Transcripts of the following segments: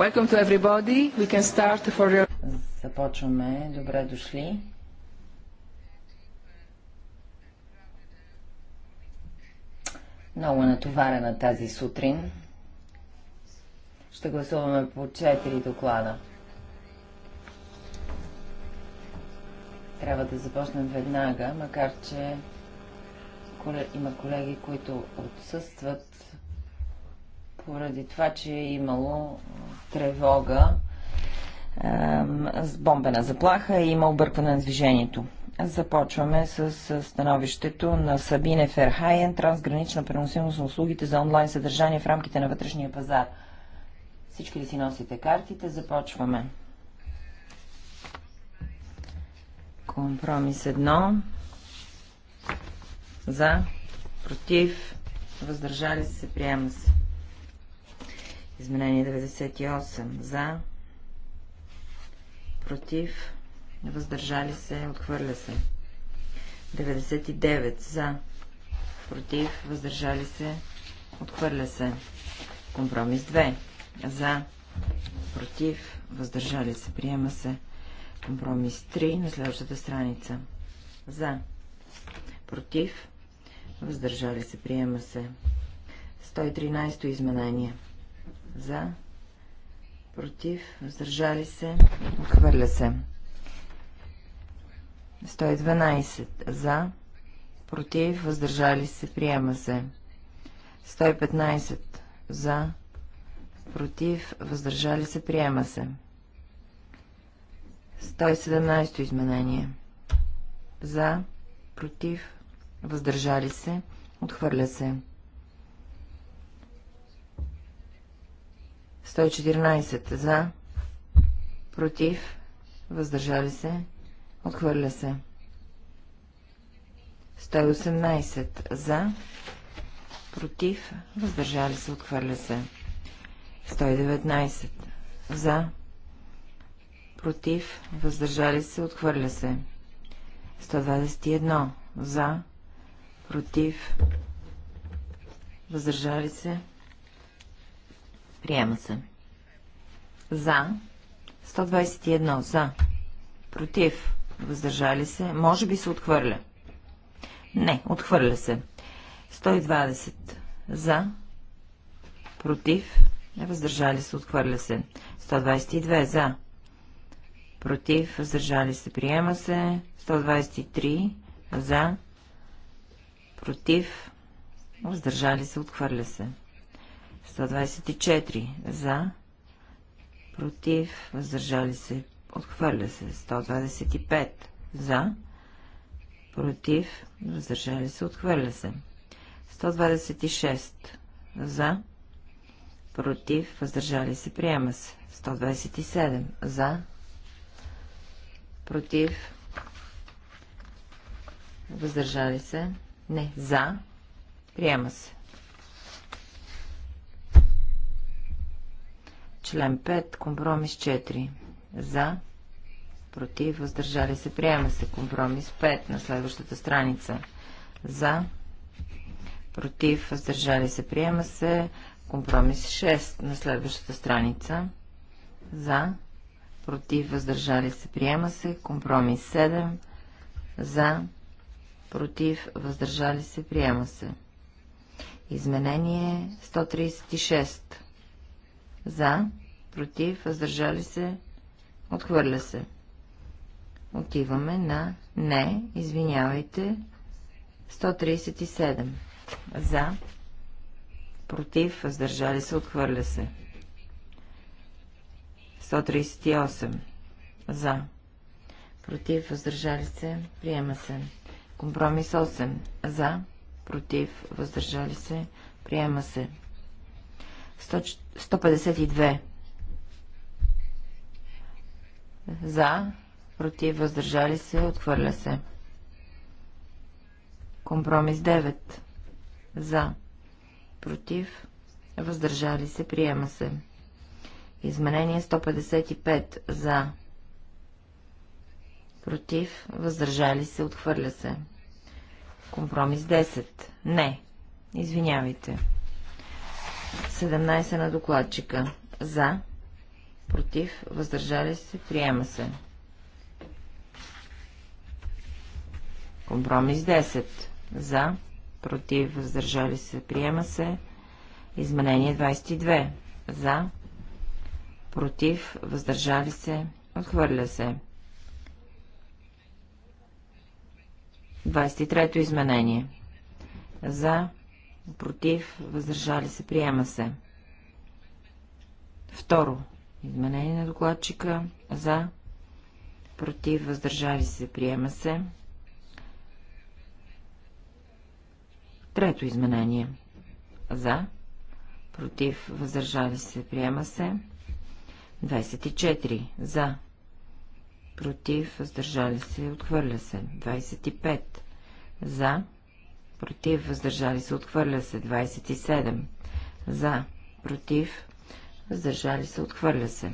Welcome to everybody. We can start for your... Започваме. Добре дошли. Много натоварена тази сутрин. Ще гласуваме по 4 доклада. Трябва да започнем веднага, макар че има колеги, които отсъстват поради това, че е имало тревога с бомбена заплаха и има объркване на движението. Започваме с становището на Сабине Ферхайен, трансгранична преносимост на услугите за онлайн съдържание в рамките на вътрешния пазар. Всички ли си носите картите? Започваме. Компромис 1. За. Против. Въздържали се. Приема се. Изменение 98. За. Против. Въздържали се. Отхвърля се. 99. За. Против. Въздържали се. Отхвърля се. Компромис 2. За. Против. Въздържали се. Приема се. Компромис 3 на следващата страница. За. Против. Въздържали се. Приема се. 113 изменение. За. Против. Въздържали се. Отхвърля се. 112. За. Против. Въздържали се. Приема се. 115. За. Против. Въздържали се. Приема се. 117 изменение. За. Против. Въздържали се. Отхвърля се. 114 за, против, въздържали се, отхвърля се. 118 за, против, въздържали се, отхвърля се. 119 за, против, въздържали се, отхвърля се. 121 за, против, въздържали се, Приема се. За. 121. За. Против. Въздържали се. Може би се отхвърля. Не, отхвърля се. 120. За. Против. Въздържали се. Отхвърля се. 122. За. Против. Въздържали се. Приема се. 123. За. Против. Въздържали се. Отхвърля се. 124 за, против, въздържали се, отхвърля се. 125 за, против, въздържали се, отхвърля се. 126 за, против, въздържали се, приема се. 127 за, против, въздържали се, не, за, приема се. Член 5, компромис 4. За, против, въздържали се, приема се. Компромис 5 на следващата страница. За, против, въздържали се, приема се. Компромис 6 на следващата страница. За, против, въздържали се, приема се. Компромис 7. За, против, въздържали се, приема се. Изменение 136. За, против, въздържали се, отхвърля се. Отиваме на не, извинявайте, 137. За, против, въздържали се, отхвърля се. 138. За, против, въздържали се, приема се. Компромис 8. За, против, въздържали се, приема се. 100, 152. За. Против. Въздържали се. Отхвърля се. Компромис 9. За. Против. Въздържали се. Приема се. Изменение 155. За. Против. Въздържали се. Отхвърля се. Компромис 10. Не. Извинявайте. 17 на докладчика. За против, въздържали се, приема се. Компромис 10. За, против, въздържали се, приема се. Изменение 22. За, против, въздържали се, отхвърля се. 23-то изменение. За, против, въздържали се, приема се. Второ. Изменение на докладчика. За. Против. Въздържали се. Приема се. Трето изменение. За. Против. Въздържали се. Приема се. 24. За. Против. Въздържали се. Отхвърля се. 25. За. Против. Въздържали се. Отхвърля се. 27. За. Против въздържали се, отхвърля се.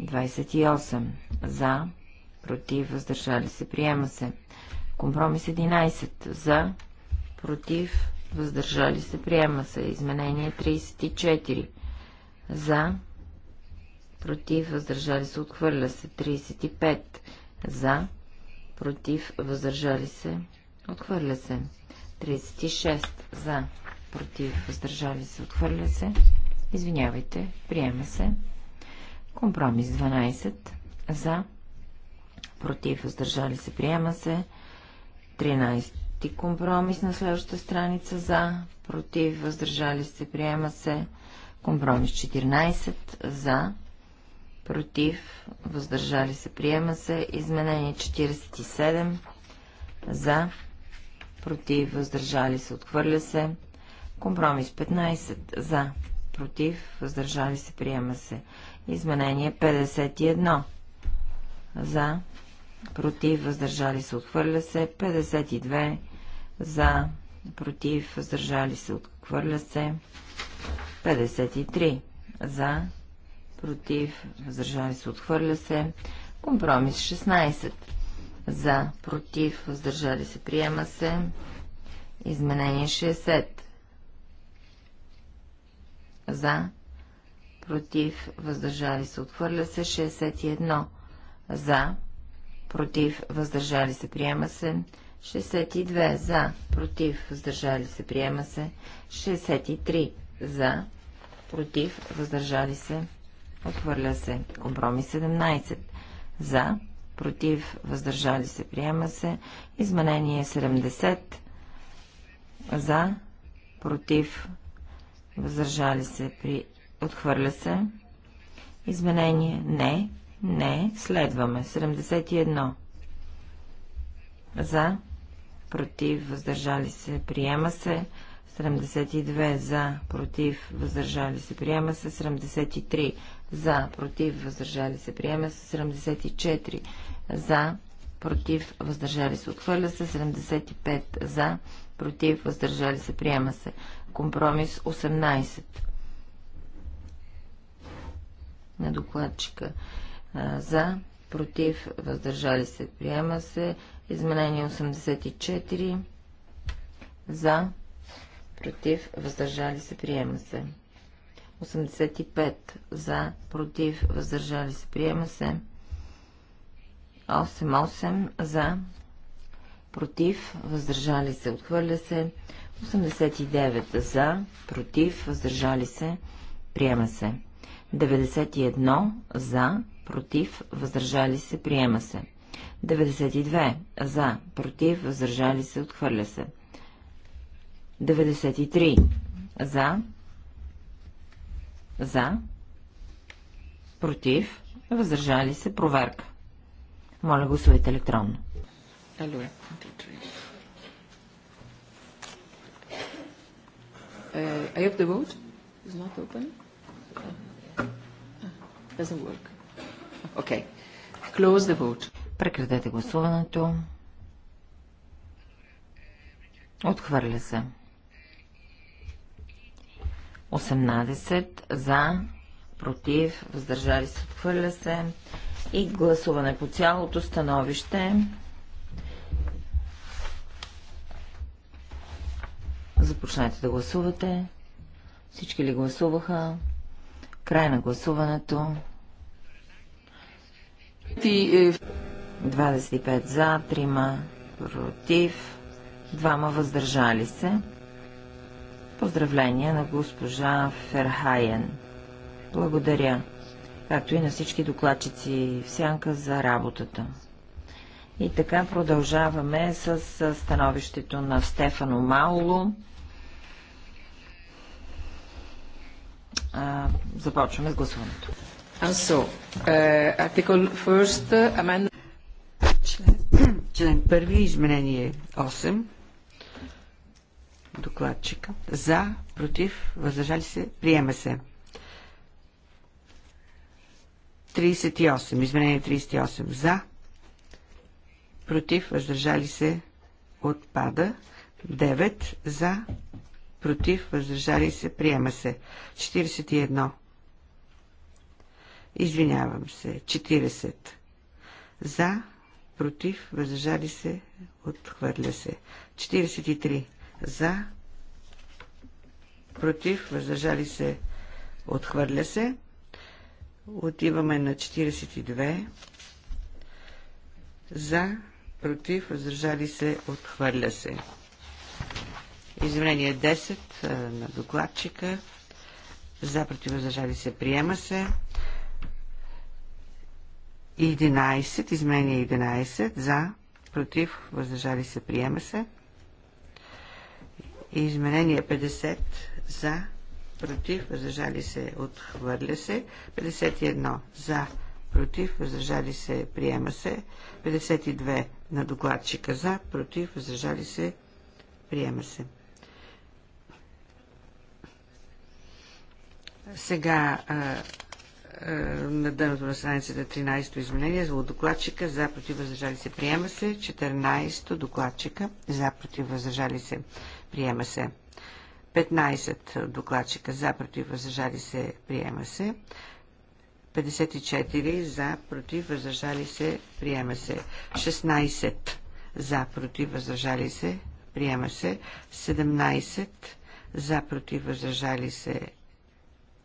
28. За, против, въздържали се, приема се. Компромис 11. За, против, въздържали се, приема се. Изменение 34. За, против, въздържали се, отхвърля се. 35. За, против, въздържали се, отхвърля се. 36. За, против, въздържали се, отхвърля се. Извинявайте, приема се. Компромис 12 за, против, въздържали се, приема се. 13 компромис на следващата страница за, против, въздържали се, приема се. Компромис 14 за, против, въздържали се, приема се. Изменение 47 за, против, въздържали се, отхвърля се. Компромис 15 за, против, въздържали се, приема се. Изменение 51 за, против, въздържали се, отхвърля се. 52 за, против, въздържали се, отхвърля се. 53 за, против, въздържали се, отхвърля се. Компромис 16 за, против, въздържали се, приема се. Изменение 60 за, против, въздържали се, отхвърля се, 61 за, против, въздържали се, приема се, 62 за, против, въздържали се, приема се, 63 за, против, въздържали се, отхвърля се, компромис 17 за, против, въздържали се, приема се, изменение 70 за, против, Въздържали се при... Отхвърля се. Изменение. Не. Не. Следваме. 71. За. Против. Въздържали се. Приема се. 72. За. Против. Въздържали се. Приема се. 73. За. Против. Въздържали се. Приема се. 74. За. Против. Въздържали се. Отхвърля се. 75. За. Против. Въздържали се. Приема се. Компромис 18 на докладчика. За, против, въздържали се, приема се. Изменение 84. За, против, въздържали се, приема се. 85. За, против, въздържали се, приема се. 8-8. За, против, въздържали се, отхвърля се. 89 за, против, въздържали се, приема се. 91 за, против, въздържали се, приема се. 92 за, против, въздържали се, отхвърля се. 93 за, за, против, въздържали се, проверка. Моля, гласувайте електронно. Алло, Uh, I have the vote. It's not open. Uh, doesn't work. Okay. Close the vote. Прекратете гласуването. Отхвърля се. 18 за, против, въздържали се, отхвърля се. И гласуване по цялото становище. Започнете да гласувате. Всички ли гласуваха? Край на гласуването. 25 за, 3 против, 2 въздържали се. Поздравления на госпожа Ферхайен. Благодаря, както и на всички докладчици в сянка за работата. И така продължаваме с становището на Стефано Мауло. започваме с гласуването. So, uh, first, uh, amend... член, член първи, изменение 8. Докладчика. За, против, въздържали се, приема се. 38. Изменение 38. За, против, въздържали се, отпада. 9. За, против, въздържали се, приема се. 41. Извинявам се, 40. За, против, въздържали се, отхвърля се. 43. За, против, въздържали се, отхвърля се. Отиваме на 42. За, против, въздържали се, отхвърля се. Изменение 10 на докладчика. За против се приема се. 11. Изменение 11. За против въздържали се приема се. Изменение 50. За против въздържали се отхвърля се. 51. За против въздържали се приема се. 52. На докладчика за против въздържали се приема се. Сега на дъното на страницата 13-то изменение за докладчика за против въздържали се приема се 14-то докладчика за против въздържали се приема се 15 докладчика за против въздържали се приема се 54 за против въздържали се приема се 16 за против въздържали се приема се 17 за против въздържали се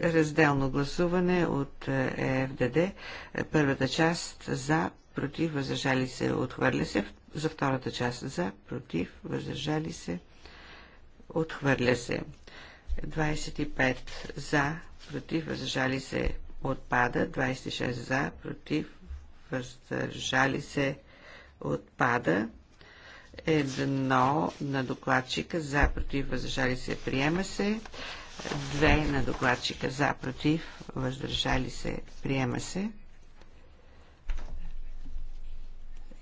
Разделно гласуване от ЕФДД. Е Първата част за, против, въздържали се, отхвърля се. За втората част за, против, въздържали се, отхвърля се. 25 за, против, въздържали се, отпада. 26 за, против, въздържали се, отпада. Едно на докладчика за, против, въздържали се, приема се. 2 на докладчика за, против, въздържали се, приема се.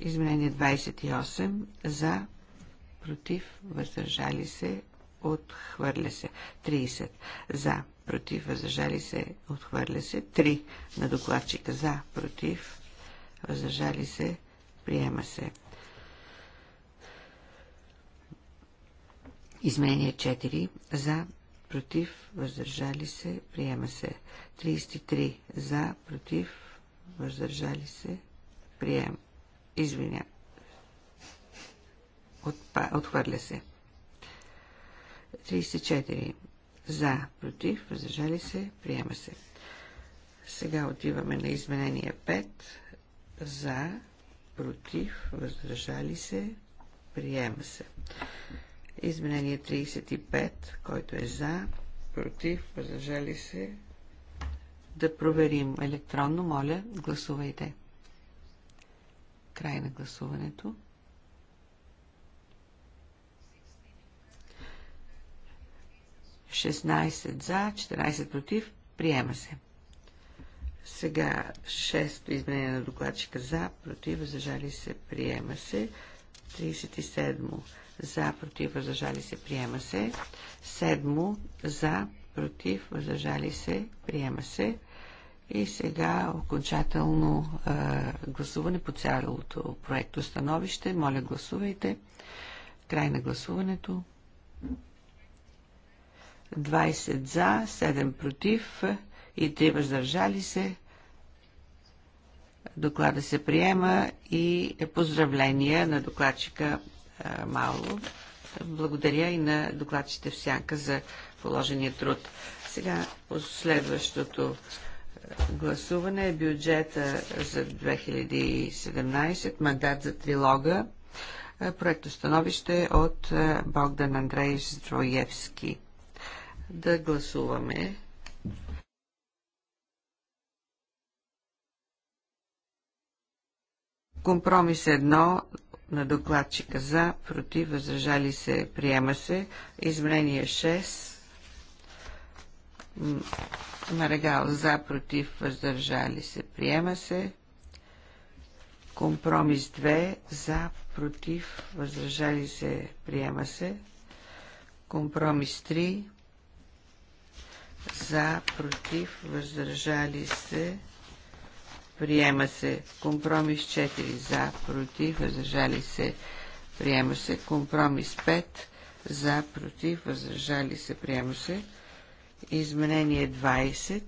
Изменение 28 за, против, въздържали се, отхвърля се. 30 за, против, въздържали се, отхвърля се. 3 на докладчика за, против, въздържали се, приема се. Изменение 4 за, против, въздържали се, приема се. 33 за, против, въздържали се, приема. Извиня. Отпа, отхвърля се. 34 за, против, въздържали се, приема се. Сега отиваме на изменение 5. За, против, въздържали се, приема се. Изменение 35, който е за, против, възражали се. Да проверим електронно, моля, гласувайте. Край на гласуването. Шестнайсет за, 14 против, приема се. Сега шесто изменение на докладчика за, против, възражали се, приема се. 37 за, против, въздържали се, приема се. Седмо, за, против, въздържали се, приема се. И сега окончателно а, гласуване по цялото проекто становище. Моля, гласувайте. Край на гласуването. 20 за, 7 против и 3 въздържали се. Доклада се приема и е поздравления на докладчика Мало. Благодаря и на докладчите в сянка за положения труд. Сега последващото гласуване е бюджета за 2017, мандат за трилога, проектостановище от Богдан Андреев Здроевски. Да гласуваме. Компромис 1 на докладчика за, против, въздържали се, приема се. Изменение 6. Марегал за, против, въздържали се, приема се. Компромис 2. За, против, въздържали се, приема се. Компромис 3. За, против, въздържали се, приема се Приема се компромис 4 за, против, въздържали се. Приема се компромис 5 за, против, въздържали се. Приема се. Изменение 20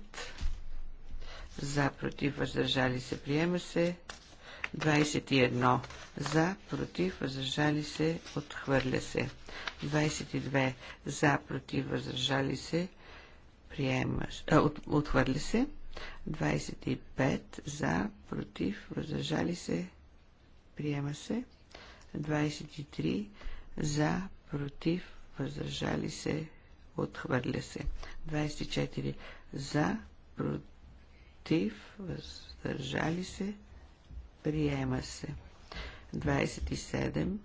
за, против, въздържали се. Приема се. 21 за, против, въздържали се, отхвърля се. 22 за, против, въздържали се, приема, а, от, отхвърля се. 25 за, против, въздържали се, приема се. 23 за, против, въздържали се, отхвърля се. 24 за, против, въздържали се, приема се. 27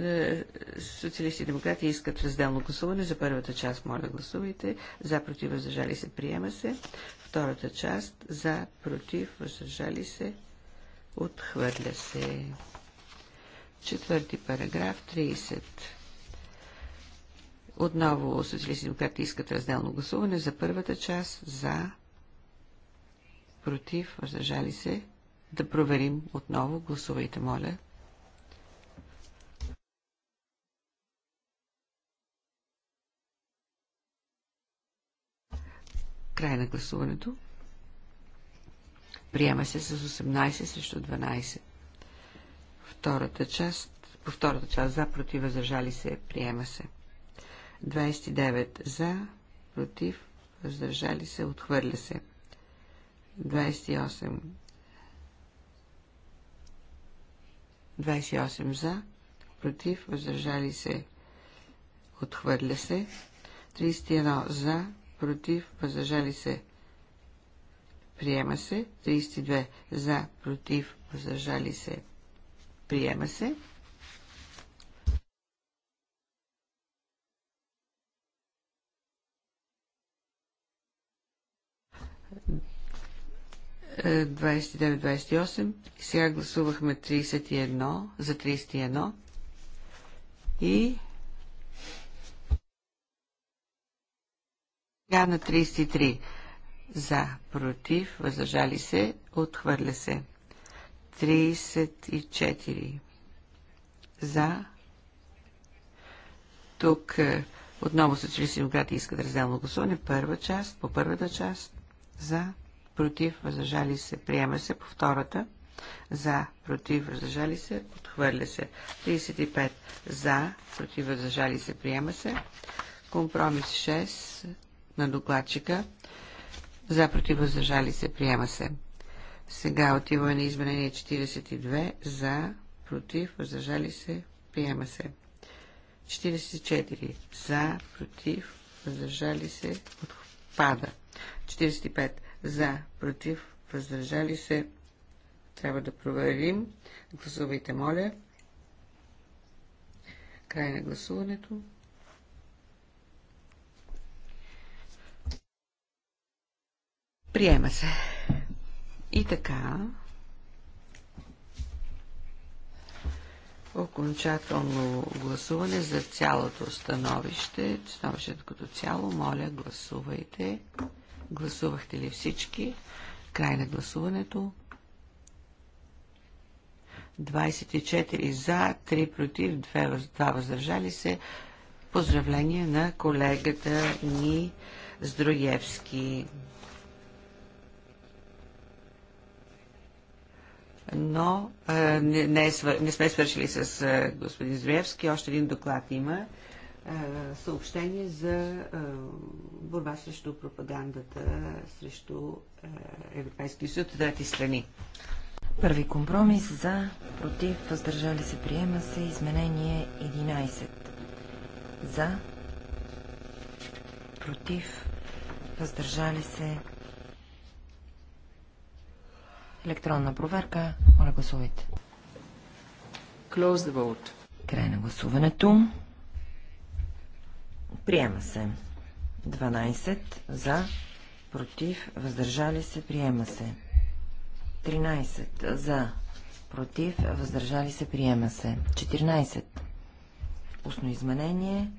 Е, социалисти и демократи искат разделно гласуване. За първата част, моля, гласувайте. За, против, въздържали се, приема се. Втората част, за, против, въздържали се, отхвърля се. Четвърти параграф, 30. Отново социалисти и демократи искат разделно гласуване. За първата част, за, против, въздържали се. Да проверим отново. Гласувайте, моля. Край на гласуването. Приема се с 18 срещу 12. Втората част, по втората част за, против, въздържали се, приема се. 29 за, против, въздържали се, отхвърля се. 28 28 за, против, въздържали се, отхвърля се. 31 за, против, въздържали се. Приема се. 32 за, против, въздържали се. Приема се. E, 29-28. Сега гласувахме 31 за 31 и Сега на 33. За, против, въздържали се, отхвърля се. 34. За. Тук е, отново социалисти демократи искат разделно гласуване. Първа част, по първата част. За, против, въздържали се, приема се. По втората. За, против, въздържали се, отхвърля се. 35. За, против, въздържали се, приема се. Компромис 6 на докладчика. За против въздържали се. Приема се. Сега отиваме на изменение 42. За против въздържали се. Приема се. 44. За против въздържали се. Отпада. 45. За против въздържали се. Трябва да проверим. Гласувайте, моля. Край на гласуването. Приема се. И така. Окончателно гласуване за цялото становище. Становището като цяло. Моля, гласувайте. Гласувахте ли всички? Край на гласуването. 24 за, 3 против, 2, въздържали се. Поздравление на колегата ни Здруевски. но е, не, не, е свър... не сме свършили с е, господин Зверевски. Още един доклад има. Е, съобщение за борба срещу пропагандата срещу Европейския съюз от трети страни. Първи компромис за, против, въздържали се, приема се изменение 11. За, против, въздържали се, Електронна проверка. Моля гласувайте. Close the vote. Край на гласуването. Приема се. 12 за, против, въздържали се, приема се. 13 за, против, въздържали се, приема се. 14. Устно изменение.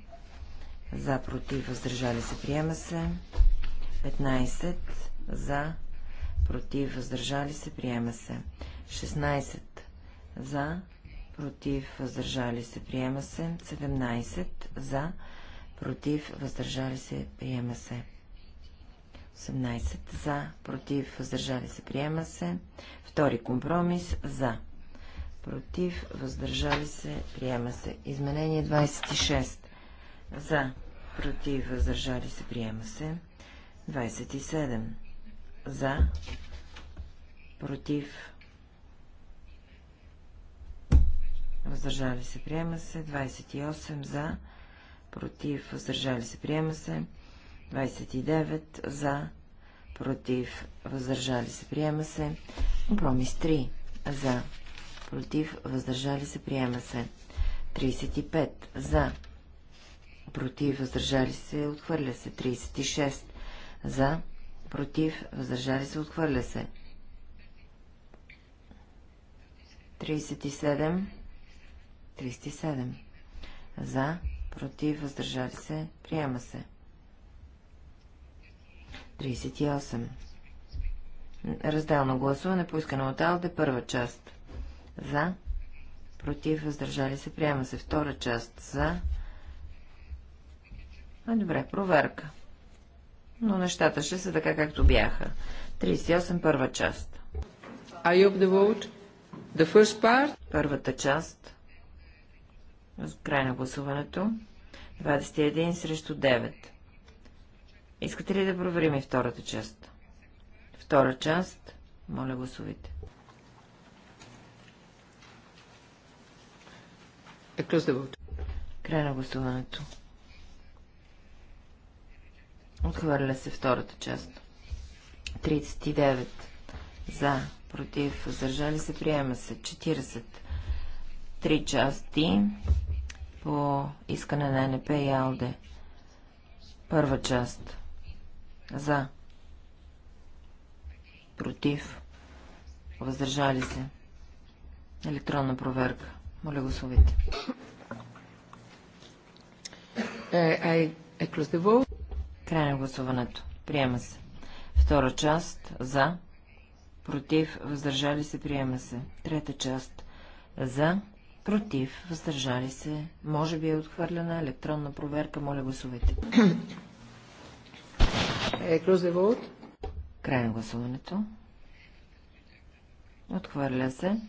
За, против, въздържали се, приема се. 15 за, против, въздържали се, приема се. 16 за, против, въздържали се, приема се. 17 за, против, въздържали се, приема се. 18 за, против, въздържали се, приема се. Втори компромис за, против, въздържали се, приема се. Изменение 26 за, против, въздържали се, приема се. 27 за, против, въздържали се, приема се, 28 за, против, въздържали се, приема се, 29 за, против, въздържали се, приема се, компромис 3 за, против, въздържали се, приема се, 35 за, против, въздържали се, отхвърля се, 36 за, против, въздържали се, отхвърля се. 37, 37, за, против, въздържали се, приема се. 38. Разделно гласуване, поискане от АЛДЕ, първа част. За, против, въздържали се, приема се. Втора част, за. А, добре, проверка но нещата ще са така както бяха. 38 първа част. the first part. Първата част. Край на гласуването. 21 срещу 9. Искате ли да проверим и втората част? Втора част. Моля гласувайте. Край на гласуването. Отхвърля се втората част. 39 за, против, въздържали се, приема се. 40 три части по искане на НП и АЛДЕ. Първа част. За. Против. Въздържали се. Електронна проверка. Моля гласувайте. Е, е, е Край на гласуването. Приема се. Втора част. За. Против. Въздържали се. Приема се. Трета част. За. Против. Въздържали се. Може би е отхвърлена електронна проверка. Моля гласувайте. Е, Край на гласуването. Отхвърля се.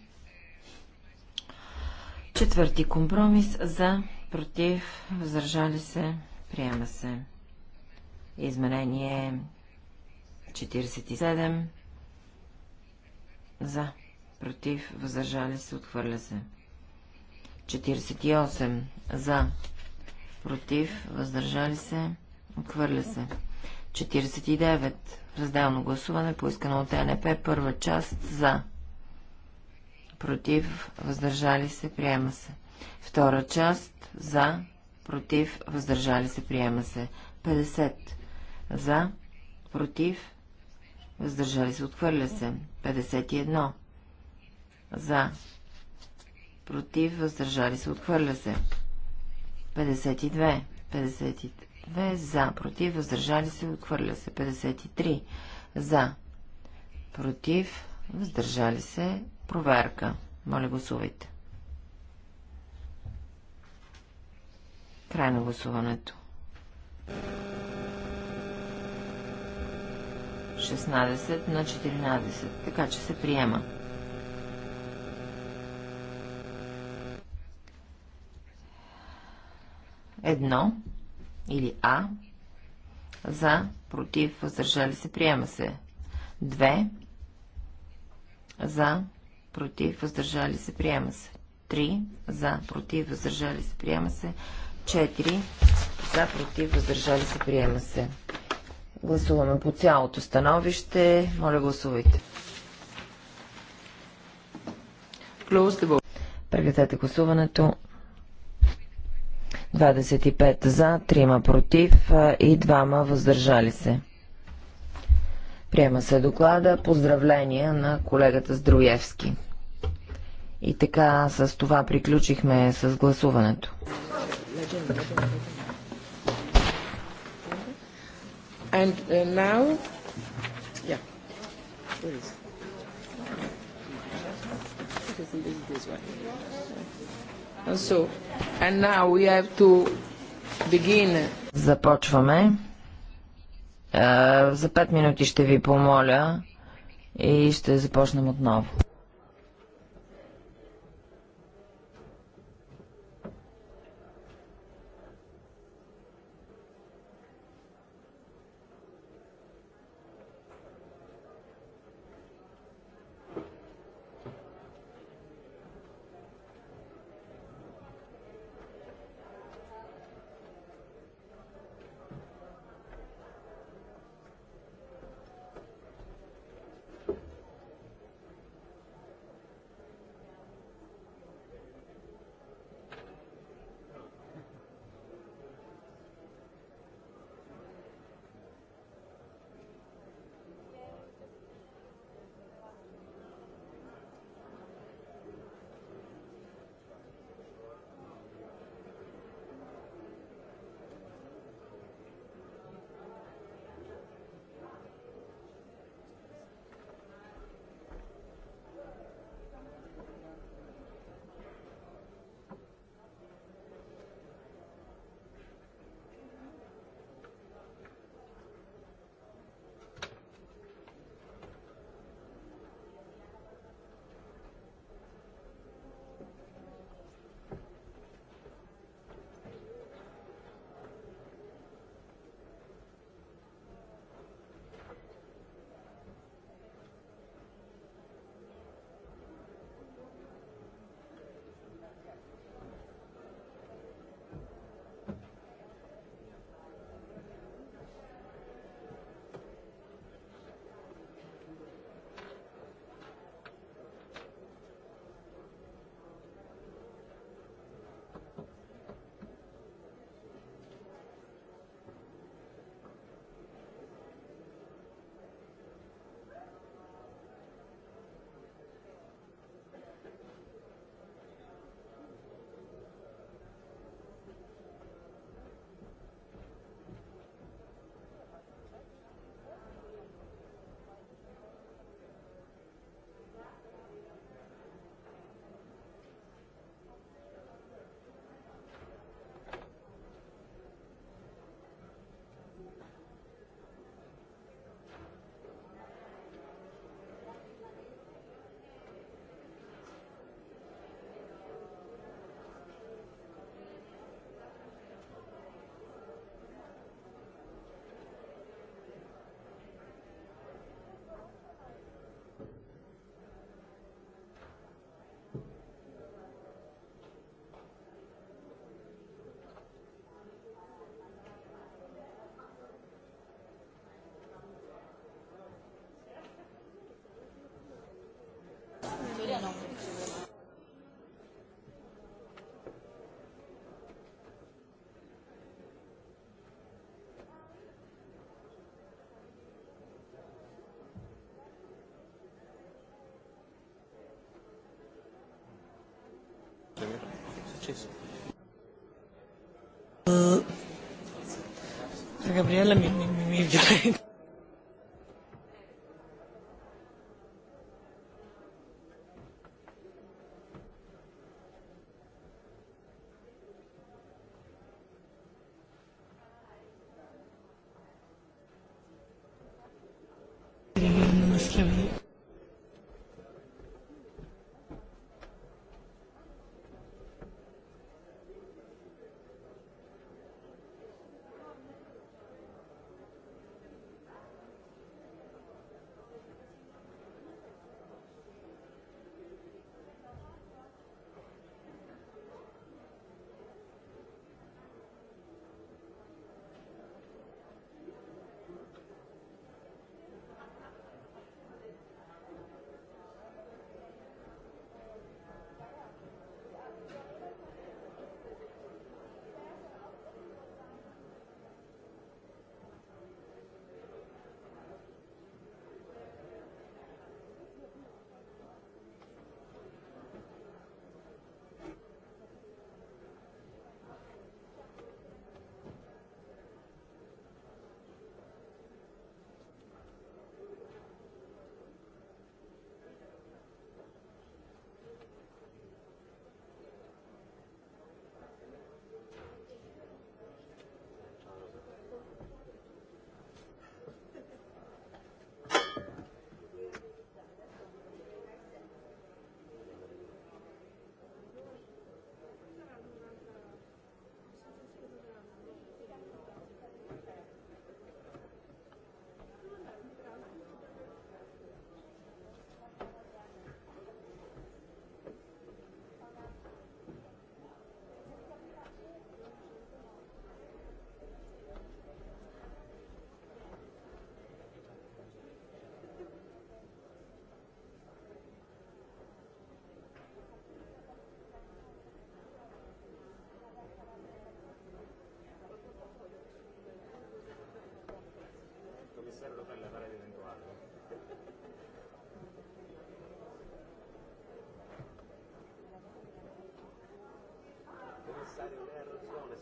Четвърти компромис за, против, въздържали се, приема се. Изменение 47. За. Против. Въздържали се. Отхвърля се. 48. За. Против. Въздържали се. Отхвърля се. 49. Разделно гласуване, поискано от ЕНП. Първа част. За. Против. Въздържали се. Приема се. Втора част. За. Против. Въздържали се. Приема се. 50. За. Против. Въздържали се. Отхвърля се. 51. За. Против. Въздържали се. Отхвърля се. 52. 52. За. Против. Въздържали се. Отхвърля се. 53. За. Против. Въздържали се. Проверка. Моля гласувайте. Край на гласуването. 16 на 14, така че се приема. Едно или А за, против, въздържали се, приема се. 2 за, против, въздържали се, приема се. 3 за, против, въздържали се, приема се. 4 за, против, въздържали се, приема се. Гласуваме по цялото становище. Моля, гласувайте. Прекратете гласуването. 25 за, 3 против и 2 въздържали се. Приема се доклада. Поздравления на колегата Здруевски. И така с това приключихме с гласуването. And uh, now, yeah, where is it? It is this one. And so, and now we have to begin. Започваме. За 5 минути ще ви помоля и ще започнем отново. noches. Gabriela, mi, mi, mi, mi,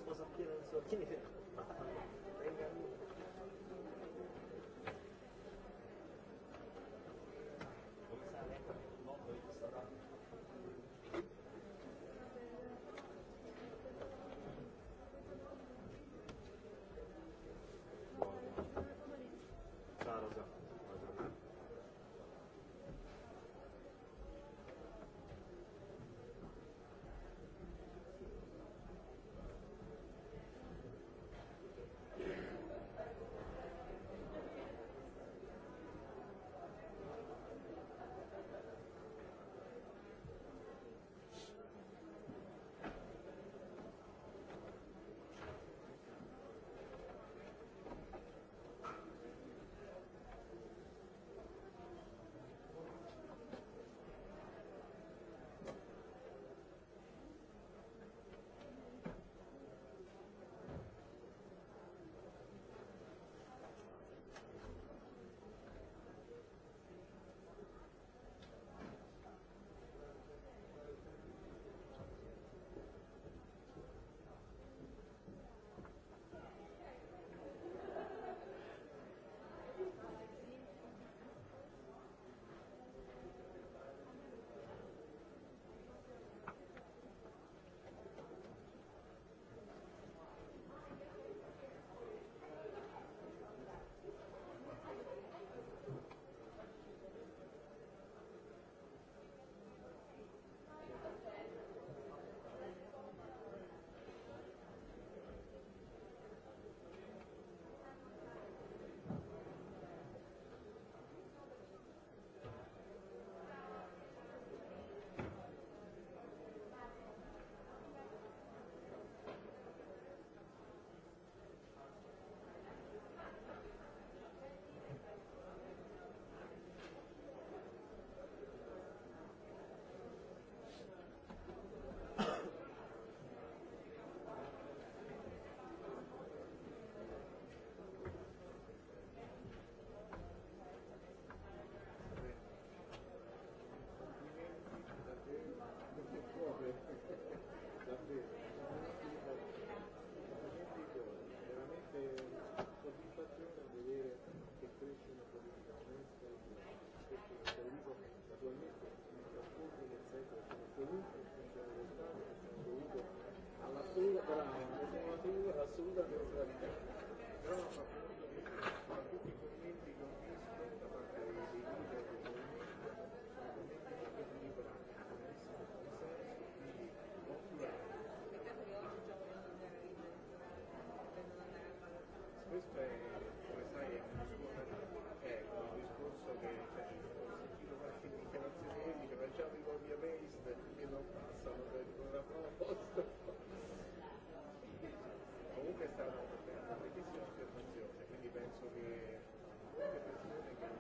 was appearance of alla sola, brava,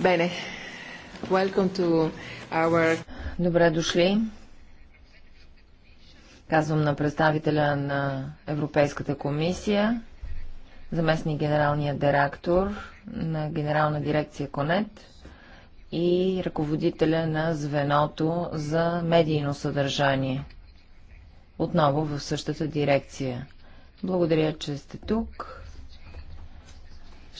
Bene. Welcome to our... Добре дошли. Казвам на представителя на Европейската комисия, заместник генералния директор на Генерална дирекция Конет и ръководителя на звеното за медийно съдържание. Отново в същата дирекция. Благодаря, че сте тук.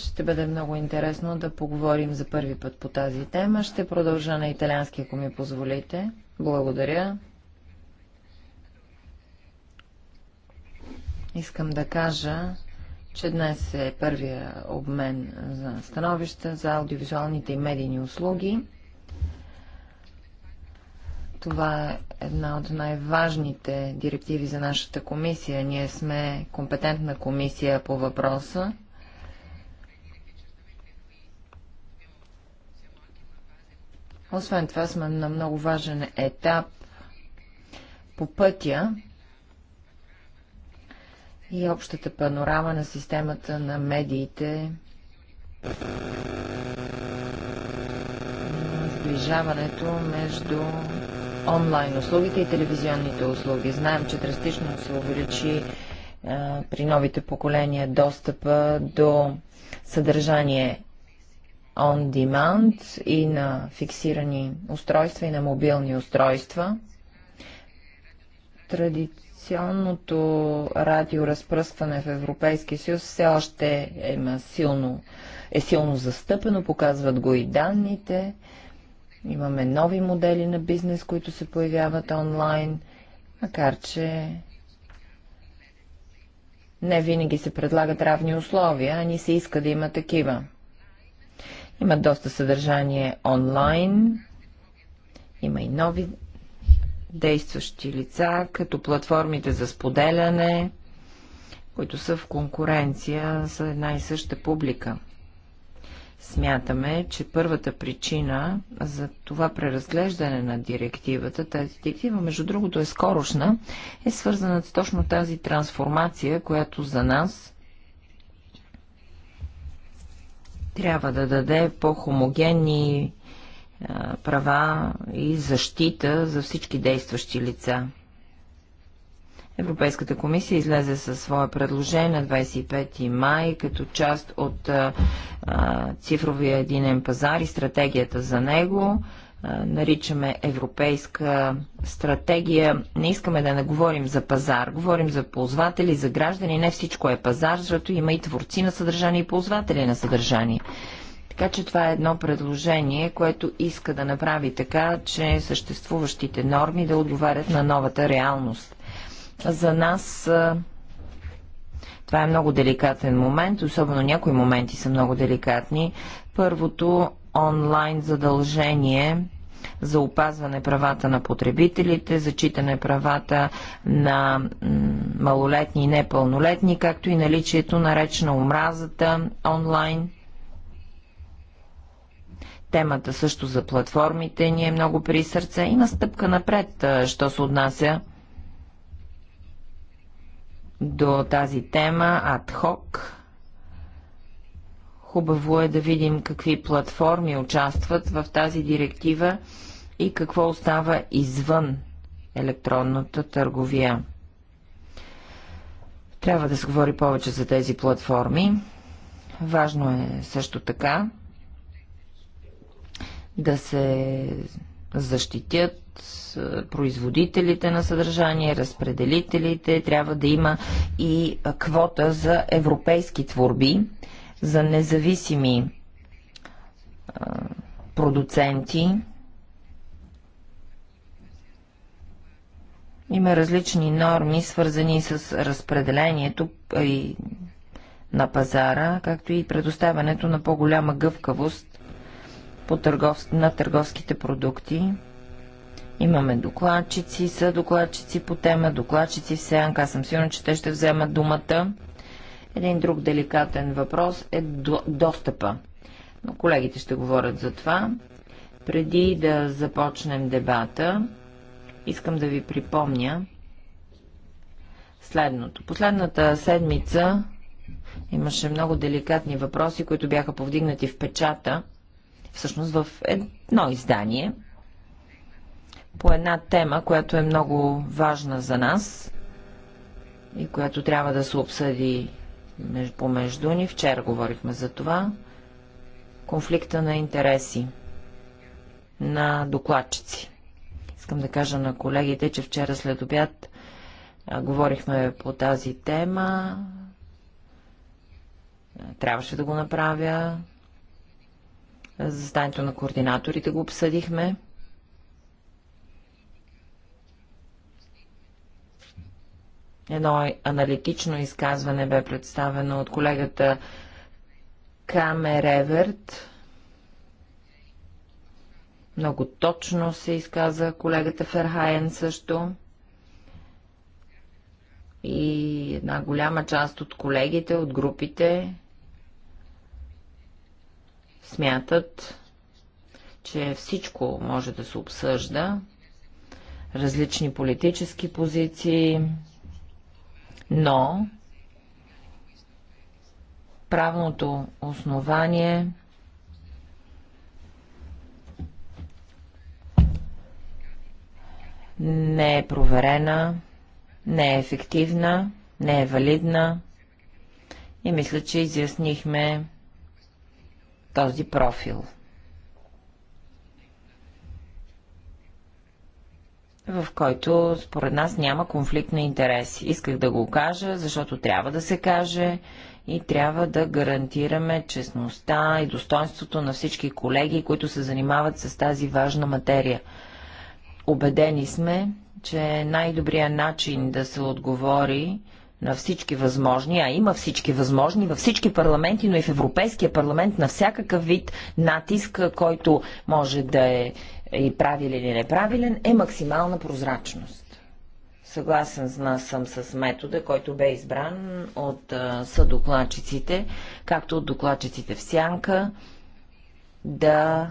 Ще бъде много интересно да поговорим за първи път по тази тема. Ще продължа на италиански, ако ми позволите. Благодаря. Искам да кажа, че днес е първия обмен за становища за аудиовизуалните и медийни услуги. Това е една от най-важните директиви за нашата комисия. Ние сме компетентна комисия по въпроса Освен това сме на много важен етап по пътя и общата панорама на системата на медиите сближаването между онлайн услугите и телевизионните услуги. Знаем, че драстично се увеличи при новите поколения достъпа до съдържание on demand и на фиксирани устройства и на мобилни устройства. Традиционното радиоразпръскване в Европейския съюз все още е силно, е силно застъпено, показват го и данните. Имаме нови модели на бизнес, които се появяват онлайн, макар че не винаги се предлагат равни условия, а ни се иска да има такива. Има доста съдържание онлайн. Има и нови действащи лица, като платформите за споделяне, които са в конкуренция с една и съща публика. Смятаме, че първата причина за това преразглеждане на директивата, тази директива, между другото, е скорошна, е свързана с точно тази трансформация, която за нас трябва да даде по-хомогенни права и защита за всички действащи лица. Европейската комисия излезе със свое предложение на 25 май като част от а, цифровия единен пазар и стратегията за него наричаме европейска стратегия. Не искаме да не говорим за пазар, говорим за ползватели, за граждани. Не всичко е пазар, защото има и творци на съдържание и ползватели на съдържание. Така че това е едно предложение, което иска да направи така, че съществуващите норми да отговарят на новата реалност. За нас това е много деликатен момент, особено някои моменти са много деликатни. Първото онлайн задължение за опазване правата на потребителите, зачитане правата на малолетни и непълнолетни, както и наличието на реч на омразата онлайн. Темата също за платформите ни е много при сърце. Има стъпка напред, що се отнася до тази тема адхок Хубаво е да видим какви платформи участват в тази директива и какво остава извън електронната търговия. Трябва да се говори повече за тези платформи. Важно е също така да се защитят производителите на съдържание, разпределителите. Трябва да има и квота за европейски творби, за независими продуценти. Има различни норми, свързани с разпределението и на пазара, както и предоставянето на по-голяма гъвкавост по търгов... на търговските продукти. Имаме докладчици, са докладчици по тема, докладчици в сянка. Аз съм сигурна, че те ще вземат думата. Един друг деликатен въпрос е до, достъпа. Но колегите ще говорят за това. Преди да започнем дебата, искам да ви припомня следното. Последната седмица имаше много деликатни въпроси, които бяха повдигнати в печата, всъщност в едно издание, по една тема, която е много важна за нас и която трябва да се обсъди помежду ни. Вчера говорихме за това. Конфликта на интереси на докладчици. Искам да кажа на колегите, че вчера след обяд а, говорихме по тази тема. Трябваше да го направя. Застанието на координаторите го обсъдихме. Едно аналитично изказване бе представено от колегата Камереверт. Много точно се изказа колегата Ферхайен също. И една голяма част от колегите, от групите смятат, че всичко може да се обсъжда. Различни политически позиции, но правното основание не е проверена, не е ефективна, не е валидна и мисля, че изяснихме този профил. в който според нас няма конфликт на интереси. Исках да го кажа, защото трябва да се каже и трябва да гарантираме честността и достоинството на всички колеги, които се занимават с тази важна материя. Обедени сме, че най-добрият начин да се отговори на всички възможни, а има всички възможни във всички парламенти, но и в Европейския парламент на всякакъв вид натиск, който може да е и правилен или неправилен, е максимална прозрачност. Съгласен с нас съм с метода, който бе избран от съдокладчиците, както от докладчиците в сянка, да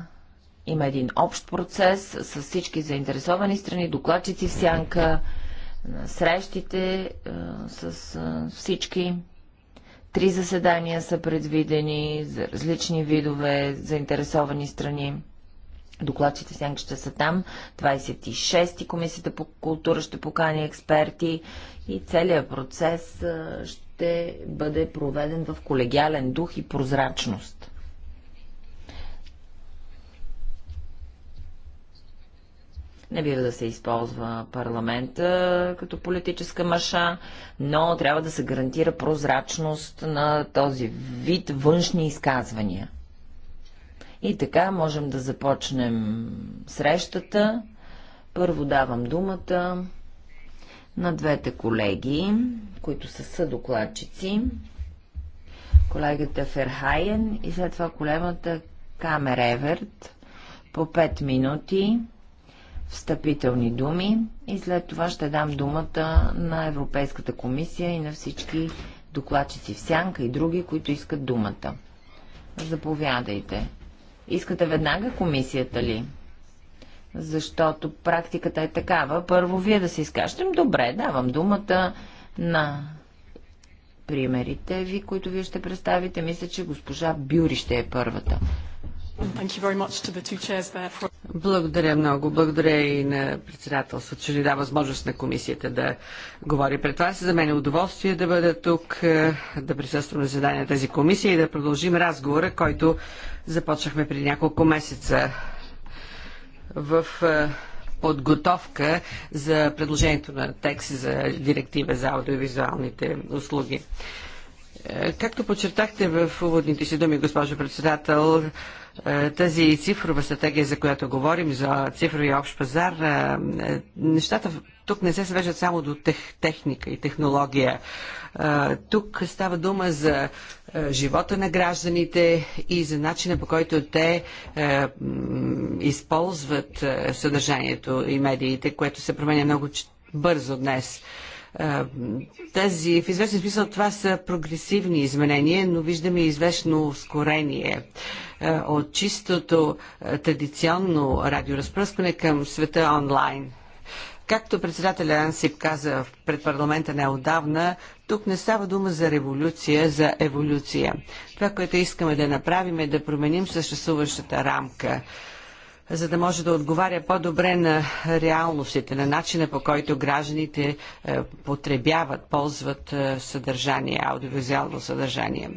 има един общ процес с всички заинтересовани страни, докладчици в сянка, срещите с всички. Три заседания са предвидени за различни видове заинтересовани страни. Докладчите сянка ще са там. 26-ти комисията по култура ще покани експерти и целият процес ще бъде проведен в колегиален дух и прозрачност. Не бива да се използва парламента като политическа маша, но трябва да се гарантира прозрачност на този вид външни изказвания. И така можем да започнем срещата. Първо давам думата на двете колеги, които са съдокладчици. Колегата Ферхайен и след това колемата Камер Еверт по 5 минути встъпителни думи и след това ще дам думата на Европейската комисия и на всички докладчици в Сянка и други, които искат думата. Заповядайте. Искате веднага комисията ли? Защото практиката е такава. Първо вие да се изкажете. Добре, давам думата на примерите ви, които вие ще представите. Мисля, че госпожа Бюри ще е първата. Благодаря много. Благодаря и на председателството, че ни дава възможност на комисията да говори пред вас. За мен е удоволствие да бъда тук, е, да присъствам на заседание на тази комисия и да продължим разговора, който започнахме преди няколко месеца в е, подготовка за предложението на текст за директива за аудиовизуалните услуги. Е, както подчертахте в уводните си думи, госпожо председател, е, тази цифрова стратегия, за която говорим, за цифровия общ пазар, е, е, нещата тук не се свежат само до тех, техника и технология. Тук става дума за живота на гражданите и за начина по който те използват съдържанието и медиите, което се променя много бързо днес Тези, в известен смисъл това са прогресивни изменения, но виждаме известно ускорение. Е, от чистото е, традиционно радиоразпръскване към света онлайн. Както председателя Ансип каза пред парламента неодавна, тук не става дума за революция, за еволюция. Това, което искаме да направим е да променим съществуващата рамка за да може да отговаря по-добре на реалностите, на начина по който гражданите е, потребяват, ползват съдържание, аудиовизуално съдържание.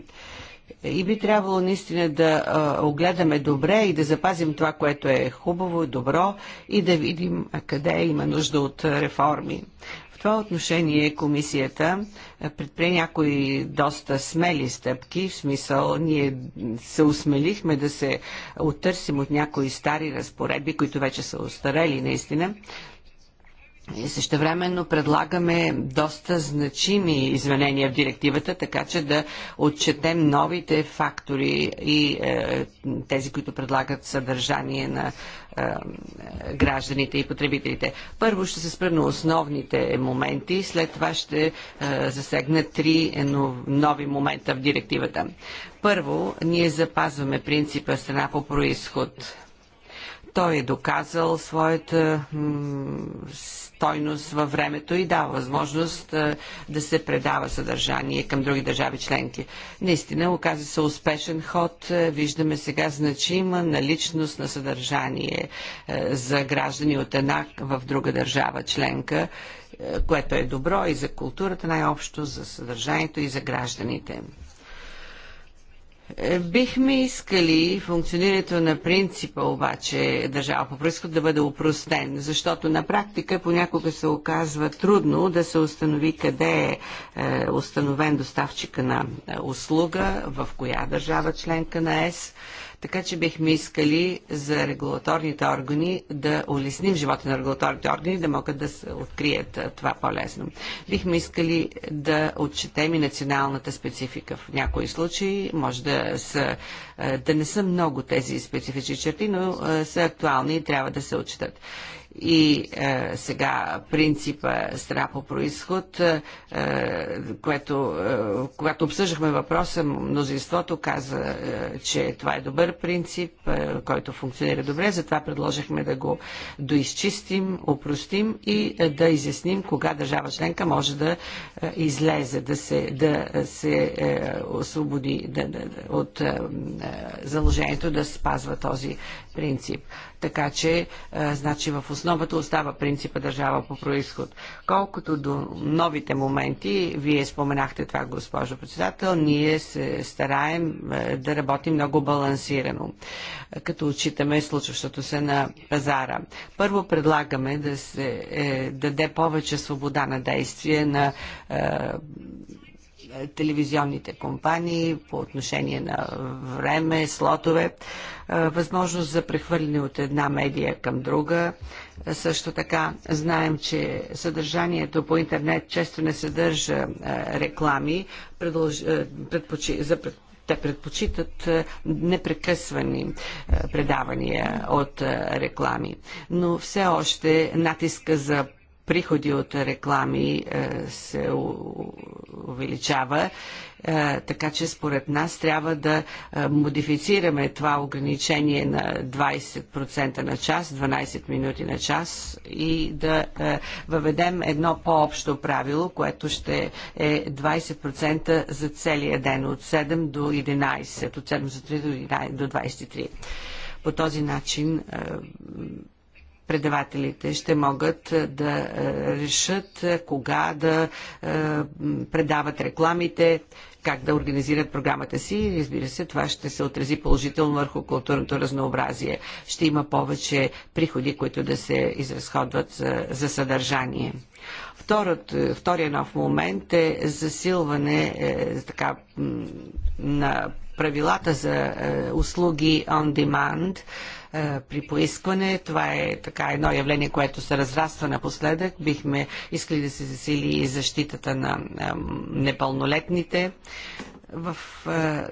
И би трябвало наистина да огледаме добре и да запазим това, което е хубаво, добро и да видим къде има нужда от реформи. В това отношение комисията предприе някои доста смели стъпки, в смисъл ние се осмелихме да се оттърсим от някои стари разпоредби, които вече са устарели наистина, Същевременно предлагаме доста значими изменения в директивата, така че да отчетем новите фактори и е, тези, които предлагат съдържание на е, гражданите и потребителите. Първо ще се спра на основните моменти, след това ще е, засегна три нови момента в директивата. Първо, ние запазваме принципа страна по происход. Той е доказал своята стойност във времето и дава възможност е, да се предава съдържание към други държави членки. Наистина оказа се успешен ход. Е, виждаме сега значима наличност на съдържание е, за граждани от една в друга държава членка, което е добро и за културата най-общо, за съдържанието и за гражданите. Е, бихме искали функционирането на принципа обаче държава по происход да бъде упростен, защото на практика понякога се оказва трудно да се установи къде е, е установен доставчика на е, услуга, в коя държава членка на ЕС. Така че бихме искали за регулаторните органи да улесним живота на регулаторните органи, да могат да се открият това по-лесно. Бихме искали да отчетем и националната специфика. В някои случаи може да, са, да не са много тези специфични черти, но са актуални и трябва да се отчитат и е, сега принципа страх по происход, е, е, което, е, когато обсъждахме въпроса, мнозинството каза, е, че това е добър принцип, е, който функционира добре, затова предложихме да го доизчистим, опростим и е, да изясним кога държава членка може да е, излезе, да се, да се е, освободи да, да, от е, е, заложението да спазва този принцип така че а, е, значи в основата остава принципа държава по происход. Колкото до новите моменти, вие споменахте това, госпожо председател, ние се стараем а, е, да работим много балансирано, а, като отчитаме случващото се на пазара. Първо предлагаме да се е, даде повече свобода на действие на е, телевизионните компании по отношение на време, слотове, възможност за прехвърляне от една медия към друга. Също така знаем, че съдържанието по интернет често не съдържа реклами за те предпочитат непрекъсвани предавания от реклами. Но все още натиска за приходи от реклами е, се увеличава, е, така че според нас трябва да е, модифицираме това ограничение на 20% на час, 12 минути на час и да въведем едно по-общо правило, което ще е 20% за целия ден, от 7 до 11, от 7 до 23 до 23. По този начин предавателите ще могат е, да е, решат е, кога да предават рекламите, как да организират програмата си разбира се, това ще се отрази положително върху културното разнообразие. Ще има повече приходи, които да се изразходват за, за съдържание. Вторът, втория нов момент е засилване е, така, на правилата за е, услуги on demand. Е, е, при поискване. Това е така едно явление, което се разраства напоследък. Бихме искали да се засили и защитата на непълнолетните в е,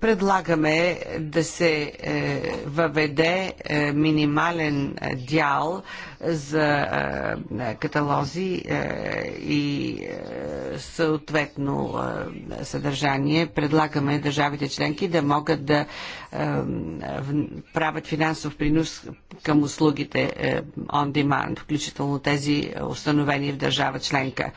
Предлагаме да се е, въведе е, минимален дял за е, каталози и съответно съдържание. Предлагаме държавите членки да могат да правят финансов принос към услугите on demand, включително тези установени в държава членка.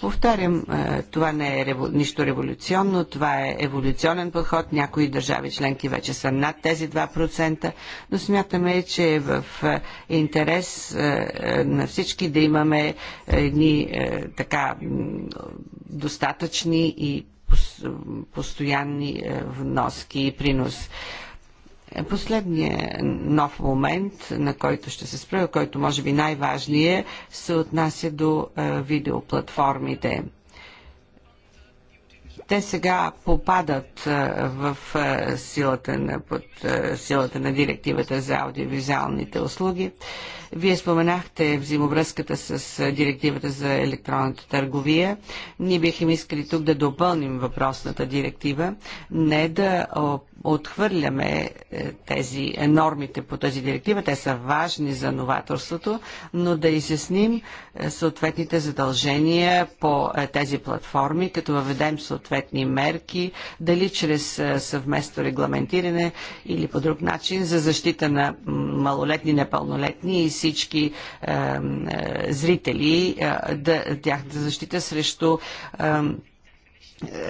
Повтарям, е, това не е револ... нищо революционно, това е еволюционен подход. Някои държави членки вече са над тези 2%, но смятаме, че е в е, интерес е, на всички да имаме едни така достатъчни и постоянни вноски и принос. Последният нов момент, на който ще се спра, който може би най-важният, е, се отнася до е, видеоплатформите те сега попадат е, в силата на, под силата на директивата за аудиовизуалните услуги. Вие споменахте взаимовръзката с директивата за електронната търговия. Ние бихме искали тук да допълним въпросната директива, не да отхвърляме е, тези нормите по тази директива. Те са важни за новаторството, но да изясним е, съответните задължения по е, тези платформи, като въведем съответни мерки, дали чрез съвместно регламентиране или по друг начин за защита на малолетни, непълнолетни и всички е, е, зрители, е, да, тяхната защита срещу е,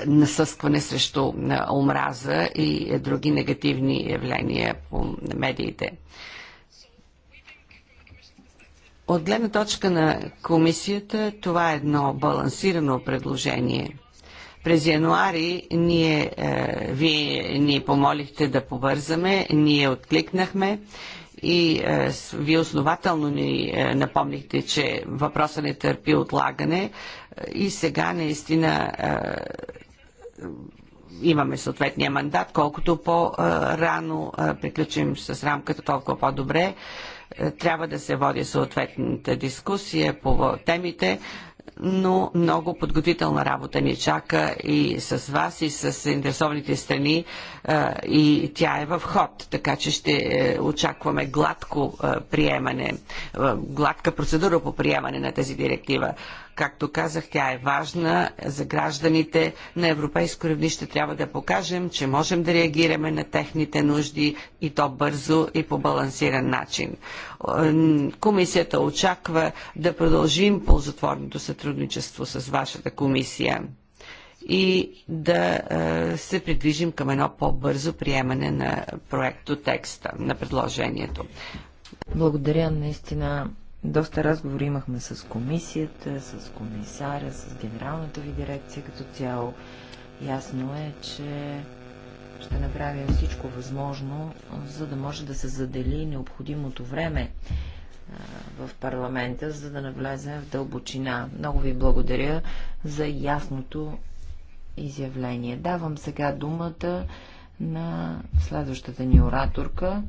насъскване срещу омраза и е, други негативни явления по медиите. От гледна точка на комисията, това е едно балансирано предложение. През януари ние, е, вие ни помолихте да побързаме, ние откликнахме. Е, и е, вие основателно ни е, напомнихте, че въпросът не търпи отлагане е, и сега наистина е, имаме съответния мандат. Колкото по-рано е, приключим с рамката, толкова по-добре е, трябва да се води съответната дискусия по темите но много подготвителна работа ни чака и с вас, и с заинтересованите страни, е, и тя е в ход, така че ще е, очакваме гладко е, приемане, гладка процедура по приемане на тази директива. Както казах, тя е важна за гражданите на европейско равнище. Трябва да покажем, че можем да реагираме на техните нужди и то бързо и по балансиран начин. Комисията очаква да продължим ползотворното сътрудничество с вашата комисия и да е, се придвижим към едно по-бързо приемане на проекто текста, на предложението. Благодаря наистина доста разговори имахме с комисията, с комисаря, с генералната ви дирекция като цяло. Ясно е, че ще направим всичко възможно, за да може да се задели необходимото време в парламента, за да навлезем в дълбочина. Много ви благодаря за ясното изявление. Давам сега думата на следващата ни ораторка.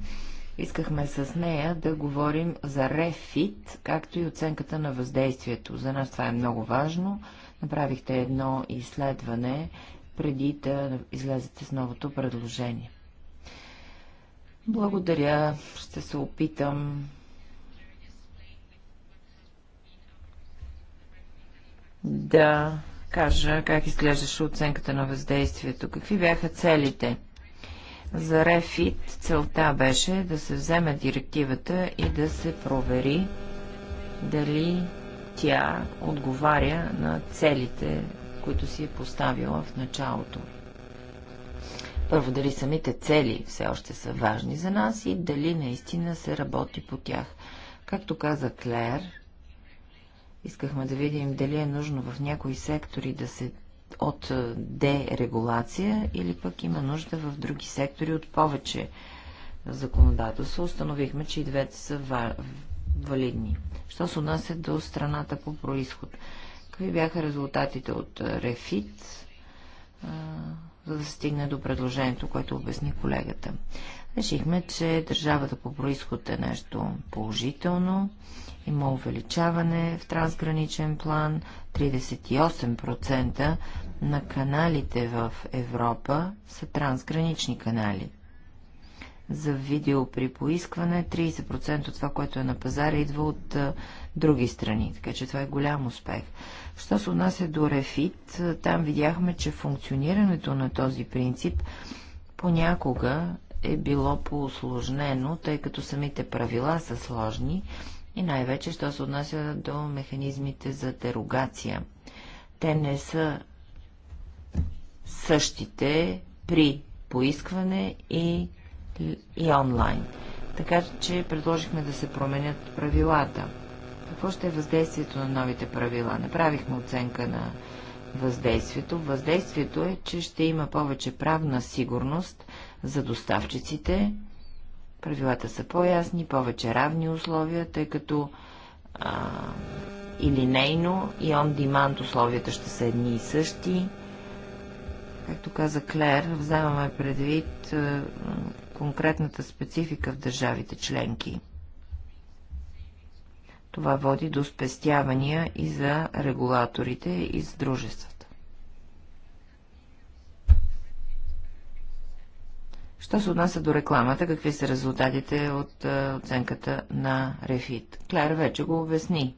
Искахме с нея да говорим за рефит, както и оценката на въздействието. За нас това е много важно. Направихте едно изследване преди да излезете с новото предложение. Благодаря. Ще се опитам да кажа как изглеждаше оценката на въздействието. Какви бяха целите? За Рефит целта беше да се вземе директивата и да се провери дали тя отговаря на целите, които си е поставила в началото. Първо, дали самите цели все още са важни за нас и дали наистина се работи по тях. Както каза Клер, искахме да видим дали е нужно в някои сектори да се от е, дерегулация или пък има нужда в други сектори от повече законодателство. Установихме, че и двете са валидни. Що се отнася до страната по происход? Какви бяха резултатите от е, Рефит, е, за да се стигне до предложението, което обясни колегата? Решихме, че държавата по происход е нещо положително. Има увеличаване в трансграничен план. 38% на каналите в Европа са трансгранични канали. За видео при поискване 30% от това, което е на пазара, идва от а, други страни. Така че това е голям успех. Що се отнася до Рефит, там видяхме, че функционирането на този принцип понякога е било по-осложнено, тъй като самите правила са сложни и най-вече, що се отнася до механизмите за дерогация. Те не са същите при поискване и, и онлайн. Така че предложихме да се променят правилата. Какво ще е въздействието на новите правила? Направихме оценка на въздействието. Въздействието е, че ще има повече правна сигурност за доставчиците. Правилата са по-ясни, повече равни условия, тъй като а, и линейно, и он demand условията ще са едни и същи. Както каза Клер, вземаме предвид а, конкретната специфика в държавите членки. Това води до спестявания и за регулаторите, и за дружествата. Що се отнася до рекламата, какви са резултатите от е, оценката на Рефит? Клер вече го обясни.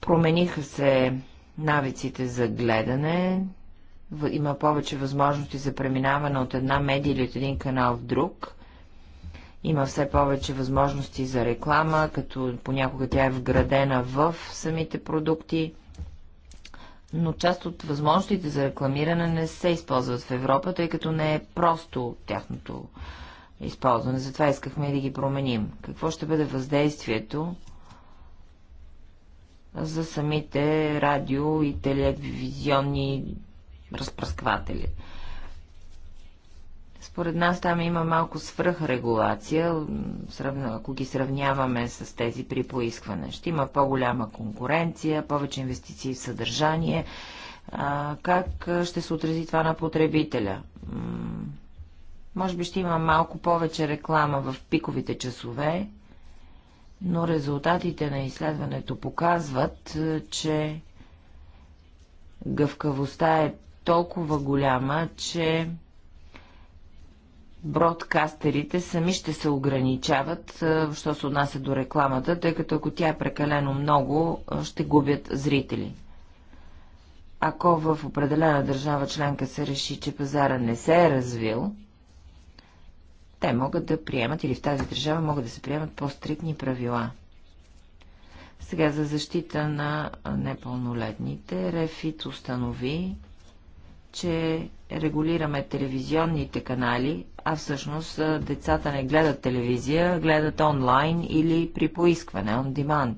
Промениха се навиците за гледане, има повече възможности за преминаване от една медия или от един канал в друг. Има все повече възможности за реклама, като понякога тя е вградена в самите продукти но част от възможностите за рекламиране не се използват в Европа, тъй като не е просто тяхното използване. Затова искахме да ги променим. Какво ще бъде въздействието за самите радио и телевизионни разпръскватели? Според нас там има малко свръхрегулация, ако ги сравняваме с тези при поискване. Ще има по-голяма конкуренция, повече инвестиции в съдържание. А, как ще се отрази това на потребителя? може би ще има малко повече реклама в пиковите часове, но резултатите на изследването показват, че гъвкавостта е толкова голяма, че бродкастерите сами ще се ограничават, е, що се отнася до рекламата, тъй като ако тя е прекалено много, е, ще губят зрители. Ако в определена държава членка се реши, че пазара не се е развил, те могат да приемат или в тази държава могат да се приемат по-стрикни правила. Сега за защита на непълнолетните Рефит установи, че регулираме телевизионните канали, а всъщност децата не гледат телевизия, гледат онлайн или при поискване, on demand.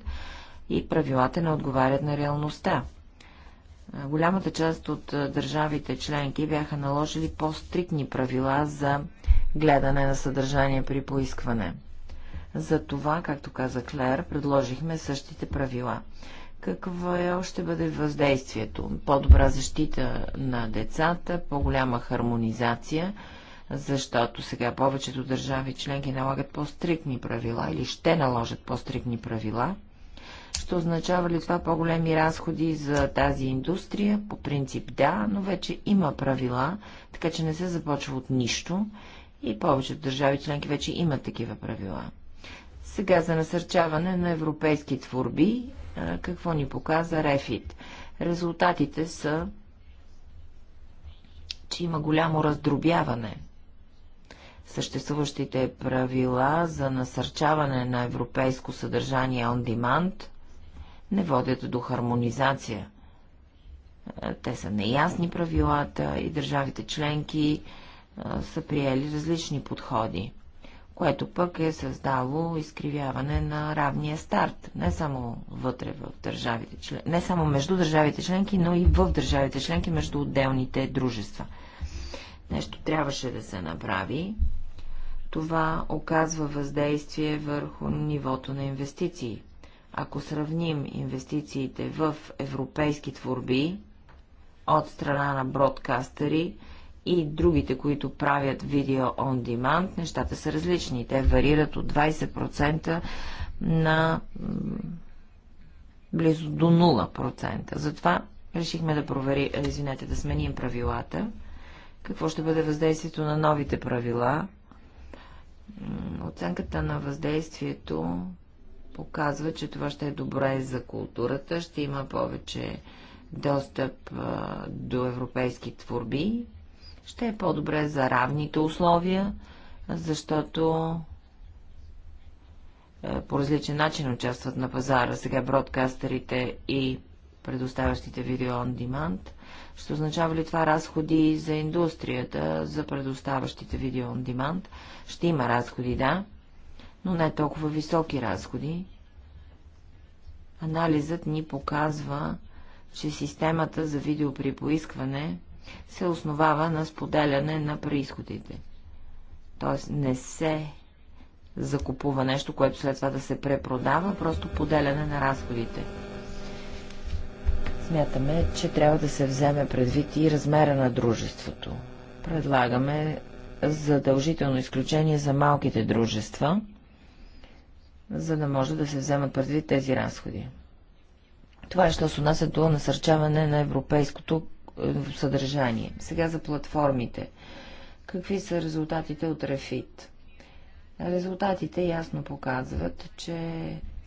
И правилата не отговарят на реалността. Голямата част от държавите членки бяха наложили по-стрикни правила за гледане на съдържание при поискване. За това, както каза Клер, предложихме същите правила какво е, още бъде въздействието. По-добра защита на децата, по-голяма хармонизация, защото сега повечето държави членки налагат по-стрикни правила или ще наложат по-стрикни правила. Ще означава ли това по-големи разходи за тази индустрия? По принцип да, но вече има правила, така че не се започва от нищо и повечето държави членки вече имат такива правила. Сега за насърчаване на европейски творби какво ни показа Рефит? Резултатите са, че има голямо раздробяване. Съществуващите правила за насърчаване на европейско съдържание on demand не водят до хармонизация. Те са неясни правилата и държавите членки са приели различни подходи което пък е създало изкривяване на равния старт, не само вътре в държавите членки, не само между държавите членки, но и в държавите членки между отделните дружества. Нещо трябваше да се направи. Това оказва въздействие върху нивото на инвестиции. Ако сравним инвестициите в европейски творби от страна на бродкастери, и другите, които правят видео on demand, нещата са различни. Те варират от 20% на близо до 0%. Затова решихме да провери, извинете, да сменим правилата. Какво ще бъде въздействието на новите правила? Оценката на въздействието показва, че това ще е добре за културата, ще има повече достъп до европейски творби ще е по-добре за равните условия, защото е, по различен начин участват на пазара. Сега бродкастерите и предоставящите видео он demand. Ще означава ли това разходи за индустрията, за предоставащите видео он demand? Ще има разходи, да, но не толкова високи разходи. Анализът ни показва, че системата за видео при поискване се основава на споделяне на происходите. Тоест не се закупува нещо, което след това да се препродава, просто поделяне на разходите. Смятаме, че трябва да се вземе предвид и размера на дружеството. Предлагаме задължително изключение за малките дружества, за да може да се вземат предвид тези разходи. Това е, що се отнася до насърчаване на европейското съдържание. Сега за платформите. Какви са резултатите от Рефит? Резултатите ясно показват, че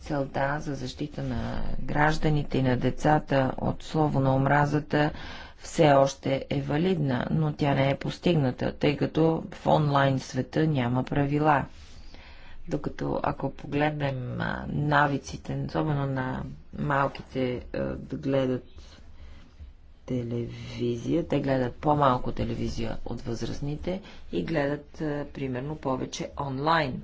целта за защита на гражданите и на децата от слово на омразата все още е валидна, но тя не е постигната, тъй като в онлайн света няма правила. Докато ако погледнем навиците, особено на малките да гледат телевизия. Те гледат по-малко телевизия от възрастните и гледат примерно повече онлайн.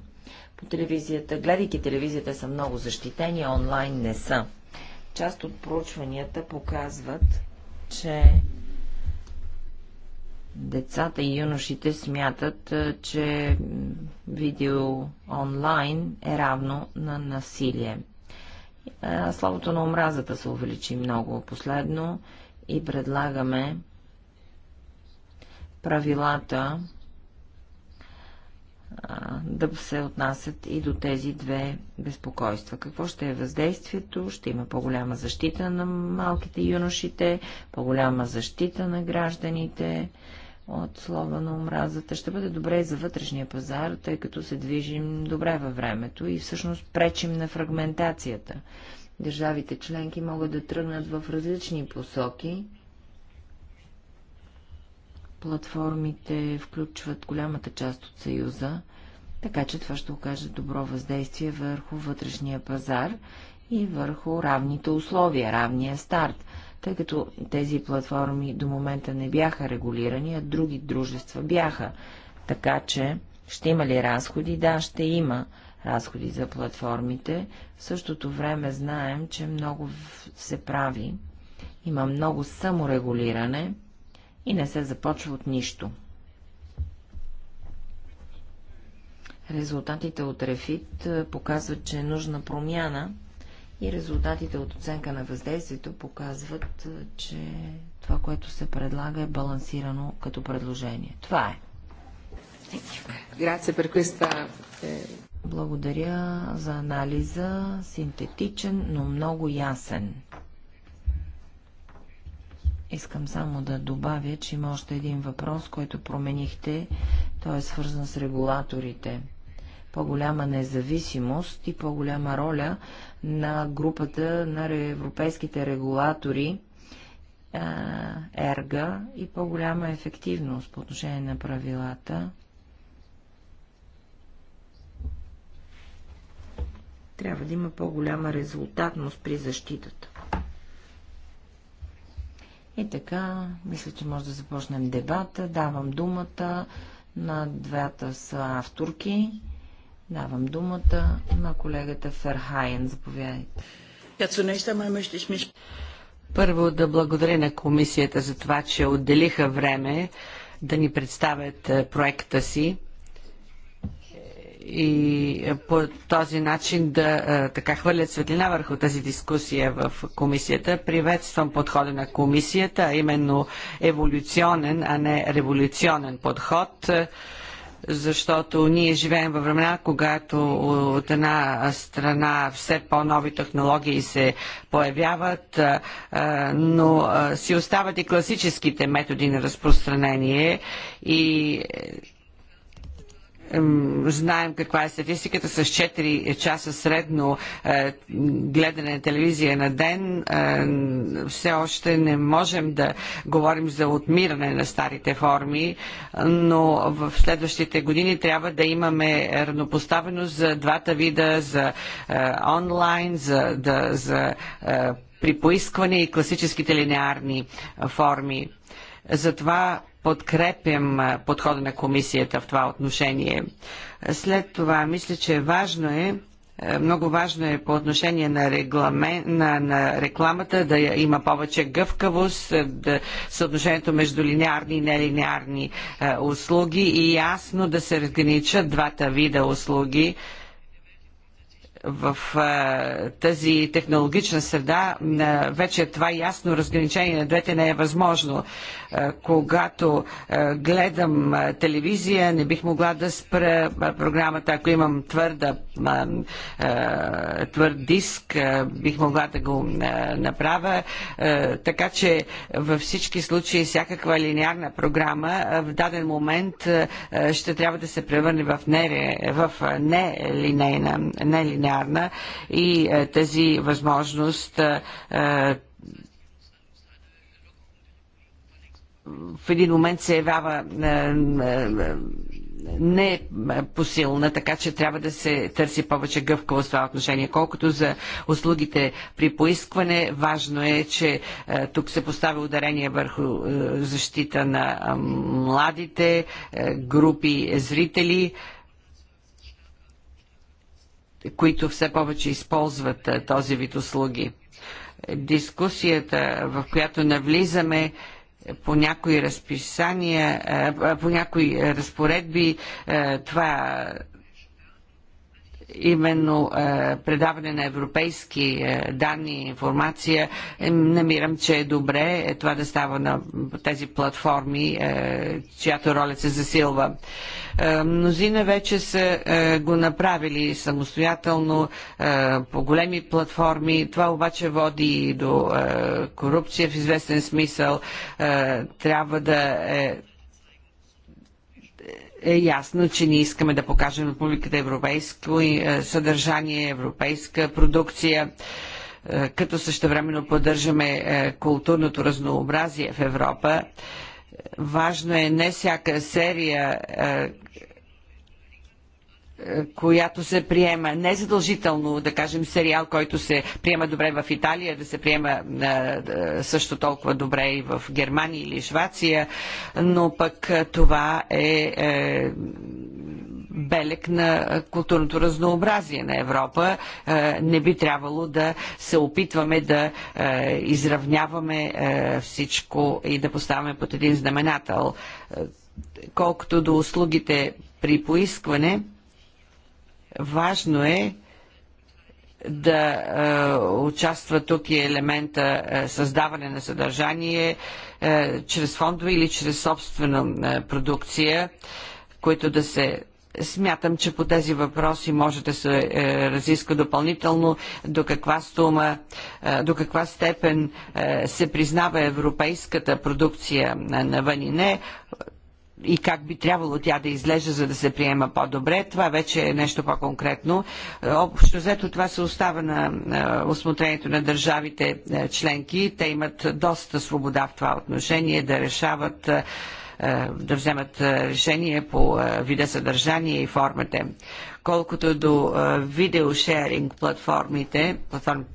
По телевизията, гледайки телевизията, са много защитени, а онлайн не са. Част от проучванията показват, че децата и юношите смятат, че видео онлайн е равно на насилие. Словото на омразата се увеличи много последно и предлагаме правилата да се отнасят и до тези две безпокойства. Какво ще е въздействието? Ще има по-голяма защита на малките юношите, по-голяма защита на гражданите от слова на омразата. Ще бъде добре и за вътрешния пазар, тъй като се движим добре във времето и всъщност пречим на фрагментацията. Държавите членки могат да тръгнат в различни посоки. Платформите включват голямата част от Съюза, така че това ще окаже добро въздействие върху вътрешния пазар и върху равните условия, равния старт, тъй като тези платформи до момента не бяха регулирани, а други дружества бяха. Така че ще има ли разходи? Да, ще има разходи за платформите. В същото време знаем, че много се прави, има много саморегулиране и не се започва от нищо. Резултатите от Рефит показват, че е нужна промяна и резултатите от оценка на въздействието показват, е, че това, което се предлага е балансирано като предложение. Това е. Grazie per questa е, благодаря за анализа, синтетичен, но много ясен. Искам само да добавя, че има още един въпрос, който променихте. Той е свързан с регулаторите. По-голяма независимост и по-голяма роля на групата на европейските регулатори ерга и по-голяма ефективност по отношение на правилата Трябва да има по-голяма резултатност при защитата. И така, мисля, че може да започнем дебата. Давам думата на двата са авторки. Давам думата на колегата Ферхайен. Заповядайте. Първо да благодаря на комисията за това, че отделиха време да ни представят е, проекта си и е, по този начин да е, така хвърлят светлина върху тази дискусия в комисията. Приветствам подхода на комисията, а именно еволюционен, а не революционен подход е, защото ние живеем във времена, когато от една страна все по-нови технологии се появяват, но си остават и класическите методи на разпространение и знаем каква е статистиката с 4 часа средно е, гледане на телевизия на ден. Е, все още не можем да говорим за отмиране на старите форми, но в следващите години трябва да имаме равнопоставеност за двата вида, за е, онлайн, за, да, за при поискване и класическите линеарни форми. Затова подкрепям подхода на комисията в това отношение. След това, мисля, че важно е, е много важно е по отношение на, регламент, на, на рекламата да има повече гъвкавост, е, да, съотношението между линеарни и нелинеарни е, услуги и ясно да се разграничат двата вида услуги. Е, в а, е, тази технологична среда а, е, вече това ясно разграничение на двете не е възможно. А, е, когато а, гледам а, телевизия, не бих могла да спра а, програмата. Ако имам твърда, а, а, твърд диск, а, бих могла да го а, направя. А, така че във всички случаи всякаква линиарна програма а, в даден момент а, ще трябва да се превърне в, не, в нелинейна, нелинейна вярна и е, тази възможност е, е, в един момент се явява не посилна, така че трябва да се търси повече гъвкаво в това отношение. Колкото за услугите при поискване, важно е, че тук се поставя ударение върху защита на младите групи зрители които все повече използват този вид услуги. Дискусията, в която навлизаме, по някои разписания, по някои разпоредби, това именно е, предаване на европейски е, данни и информация, е, намирам, че е добре е, това да става на тези платформи, е, чиято роля се засилва. Е, мнозина вече са е, го направили самостоятелно е, по големи платформи. Това обаче води и до е, корупция в известен смисъл. Е, трябва да е е ясно, че ние искаме да покажем на публиката европейско е, съдържание, европейска продукция, е, като същевременно поддържаме е, културното разнообразие в Европа. Важно е не всяка серия която се приема. Не е задължително, да кажем, сериал, който се приема добре в Италия, да се приема също толкова добре и в Германия или Швация, но пък това е, е белег на културното разнообразие на Европа. Не би трябвало да се опитваме да е, изравняваме е, всичко и да поставяме под един знаменател. Колкото до услугите при поискване, Важно е да е, участва тук и елемента е, създаване на съдържание е, чрез фондове или чрез собствена е, продукция, които да се Смятам, че по тези въпроси може да се е, разиска допълнително до каква сума, е, до каква степен е, се признава европейската продукция на, навън и не и как би трябвало тя да излежа, за да се приема по-добре. Това вече е нещо по-конкретно. Е, общо взето това се остава на е, осмотрението на държавите е, членки. Те имат доста свобода в това отношение да решават да вземат решение по вида съдържание и формата. Колкото до видеошеринг платформите, платформите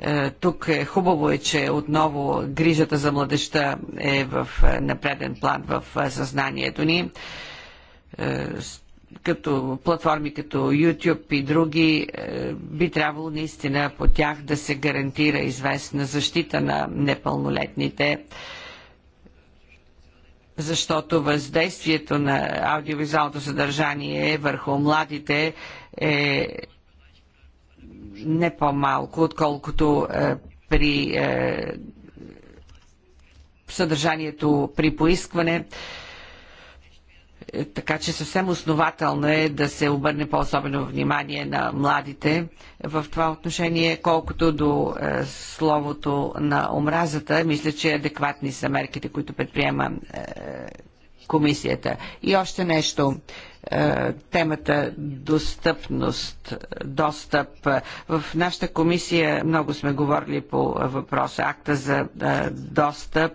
е, тук е хубаво е, че отново грижата за младеща е в е, напреден план в е, съзнанието ни като платформи като YouTube и други, би трябвало наистина по тях да се гарантира известна защита на непълнолетните, защото въздействието на аудиовизуалното съдържание върху младите е не по-малко, отколкото е, при е, съдържанието при поискване. Е, така че съвсем основателно е да се обърне по-особено внимание на младите в това отношение, колкото до е, словото на омразата. Мисля, че адекватни са мерките, които предприема е, комисията. И още нещо. Е, темата достъпност, достъп. В нашата комисия много сме говорили по въпроса акта за е, достъп.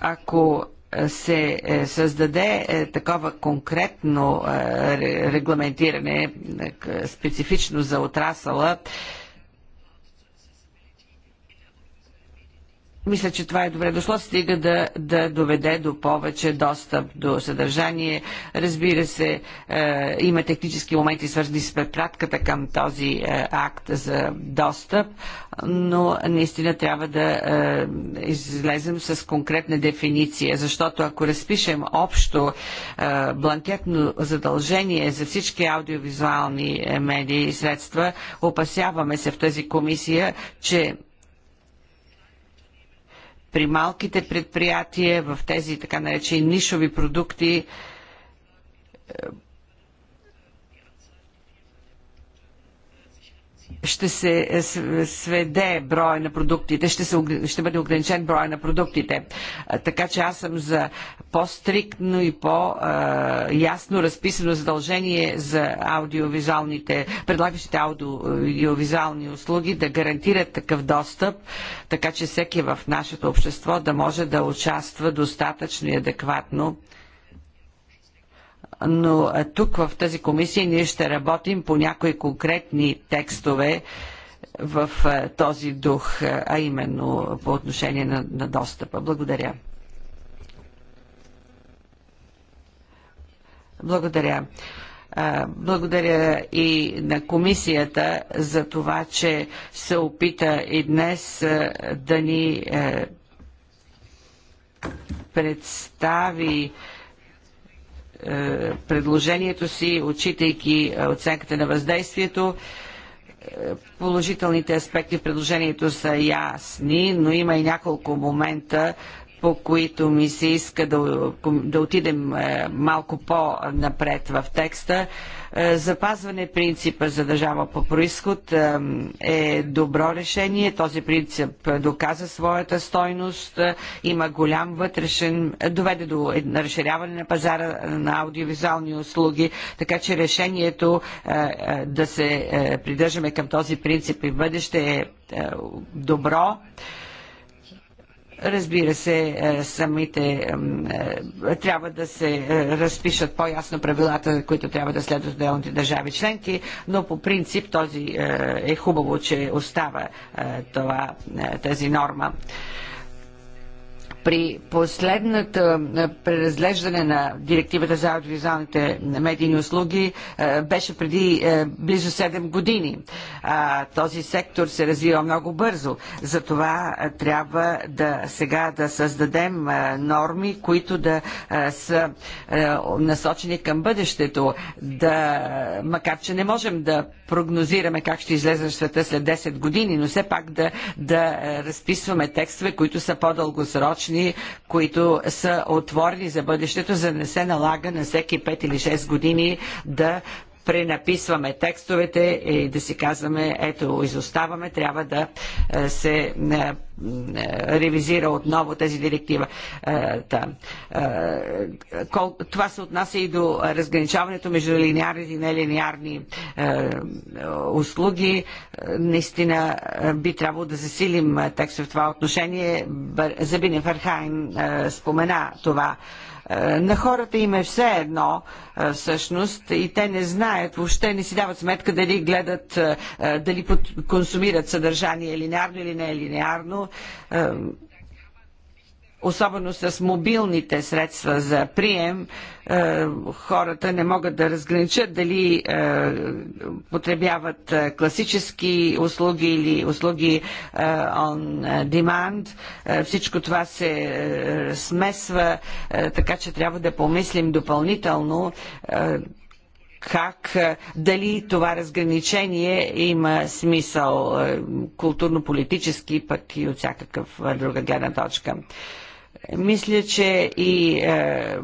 Ако се е, създаде такова конкретно регламентиране, специфично за отрасъла, Мисля, че това е добре дошло, стига да, да доведе до повече достъп до съдържание. Разбира се, е, има технически моменти, свързани с препратката към този е, акт за достъп, но наистина трябва да е, излезем с конкретна дефиниция, защото ако разпишем общо е, бланкетно задължение за всички аудиовизуални е, медии и средства, опасяваме се в тази комисия, че при малките предприятия в тези така наречени нишови продукти ще се е, е, сведе броя на продуктите, ще, се, ще бъде ограничен броя на продуктите. Така че аз съм за по-стриктно и по-ясно разписано задължение за аудиовизуалните, предлагащите аудиовизуални услуги да гарантират такъв достъп, така че всеки в нашето общество да може да участва достатъчно и адекватно но тук в тази комисия ние ще работим по някои конкретни текстове в този дух, а именно по отношение на, на достъпа. Благодаря. Благодаря. Благодаря и на комисията за това, че се опита и днес да ни представи е, предложението си, отчитайки е, оценката на въздействието. Е, положителните аспекти в предложението са ясни, но има и няколко момента, по които ми се иска да, да отидем е, малко по-напред в текста. Е, запазване принципа за държава по происход е, е добро решение. Този принцип доказа своята стойност, има голям вътрешен, доведе до разширяване на пазара на аудиовизуални услуги, така че решението да се придържаме към този принцип и бъдеще е добро. Разбира се, е, самите е, трябва да се е, разпишат по-ясно правилата, които трябва да следват отделните държави членки, но по принцип този е хубаво, че остава това, тази норма. При последната преразглеждане на директивата за аудиовизуалните медийни услуги беше преди близо 7 години. Този сектор се развива много бързо. Затова трябва да сега да създадем норми, които да са насочени към бъдещето. Да, макар, че не можем да прогнозираме как ще излезе света след 10 години, но все пак да, да разписваме текстове, които са по-дългосрочни години, които са отворени за бъдещето, за да не се налага на всеки 5 или 6 години да пренаписваме текстовете и да си казваме, ето, изоставаме, трябва да е, се е, ревизира отново тази директива. Е, това се отнася и до разграничаването между линиарни и нелиниарни услуги. Наистина би трябвало да засилим текстове в това отношение. Забине Фархайн спомена това е, на хората им е все едно е, всъщност и те не знаят, въобще не си дават сметка дали гледат, е, дали консумират съдържание линеарно или не е линеарно особено с мобилните средства за прием, е, хората не могат да разграничат дали е, потребяват е, класически услуги или услуги on demand. Всичко това се смесва, така че трябва да помислим допълнително как, дали това разграничение има смисъл културно-политически, пък и от всякакъв друга гледна точка. Мисля, че и е,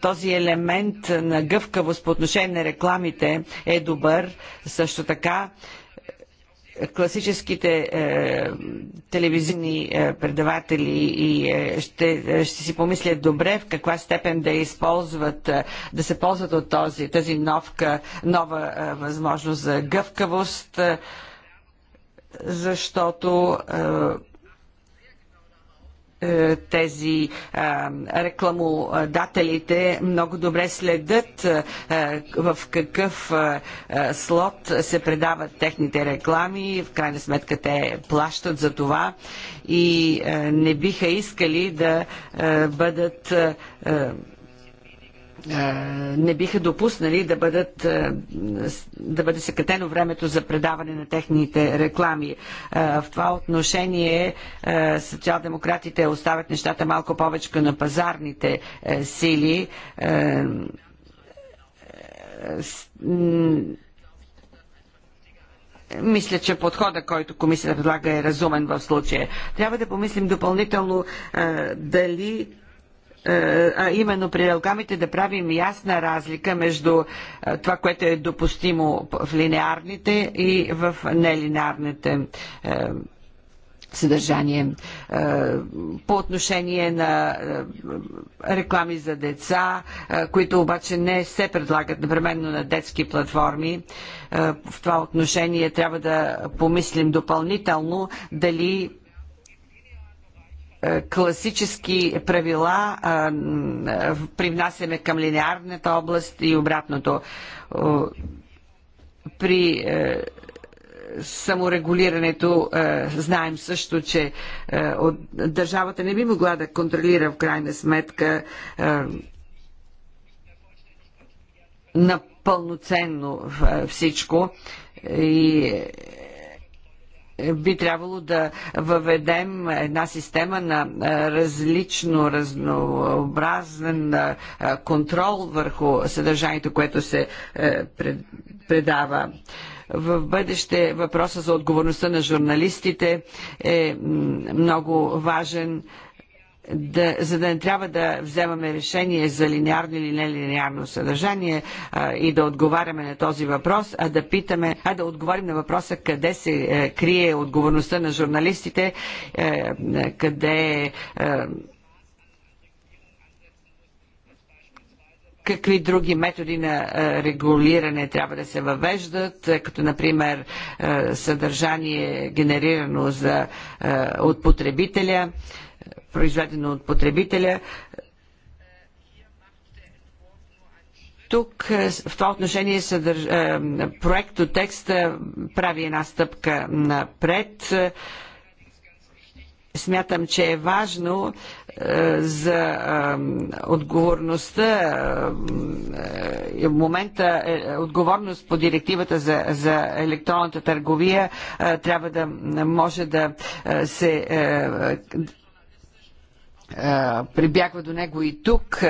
този елемент на гъвкавост по отношение на рекламите е добър. Също така, класическите е, телевизионни е, предаватели и е, ще, е, ще си помислят добре в каква степен да използват, е, да се ползват от този, тази новка, нова е, възможност за гъвкавост, е, защото е, е, тези рекламодателите много добре следят е, в какъв е, слот се предават техните реклами. В крайна сметка те плащат за това и не биха искали да бъдат е, не биха допуснали да, бъдат, е, да бъде съкратено времето за предаване на техните реклами. Е, в това отношение социал-демократите оставят нещата малко повече на пазарните сили мисля, че подхода, който комисията предлага е разумен в случая. Трябва да помислим допълнително дали е, а именно при релгамите да правим ясна разлика между е, това, което е допустимо в линеарните и в нелинеарните е, съдържание по отношение на реклами за деца, които обаче не се предлагат непременно на детски платформи. В това отношение трябва да помислим допълнително дали е, класически правила е, е, привнасяме към линеарната област и обратното. При саморегулирането знаем също, че държавата не би могла да контролира в крайна сметка Напълноценно всичко и би трябвало да въведем една система на различно, разнообразен контрол върху съдържанието, което се е, предава. В бъдеще въпроса за отговорността на журналистите е много важен да, за да не трябва да вземаме решение за линеарно или нелинеарно съдържание а, и да отговаряме на този въпрос, а да питаме, а да отговорим на въпроса къде се е, крие отговорността на журналистите, е, къде е, какви други методи на е, регулиране трябва да се въвеждат, е, като например е, съдържание генерирано за, от потребителя произведено от потребителя. Тук е, в това отношение съдърж... Е, проект от текста прави една стъпка напред. Смятам, че е важно е, за отговорността в момента отговорност по директивата за, за електронната търговия трябва да може да се прибягва до него и тук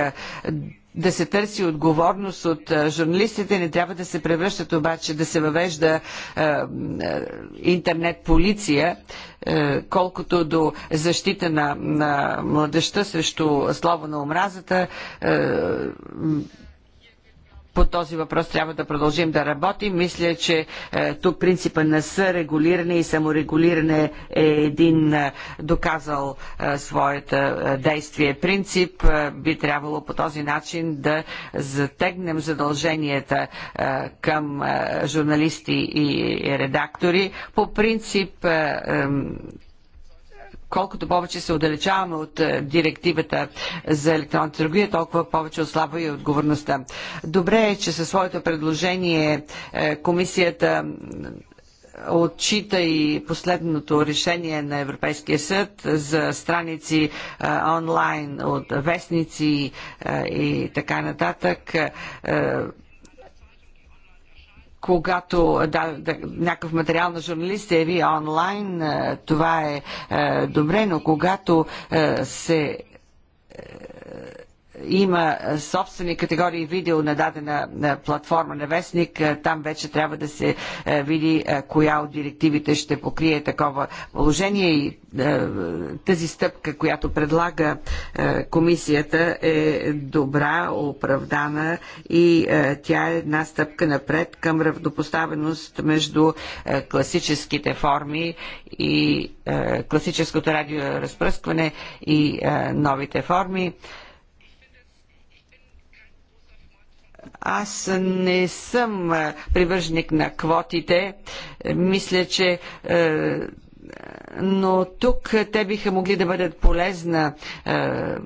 да се търси отговорност от журналистите, не трябва да се превръщат обаче да се въвежда интернет полиция, колкото до защита на, на младеща срещу слово на омразата по този въпрос трябва да продължим да работим. Мисля, че е, тук принципа на сърегулиране и саморегулиране е един е, доказал е, своята действие принцип. Би трябвало по този начин да затегнем задълженията към журналисти и редактори. По принцип колкото повече се отдалечаваме от е, директивата за електронната търговия, толкова повече ослабва и отговорността. Добре е, че със своето предложение е, комисията отчита и последното решение на Европейския съд за страници е, онлайн от вестници и така нататък когато да, да, някакъв материал на журналист се яви онлайн, това е, е добре, но когато е, се има собствени категории видео на дадена платформа на Вестник, там вече трябва да се види коя от директивите ще покрие такова положение и тази стъпка, която предлага комисията е добра, оправдана и тя е една стъпка напред към равнопоставеност между класическите форми и класическото радиоразпръскване и новите форми. Аз не съм привърженик на квотите. Мисля, че е, но тук те биха могли да бъдат полезна е,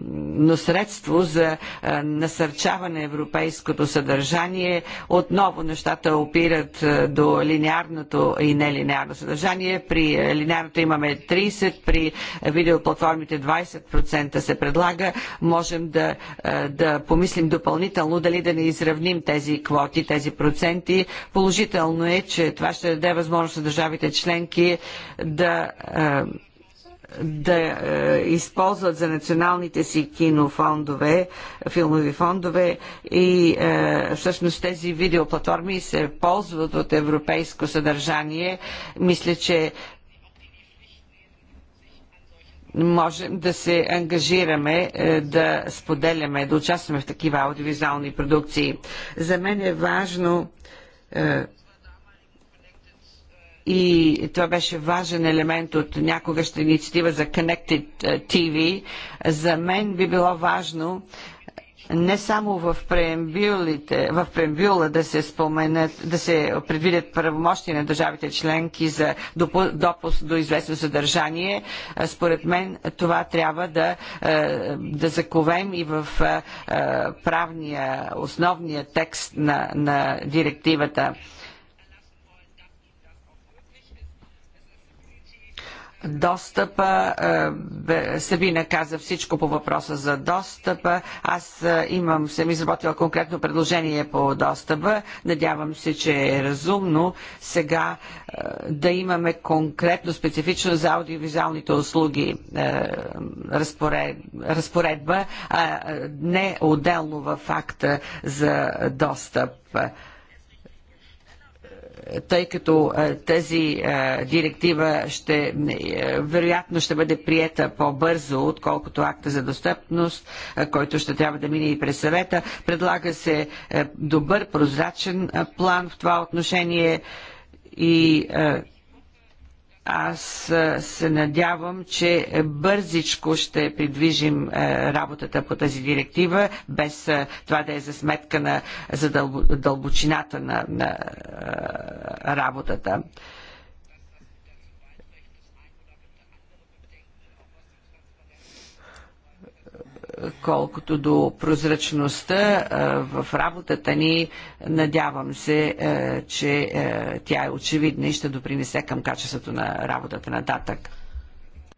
но средство за е, насърчаване европейското съдържание. Отново нещата опират е, до линеарното и нелинеарно съдържание. При линеарното имаме 30, при видеоплатформите 20% се предлага. Можем да, да помислим допълнително дали да не изравним тези квоти, тези проценти. Положително е, че това ще даде възможност на държавите членки да да да използват за националните си кинофондове, филмови фондове и всъщност тези видеоплатформи се ползват от европейско съдържание. Мисля, че можем да се ангажираме, да споделяме, да участваме в такива аудиовизуални продукции. За мен е важно и това беше важен елемент от някогашната инициатива за Connected TV. За мен би било важно не само в преембюлите, в преембюла да се споменят, да се предвидят правомощи на държавите членки за допуск до известно съдържание, според мен това трябва да, да заковем и в правния, основния текст на, на директивата достъпа. Е, Сабина каза всичко по въпроса за достъпа. Аз е, имам, съм изработила конкретно предложение по достъпа. Надявам се, че е разумно сега е, да имаме конкретно, специфично за аудиовизуалните услуги разпоредба, а не отделно в акта за достъп тъй като е, тази е, директива ще, е, вероятно ще бъде приета по-бързо, отколкото акта за достъпност, който ще трябва да мине и през съвета. Предлага се добър прозрачен план в това отношение и аз се надявам, че бързичко ще придвижим работата по тази директива, без това да е за сметка на за дълбочината на, на работата. Колкото до прозрачността в работата ни, надявам се, че тя е очевидна и ще допринесе към качеството на работата нататък.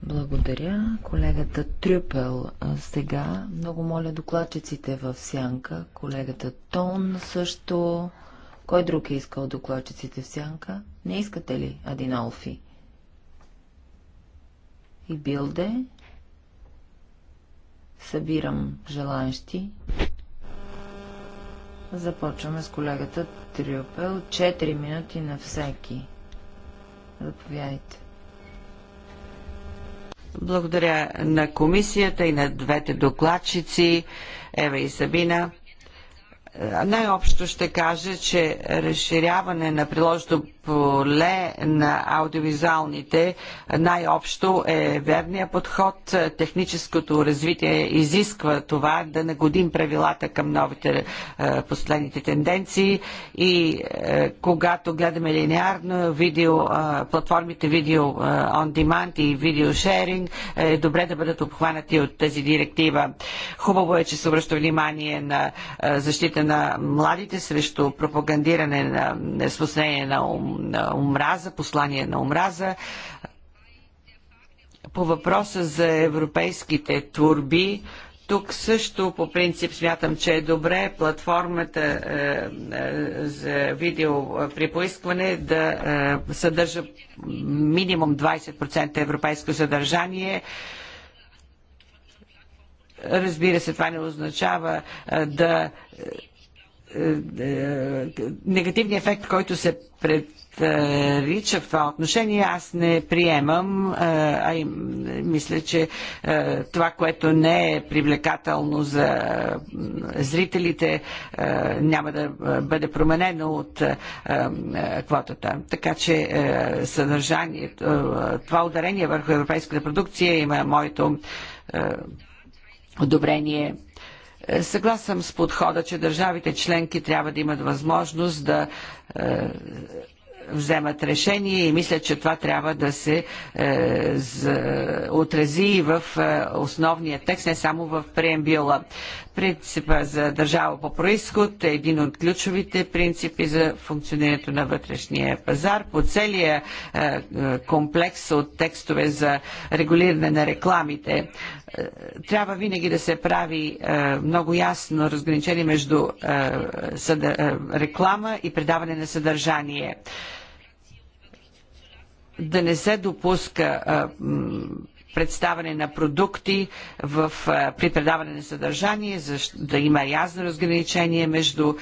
Благодаря. Колегата Трюпел сега. Много моля докладчиците в сянка. Колегата Тон също. Кой друг е искал докладчиците в сянка? Не искате ли, Адиналфи? И Билде? Събирам желанщи. Започваме с колегата Трюпел. 4 минути на всеки. Заповядайте. Благодаря на комисията и на двете докладчици, Ева и Сабина. Най-общо ще кажа, че разширяване на приложното поле на аудиовизуалните най-общо е верния подход. Техническото развитие изисква това да нагодим правилата към новите е, последните тенденции и е, когато гледаме линеарно видео, е, платформите видео on demand и видео sharing е добре да бъдат обхванати от тези директива. Хубаво е, че се обръща внимание на защита на младите срещу пропагандиране на споснение на на омраза, послание на омраза. По въпроса за европейските турби, тук също по принцип смятам, че е добре платформата е, е, за видео при поискване да е, съдържа минимум 20% европейско съдържание. Разбира се, това не означава е, да е, е, негативният ефект, който се пред Рича в това отношение аз не приемам, а и мисля, че това, което не е привлекателно за зрителите, няма да бъде променено от квотата. Така че съдържанието, това ударение върху европейската продукция има моето одобрение. Съгласен с подхода, че държавите членки трябва да имат възможност да вземат решение и мисля, че това трябва да се е, отрази и в е, основния текст, не само в преембила. Принципа за държава по происход е един от ключовите принципи за функционирането на вътрешния пазар. По целия е, е комплекс от текстове за регулиране на рекламите е, трябва винаги да се прави е, много ясно разграничение между е, съда, е, реклама и предаване на съдържание да не се допуска представане на продукти в, при предаване на съдържание, да има ясно разграничение между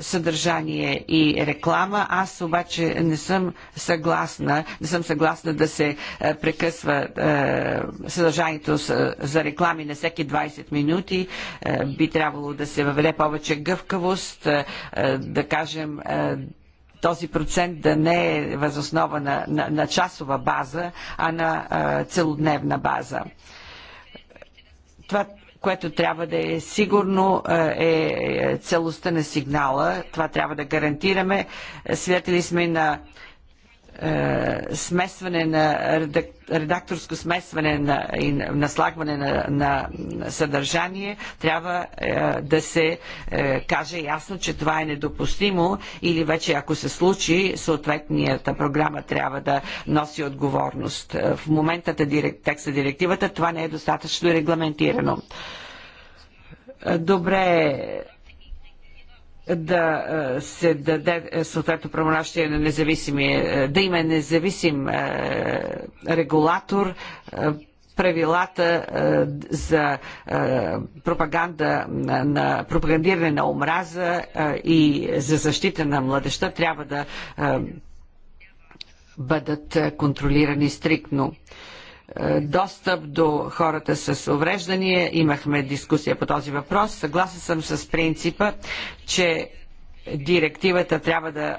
съдържание и реклама. Аз обаче не съм съгласна, не съм съгласна да се прекъсва е, съдържанието за реклами на всеки 20 минути. Е, би трябвало да се въведе повече гъвкавост, е, да кажем. Е, този процент да не е възоснова на, на, на часова база, а на а, целодневна база. Това което трябва да е сигурно е, е целостта на сигнала. Това трябва да гарантираме. Свидетели сме на е, смесване на редакторско смесване на, и наслагване на, на съдържание, трябва е, да се е, каже ясно, че това е недопустимо или вече ако се случи, съответнията програма трябва да носи отговорност. Е, в момента текста директивата това не е достатъчно регламентирано. Е, добре да е, се даде е, съответно правомощие на независими, е, да има независим регулатор, правилата за пропаганда на пропагандиране на омраза и за защита на младеща трябва да бъдат контролирани стриктно. Е, достъп до хората с увреждания. Имахме дискусия по този въпрос. Съгласен съм с принципа, че директивата трябва да е,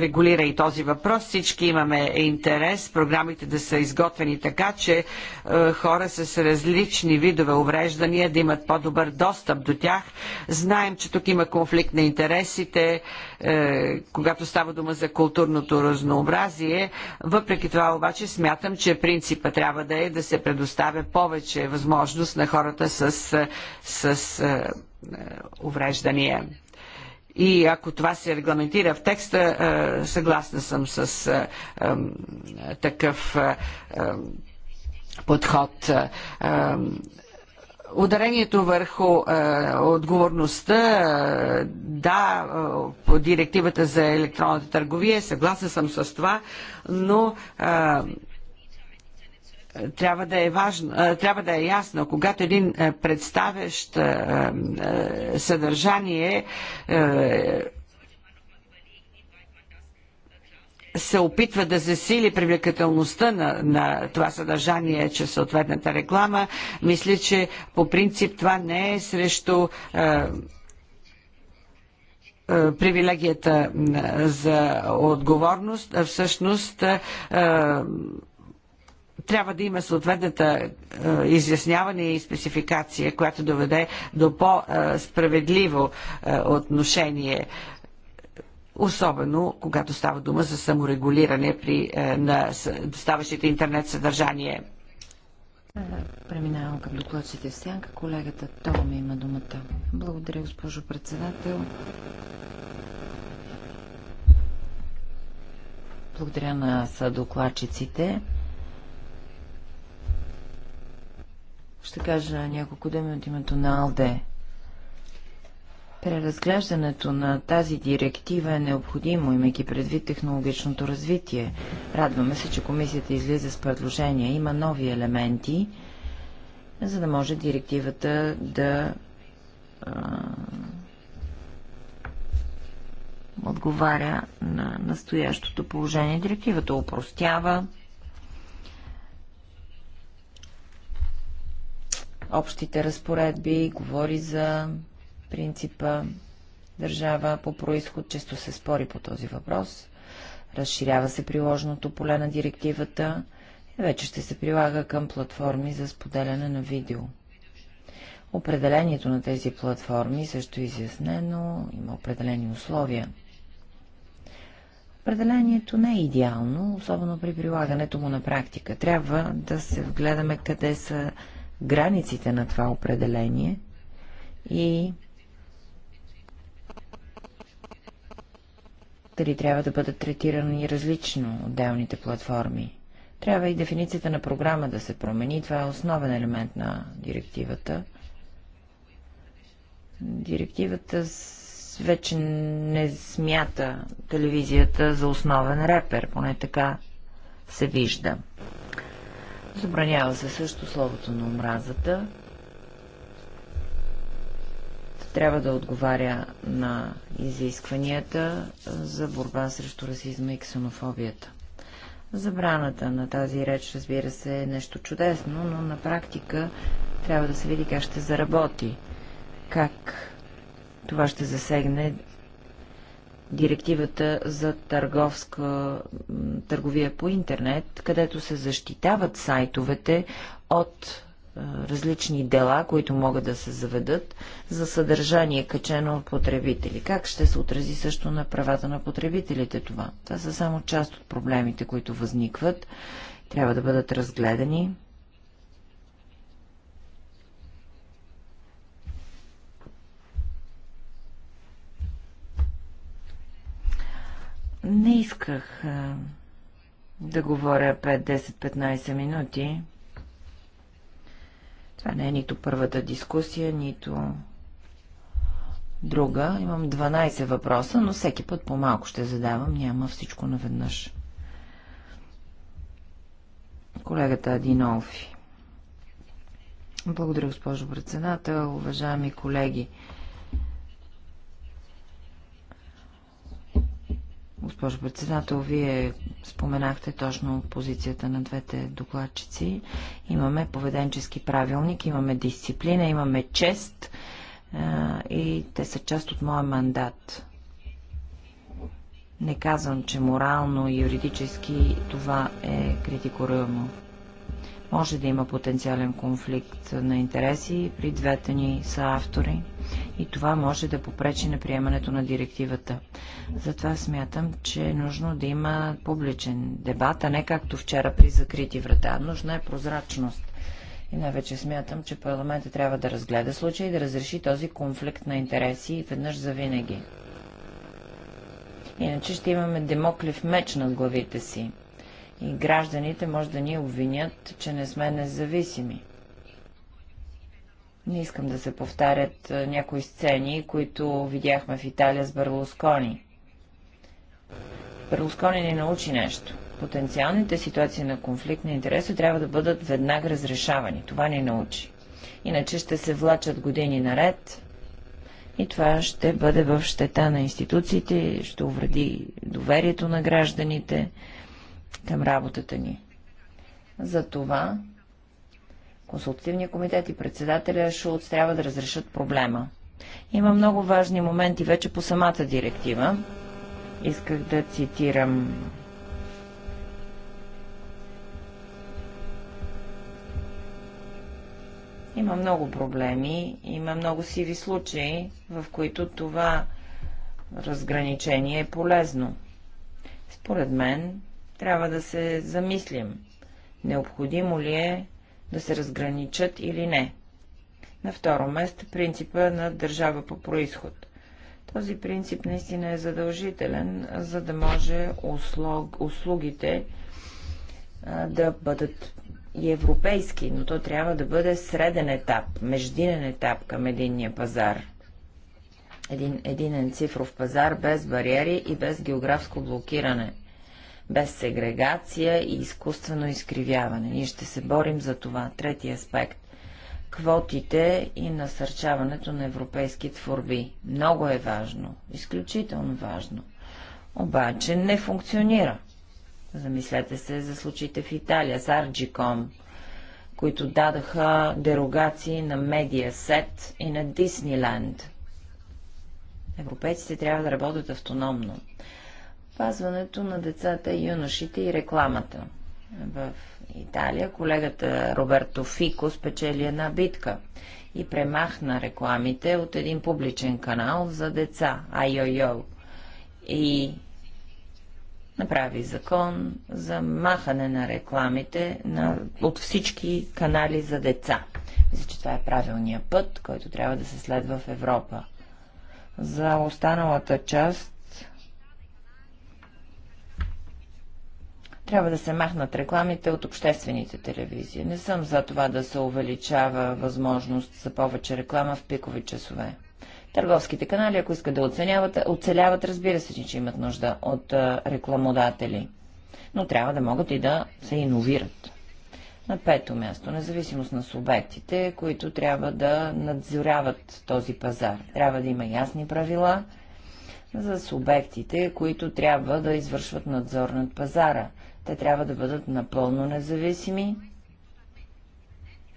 регулира и този въпрос. Всички имаме интерес програмите да са изготвени така, че е, хора с различни видове увреждания да имат по-добър достъп до тях. Знаем, че тук има конфликт на интересите, е, когато става дума за културното разнообразие. Въпреки това обаче смятам, че принципа трябва да е да се предоставя повече възможност на хората с, с е, увреждания. И ако това се регламентира в текста, е, съгласна съм с е, е, такъв подход ударението върху е, отговорността, е, да, е, по директивата за електронната търговия, съгласен съм с това, но е, трябва да е важно, трябва да е ясно, когато един представящ съдържание се опитва да засили привлекателността на, на това съдържание чрез съответната реклама, мисля, че по принцип това не е срещу привилегията за отговорност, а всъщност трябва да има съответната е, изясняване и спецификация, която доведе до по-справедливо е, отношение особено когато става дума за саморегулиране при, е, на доставащите интернет съдържание. Преминавам към докладчите в сянка. Колегата Томи има думата. Благодаря, госпожо председател. Благодаря на съдокладчиците. Ще кажа няколко думи от името на АЛДЕ. Преразглеждането на тази директива е необходимо, имайки предвид технологичното развитие. Радваме се, че комисията излиза с предложения. Има нови елементи, за да може директивата да а, отговаря на настоящото положение. Директивата упростява общите разпоредби, говори за принципа държава по происход. Често се спори по този въпрос. Разширява се приложеното поле на директивата и вече ще се прилага към платформи за споделяне на видео. Определението на тези платформи също е изяснено, има определени условия. Определението не е идеално, особено при прилагането му на практика. Трябва да се вгледаме къде са границите на това определение и дали трябва да бъдат третирани различно отделните платформи. Трябва и дефиницията на програма да се промени. Това е основен елемент на директивата. Директивата вече не смята телевизията за основен репер, поне така се вижда. Забранява се също словото на омразата. Трябва да отговаря на изискванията за борба срещу расизма и ксенофобията. Забраната на тази реч, разбира се, е нещо чудесно, но на практика трябва да се види как ще заработи, как това ще засегне директивата за търговска търговия по интернет, където се защитават сайтовете от е, различни дела, които могат да се заведат за съдържание качено от потребители. Как ще се отрази също на правата на потребителите това? Това са само част от проблемите, които възникват. Трябва да бъдат разгледани Не исках а, да говоря 5, 10, 15 минути. Това не е нито първата дискусия, нито друга. Имам 12 въпроса, но всеки път по-малко ще задавам. Няма всичко наведнъж. Колегата Адинолфи. Благодаря, госпожо председател. Уважаеми колеги, Госпожо председател, вие споменахте точно позицията на двете докладчици. Имаме поведенчески правилник, имаме дисциплина, имаме чест а, и те са част от моя мандат. Не казвам, че морално и юридически това е критикуемо. Може да има потенциален конфликт на интереси при двете ни са автори и това може да попречи на приемането на директивата. Затова смятам, че е нужно да има публичен дебат, а не както вчера при закрити врата. Нужна е прозрачност. И най-вече смятам, че парламентът трябва да разгледа случай и да разреши този конфликт на интереси веднъж за винаги. Иначе ще имаме демоклив меч над главите си. И гражданите може да ни обвинят, че не сме независими. Не искам да се повтарят някои сцени, които видяхме в Италия с Берлускони. Берлускони ни научи нещо. Потенциалните ситуации на конфликт на интереси трябва да бъдат веднага разрешавани. Това ни научи. Иначе ще се влачат години наред и това ще бъде в щета на институциите, ще увреди доверието на гражданите към работата ни. Затова Консултативния комитет и председателя Шулц трябва да разрешат проблема. Има много важни моменти вече по самата директива. Исках да цитирам Има много проблеми, има много сиви случаи, в които това разграничение е полезно. Според мен трябва да се замислим, необходимо ли е да се разграничат или не. На второ место принципа на държава по происход. Този принцип наистина е задължителен, за да може услуг, услугите а, да бъдат и европейски, но то трябва да бъде среден етап, междинен етап към единния пазар. Един единен цифров пазар без бариери и без географско блокиране – без сегрегация и изкуствено изкривяване. Ние ще се борим за това. Трети аспект квотите и насърчаването на европейски творби. Много е важно, изключително важно. Обаче не функционира. Замислете се за случаите в Италия с Арджиком, които дадаха дерогации на Медиасет и на Дисниленд. Европейците трябва да работят автономно опазването на децата, юношите и рекламата. В Италия колегата Роберто Фико спечели една битка и премахна рекламите от един публичен канал за деца, Айойо, и направи закон за махане на рекламите на, от всички канали за деца. Мисля, че това е правилният път, който трябва да се следва в Европа. За останалата част Трябва да се махнат рекламите от обществените телевизии. Не съм за това да се увеличава възможност за повече реклама в пикови часове. Търговските канали, ако искат да оценяват, оцеляват, разбира се, че имат нужда от рекламодатели. Но трябва да могат и да се иновират. На пето място, независимост на субектите, които трябва да надзоряват този пазар. Трябва да има ясни правила за субектите, които трябва да извършват надзор над пазара, те трябва да бъдат напълно независими,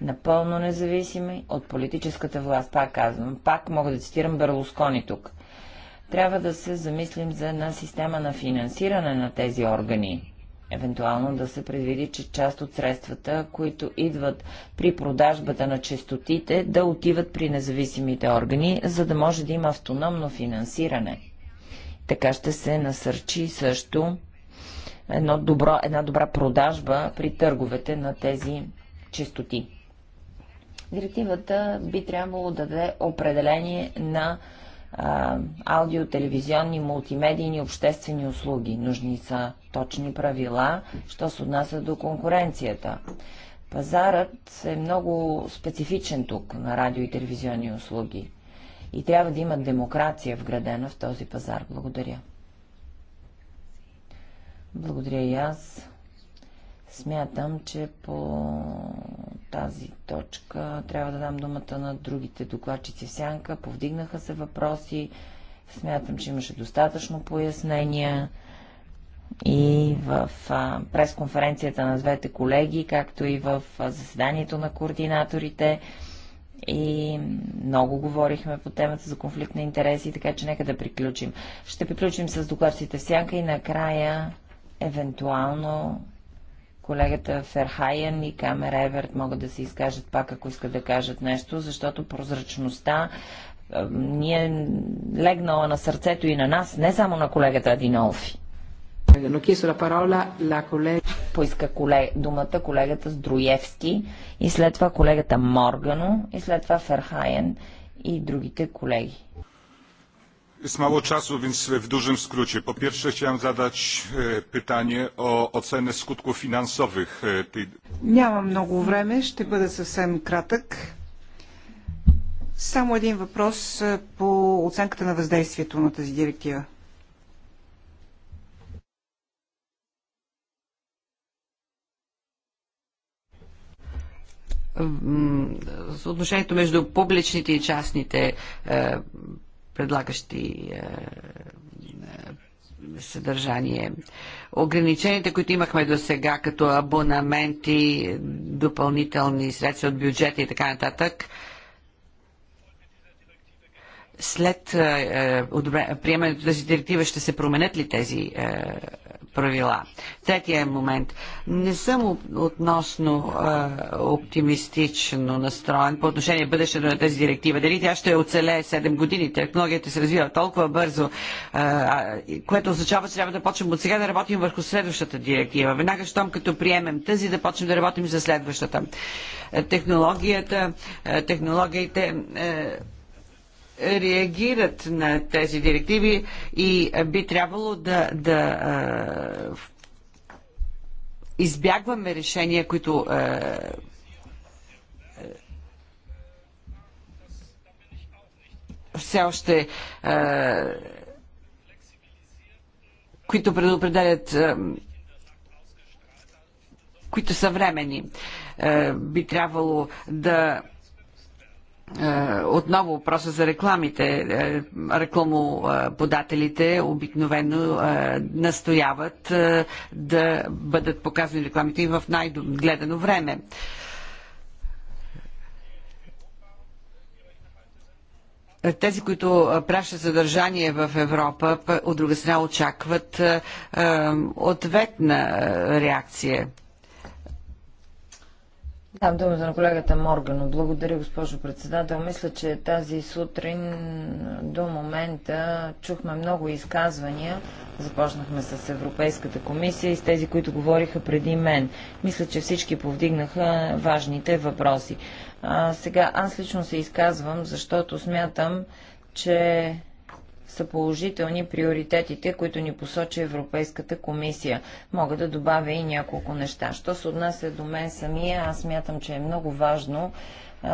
напълно независими от политическата власт. Пак казвам, пак мога да цитирам Берлускони тук. Трябва да се замислим за една система на финансиране на тези органи. Евентуално да се предвиди, че част от средствата, които идват при продажбата на честотите, да отиват при независимите органи, за да може да има автономно финансиране. Така ще се насърчи също едно добро, една добра продажба при търговете на тези чистоти. Директивата би трябвало да даде определение на а, аудио, телевизионни, мултимедийни, обществени услуги. Нужни са точни правила, що се отнася до конкуренцията. Пазарът е много специфичен тук на радио и телевизионни услуги. И трябва да има демокрация вградена в този пазар. Благодаря. Благодаря и аз. Смятам, че по тази точка трябва да дам думата на другите докладчици в сянка. Повдигнаха се въпроси. Смятам, че имаше достатъчно пояснения и в пресконференцията на двете колеги, както и в заседанието на координаторите. И много говорихме по темата за конфликт на интереси, така че нека да приключим. Ще приключим с докладците в сянка и накрая Евентуално колегата Ферхайен и Камера Еверт могат да се изкажат пак, ако искат да кажат нещо, защото прозрачността е, ни е легнала на сърцето и на нас, не само на колегата Адинолфи. Поиска колег... думата колегата Здруевски и след това колегата Моргано и след това Ферхайен и другите колеги. Jest mało czasu, więc w dużym skrócie. Po pierwsze chciałem zadać e, pytanie o ocenę skutków finansowych e, tej... Няма много време, ще бъда съвсем кратък. Само един въпрос е, по оценката на въздействието на тази директива. Съотношението между публичните и частните е, предлагащи е, е, съдържание. Ограниченията, които имахме до сега, като абонаменти, допълнителни средства от бюджета и така нататък, след е, е приемането на тази директива ще се променят ли тези е, правила? Третия момент. Не съм относно е, оптимистично настроен по отношение бъдещето на тази директива. Дали тя ще оцелее 7 години? Технологията се развива толкова бързо, е, което означава, че трябва да почнем от сега да работим върху следващата директива. Веднага, щом като приемем тази, да почнем да работим за следващата. Е, технологията, е, технологиите. Е, реагират на тези директиви и би трябвало да, да избягваме решения, които все още които предопределят които са времени. Би трябвало да е, отново въпроса за рекламите. Е, рекламоподателите обикновено е, настояват да бъдат показани рекламите и в най-гледано време. тези, които пращат съдържание в Европа, от друга страна очакват ответна реакция. Дам думата на колегата Моргано. Благодаря, госпожо председател. Мисля, че тази сутрин до момента чухме много изказвания. Започнахме с Европейската комисия и с тези, които говориха преди мен. Мисля, че всички повдигнаха важните въпроси. А, сега аз лично се изказвам, защото смятам, че са положителни приоритетите, които ни посочи Европейската комисия. Мога да добавя и няколко неща. Що се отнася до мен самия, аз мятам, че е много важно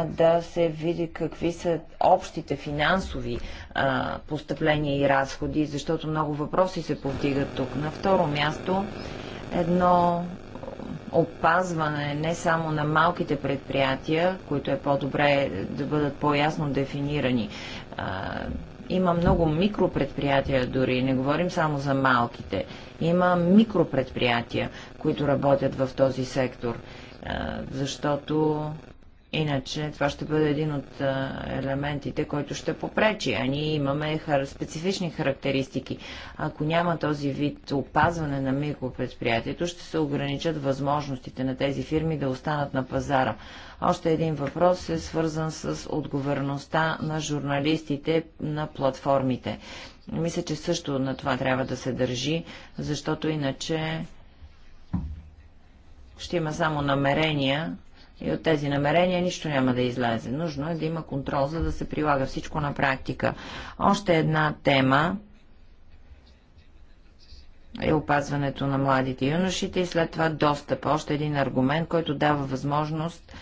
да се види какви са общите финансови а, постъпления и разходи, защото много въпроси се повдигат тук. На второ място, едно опазване не само на малките предприятия, които е по-добре да бъдат по-ясно дефинирани. А, има много микропредприятия дори, не говорим само за малките. Има микропредприятия, които работят в този сектор, защото Иначе това ще бъде един от елементите, който ще попречи. А ние имаме специфични характеристики. Ако няма този вид опазване на микропредприятието, ще се ограничат възможностите на тези фирми да останат на пазара. Още един въпрос е свързан с отговорността на журналистите на платформите. Мисля, че също на това трябва да се държи, защото иначе ще има само намерения и от тези намерения нищо няма да излезе. Нужно е да има контрол, за да се прилага всичко на практика. Още една тема е опазването на младите юношите и след това достъп. Още един аргумент, който дава възможност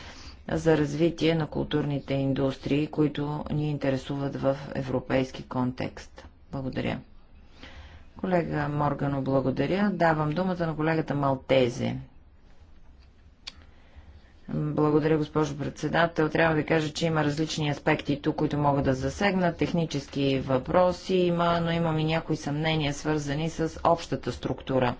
за развитие на културните индустрии, които ни интересуват в европейски контекст. Благодаря. Колега Моргано, благодаря. Давам думата на колегата Малтезе. Благодаря, госпожо председател. Трябва да кажа, че има различни аспекти тук, които могат да засегнат. Технически въпроси има, но имам и някои съмнения, свързани с общата структура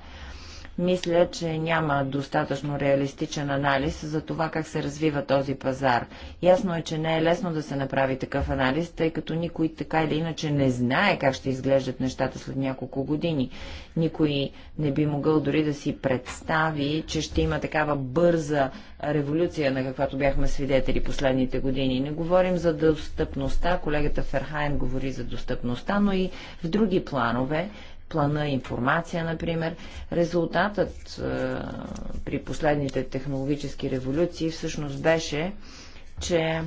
мисля, че няма достатъчно реалистичен анализ за това как се развива този пазар. Ясно е, че не е лесно да се направи такъв анализ, тъй като никой така или иначе не знае как ще изглеждат нещата след няколко години. Никой не би могъл дори да си представи, че ще има такава бърза революция, на каквато бяхме свидетели последните години. Не говорим за достъпността, колегата Ферхайн говори за достъпността, но и в други планове плана, информация, например. Резултатът а, е, при последните технологически революции всъщност беше, че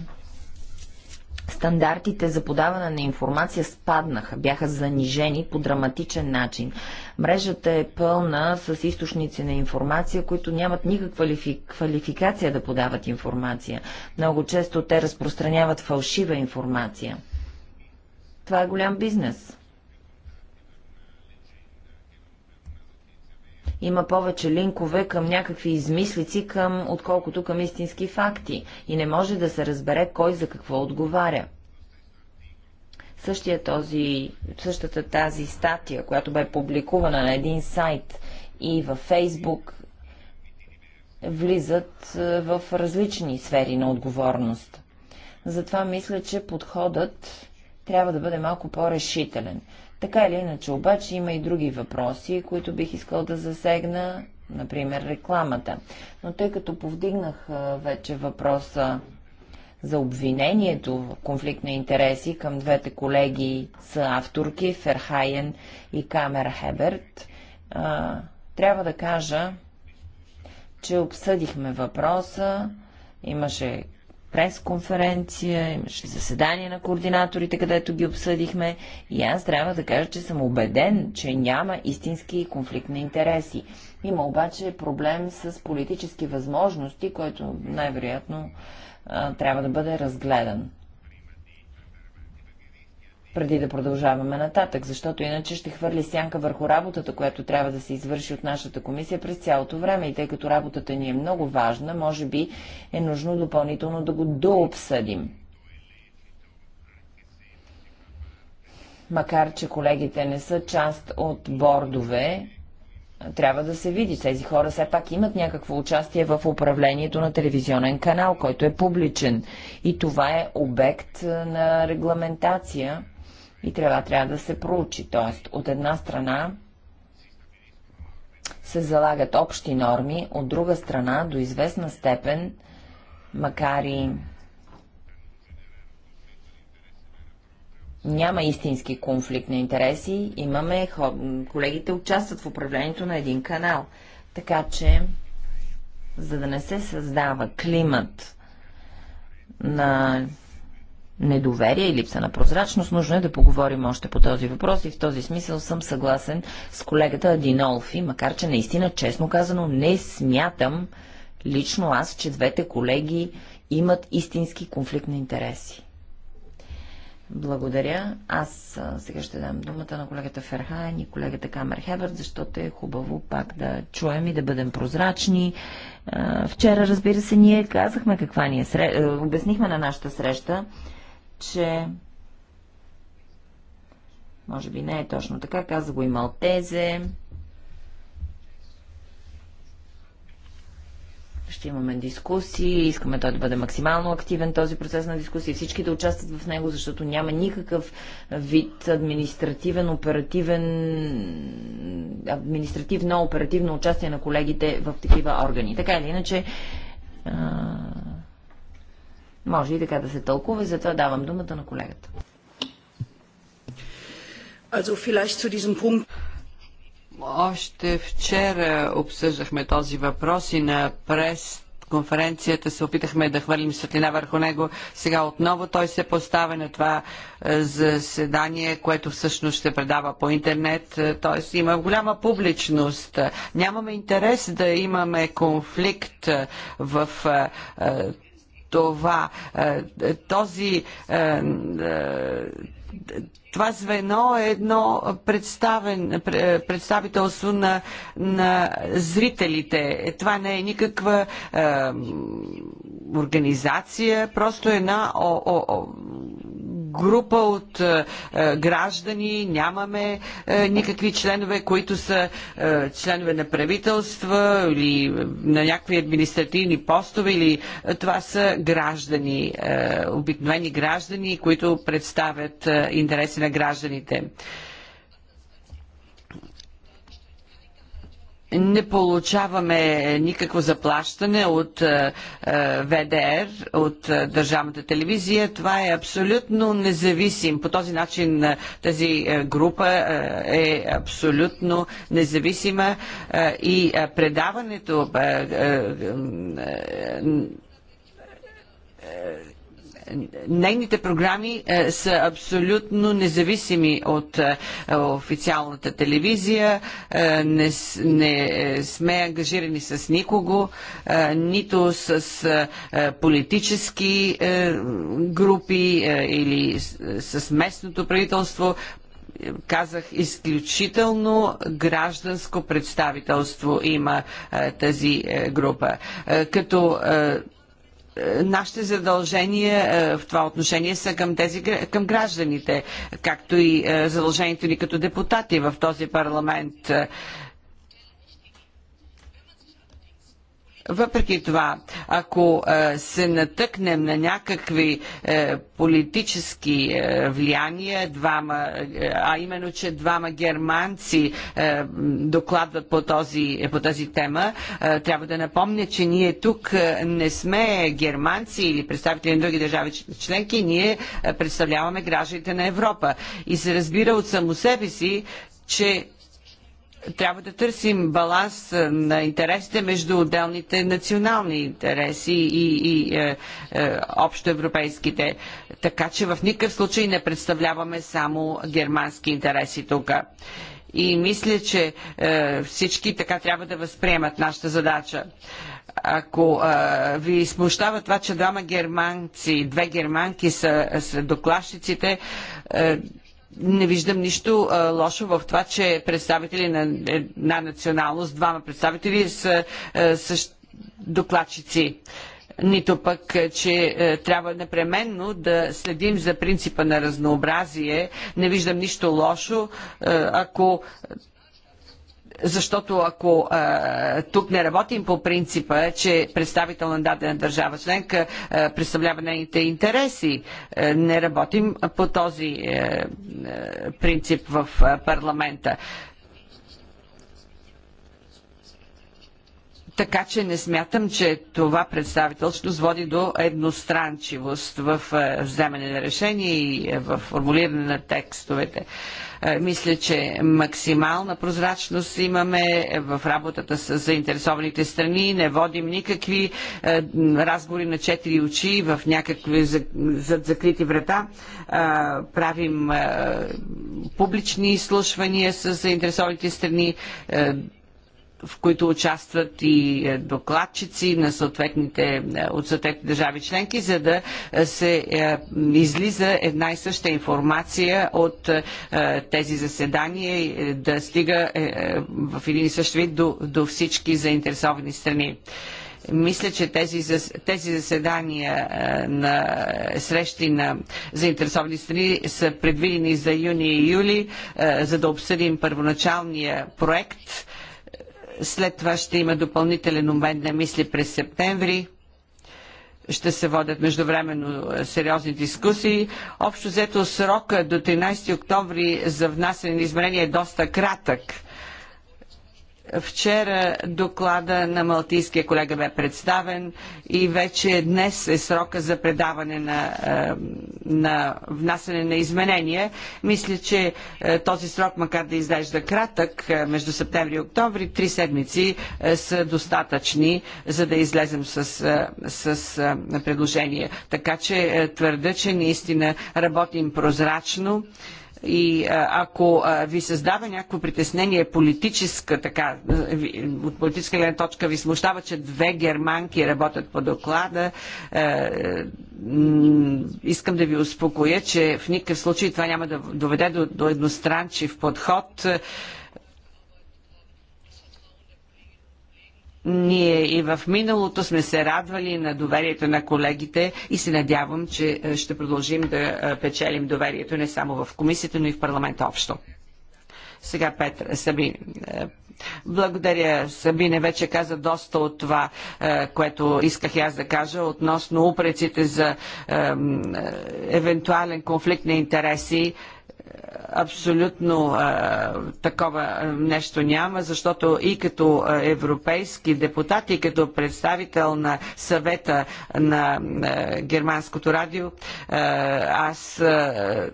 стандартите за подаване на информация спаднаха, бяха занижени по драматичен начин. Мрежата е пълна с източници на информация, които нямат никаква квалификация да подават информация. Много често те разпространяват фалшива информация. Това е голям бизнес. има повече линкове към някакви измислици, към, отколкото към истински факти. И не може да се разбере кой за какво отговаря. Същия този, същата тази статия, която бе публикувана на един сайт и във Фейсбук, влизат е, в различни сфери на отговорност. Затова мисля, че подходът трябва да бъде малко по-решителен. Така или иначе, обаче има и други въпроси, които бих искал да засегна, например рекламата. Но тъй като повдигнах вече въпроса за обвинението в конфликт на интереси към двете колеги са авторки Ферхайен и Камер Хеберт, а, трябва да кажа, че обсъдихме въпроса, имаше пресконференция, имаше заседание на координаторите, където ги обсъдихме и аз трябва да кажа, че съм убеден, че няма истински конфликт на интереси. Има обаче проблем с политически възможности, който най-вероятно трябва да бъде разгледан преди да продължаваме нататък, защото иначе ще хвърли сянка върху работата, която трябва да се извърши от нашата комисия през цялото време. И тъй като работата ни е много важна, може би е нужно допълнително да го дообсъдим. Макар, че колегите не са част от бордове, трябва да се види. Тези хора все пак имат някакво участие в управлението на телевизионен канал, който е публичен. И това е обект на регламентация и трябва, трябва да се проучи. Тоест, от една страна се залагат общи норми, от друга страна, до известна степен, макар и няма истински конфликт на интереси, имаме, колегите участват в управлението на един канал. Така че, за да не се създава климат на недоверие и липса на прозрачност. Нужно е да поговорим още по този въпрос и в този смисъл съм съгласен с колегата Адинолфи, макар че наистина, честно казано, не смятам лично аз, че двете колеги имат истински конфликт на интереси. Благодаря. Аз сега ще дам думата на колегата Ферхайн и колегата Камер Хеберт, защото е хубаво пак да чуем и да бъдем прозрачни. Вчера, разбира се, ние казахме каква ни е среща. Обяснихме на нашата среща че може би не е точно така, каза го и Малтезе. Ще имаме дискусии, искаме той да бъде максимално активен този процес на дискусии, всички да участват в него, защото няма никакъв вид административен, оперативен, административно-оперативно участие на колегите в такива органи. Така или иначе, може и така да се тълкува и затова давам думата на колегата. Also vielleicht zu diesem Punkt. Още вчера обсъждахме този въпрос и на прес конференцията се опитахме да хвърлим светлина върху него. Сега отново той се поставя на това е, заседание, което всъщност ще предава по интернет. Т.е. има голяма публичност. Нямаме интерес да имаме конфликт е, в е, това, е, този е, е, това звено е едно представен, представителство на, на зрителите. Това не е никаква организация, просто една о, о, о, група от е, е, граждани, нямаме е, никакви членове, които са членове на правителства или на някакви административни постове или това са граждани, обикновени граждани, които представят интереси на гражданите. не получаваме никакво заплащане от е, е, ВДР, от е, държавната телевизия. Това е абсолютно независим. По този начин тази група е абсолютно независима и предаването нейните програми е, са абсолютно независими от е, официалната телевизия, е, не, не е, сме ангажирани с никого, е, нито с е, политически групи или с, с местното правителство казах, изключително гражданско представителство има тази група. като нашите задължения е, в това отношение са към, тези, към гражданите, както и е, задължението ни като депутати в този парламент. Е, Въпреки това, ако е, се натъкнем на някакви е, политически е, влияния, двама, а именно, че двама германци докладват по, този, по тази тема, трябва да напомня, че ние тук не сме германци или представители на други държави членки, ние представляваме гражданите на Европа. И се разбира от само себе си, че трябва да търсим баланс на интересите между отделните национални интереси и, и е, е, общоевропейските. Така че в никакъв случай не представляваме само германски интереси тук. И мисля, че е, всички така трябва да възприемат нашата задача ако а, е, ви смущава това, че двама германци, две германки са, са докладчиците, е, не виждам нищо а, лошо в това, че представители на една националност, двама представители са а, същ... докладчици нито пък, че е, трябва непременно да следим за принципа на разнообразие. Не виждам нищо лошо, е, ако защото ако а, тук не работим по принципа, че представител на дадена държава членка а, представлява нейните интереси, а, не работим по този а, е, е, принцип в парламента. Така че не смятам, че това представителство води до едностранчивост в е, вземане на решение и е, в формулиране на текстовете. Е, мисля, че максимална прозрачност имаме в работата с заинтересованите страни. Не водим никакви разговори на четири очи в някакви зад закрити врата. Правим публични изслушвания с заинтересованите страни в които участват и е, докладчици на съответните, е, от съответните държави членки, за да се е, излиза една и съща информация от тези заседания и да стига в един и същ вид до, до всички заинтересовани страни мисля, че тези, тези заседания на срещи на заинтересовани страни са предвидени за юни и юли, за да обсъдим първоначалния проект след това ще има допълнителен момент на мисли през септември. Ще се водят междувременно е, сериозни дискусии. Общо взето срока до 13 октомври за внасяне на изменения е доста кратък Вчера доклада на малтийския колега бе представен и вече днес е срока за предаване на, е, на внасяне на изменения. Мисля, че е, този срок, макар да изглежда кратък, е, между септември и октомври, три седмици са достатъчни, за да излезем с, с предложение. Така че твърда, че наистина работим прозрачно. И ако ви създава някакво притеснение политическа, така, от политическа гледна точка ви смущава, че две германки работят по доклада, искам да ви успокоя, че в никакъв случай това няма да доведе до, до едностранчив подход. Ние и в миналото сме се радвали на доверието на колегите и се надявам, че е, ще продължим да е, печелим доверието не само в комисията, но и в парламента общо. Сега Петър, Саби, е, благодаря. не вече каза доста от това, което исках аз да кажа относно упреците за евентуален конфликт на интереси абсолютно а, такова нещо няма, защото и като европейски депутат, и като представител на съвета на а, германското радио, а, аз а,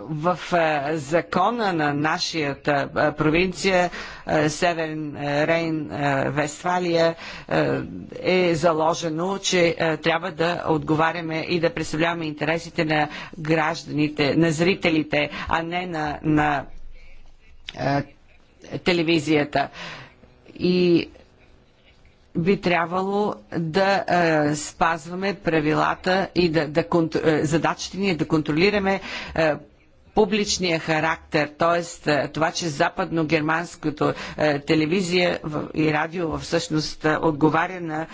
в е, закона на нашата е, провинция е, Северен Рейн, Вестфалия е заложено, че трябва да отговаряме и да представляваме интересите на гражданите, на зрителите, а не на, на телевизията. И би трябвало да е, спазваме правилата и да, да контр... задачите ни е да контролираме е, публичния характер, т.е. Е, това, че западно-германското е, телевизия и радио всъщност е, отговаря на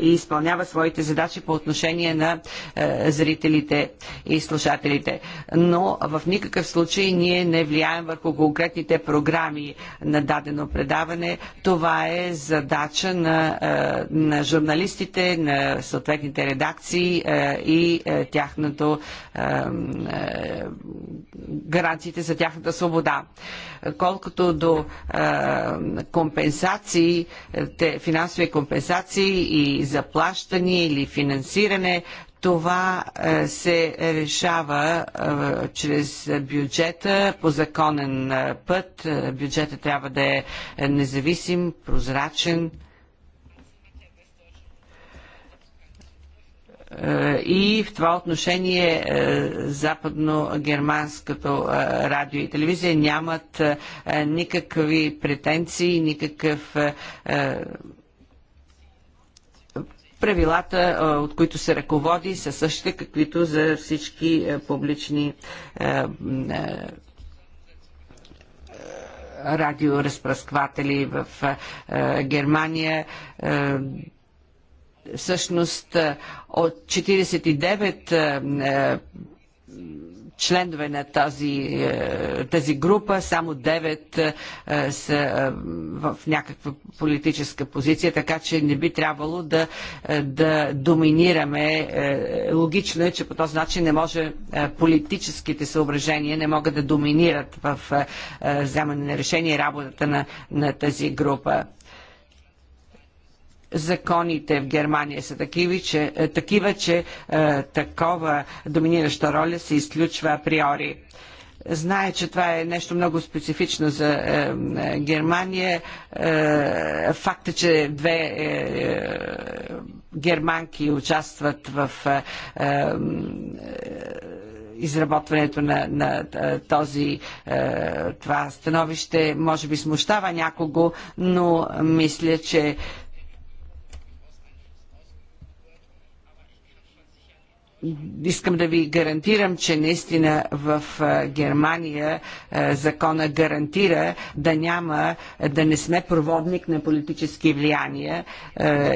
и изпълнява своите задачи по отношение на зрителите и слушателите. Но в никакъв случай ние не влияем върху конкретните програми на дадено предаване. Това е задача на, на журналистите, на съответните редакции и тяхното гаранциите за тяхната свобода. Колкото до е, компенсации, финансови компенсации и заплащане или финансиране, това е, се решава е, чрез бюджета по законен път. Бюджета трябва да е независим, прозрачен, и в това отношение е, западно-германското е, радио и телевизия нямат е, никакви претенции, никакъв правилата, от които се ръководи, са същите, каквито за всички публични радиоразпръскватели в Германия. Всъщност е, от 49 е, е, членове на тази, тази група, само 9 са в някаква политическа позиция, така че не би трябвало да, да доминираме. Логично е, че по този начин не може политическите съображения не могат да доминират в вземане на решение работата на, на тази група законите в Германия са такива, че, е, такива, че е, такова доминираща роля се изключва априори. Знае, че това е нещо много специфично за е, е, Германия. Е, факта, е, че две е, е, германки участват в е, е, изработването на, на е, този, това становище може би смущава някого, но мисля, че искам да ви гарантирам, че наистина в Германия закона гарантира да няма, да не сме проводник на политически влияния.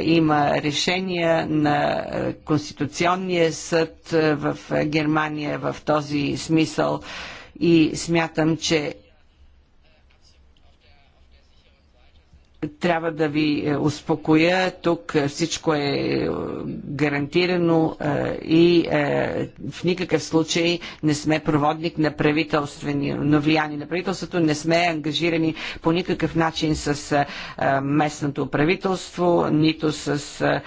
Има решения на Конституционния съд в Германия в този смисъл и смятам, че Трябва да ви е, успокоя, тук е, всичко е, е гарантирано и в никакъв случай не сме проводник на правителствени, на влияние на правителството, не сме ангажирани по никакъв начин с местното правителство, нито с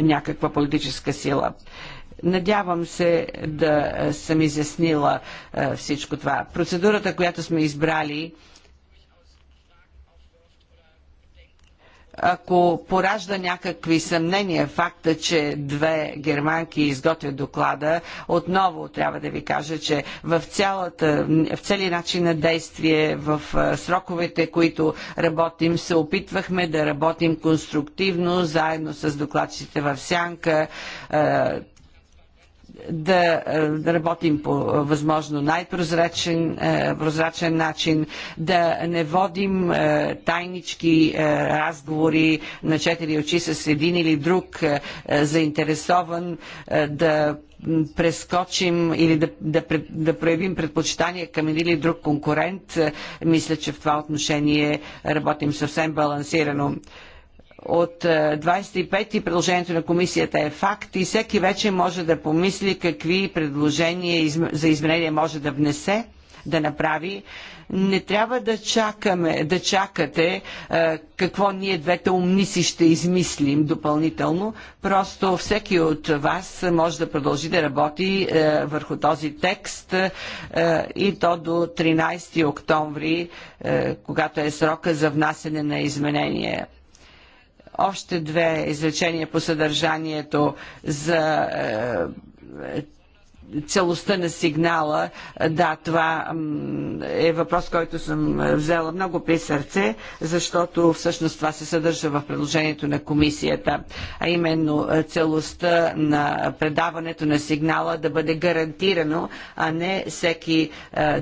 някаква политическа сила. Надявам се да съм изяснила всичко това. Процедурата, която сме избрали, ако поражда някакви съмнения факта, че две германки изготвят доклада, отново трябва да ви кажа, че в, цялата, в цели начин на действие, в сроковете, които работим, се опитвахме да работим конструктивно, заедно с докладчите в Сянка, да, е, да работим по е, възможно най-прозрачен е, прозрачен начин, да не водим тайнички разговори на четири очи с един или друг заинтересован, да прескочим или да, да, да проявим предпочитание към един или друг конкурент. Мисля, че в това отношение работим съвсем балансирано от 25 е, и предложението на комисията е факт и всеки вече може да помисли какви предложения за изменение може да внесе, да направи. Не трябва да чакаме, да чакате е, какво ние двете умници ще измислим допълнително. Просто всеки от вас може да продължи да работи е, върху този текст и то до 13 октомври, когато е срока за внасене на изменения още две изречения по съдържанието за е, е, целостта на сигнала. Да, това е въпрос, който съм взела много при сърце, защото всъщност това се съдържа в предложението на комисията, а именно е, целостта на предаването на сигнала да бъде гарантирано, а не всеки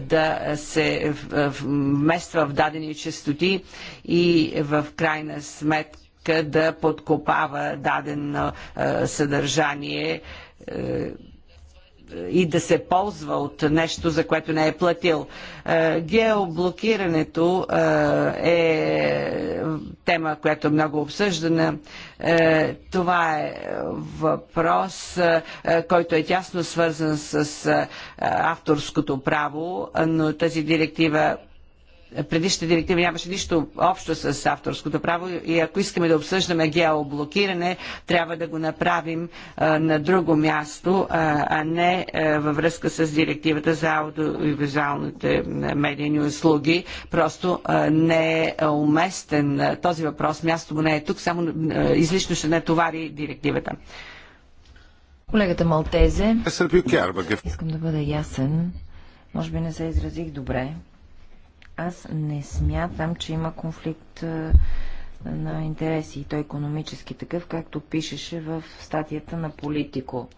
да се вмества в дадени частоти и в крайна сметка опитка да подкопава дадено е, съдържание е, и да се ползва от нещо, за което не е платил. Е, геоблокирането е тема, която е много обсъждана. Това е въпрос, който е тясно свързан с авторското право, но тази директива Предишните директиви нямаше нищо общо с авторското право и ако искаме да обсъждаме геоблокиране, трябва да го направим а, на друго място, а, а не а, във връзка с директивата за аудиовизуалните медийни услуги. Просто а, не е уместен този въпрос, място му не е тук, само а, излишно ще не товари директивата. Колегата Малтезе. Искам да бъда ясен. Може би не се изразих добре. Аз не смятам, че има конфликт е, на интереси и то економически такъв, както пишеше в статията на Политико.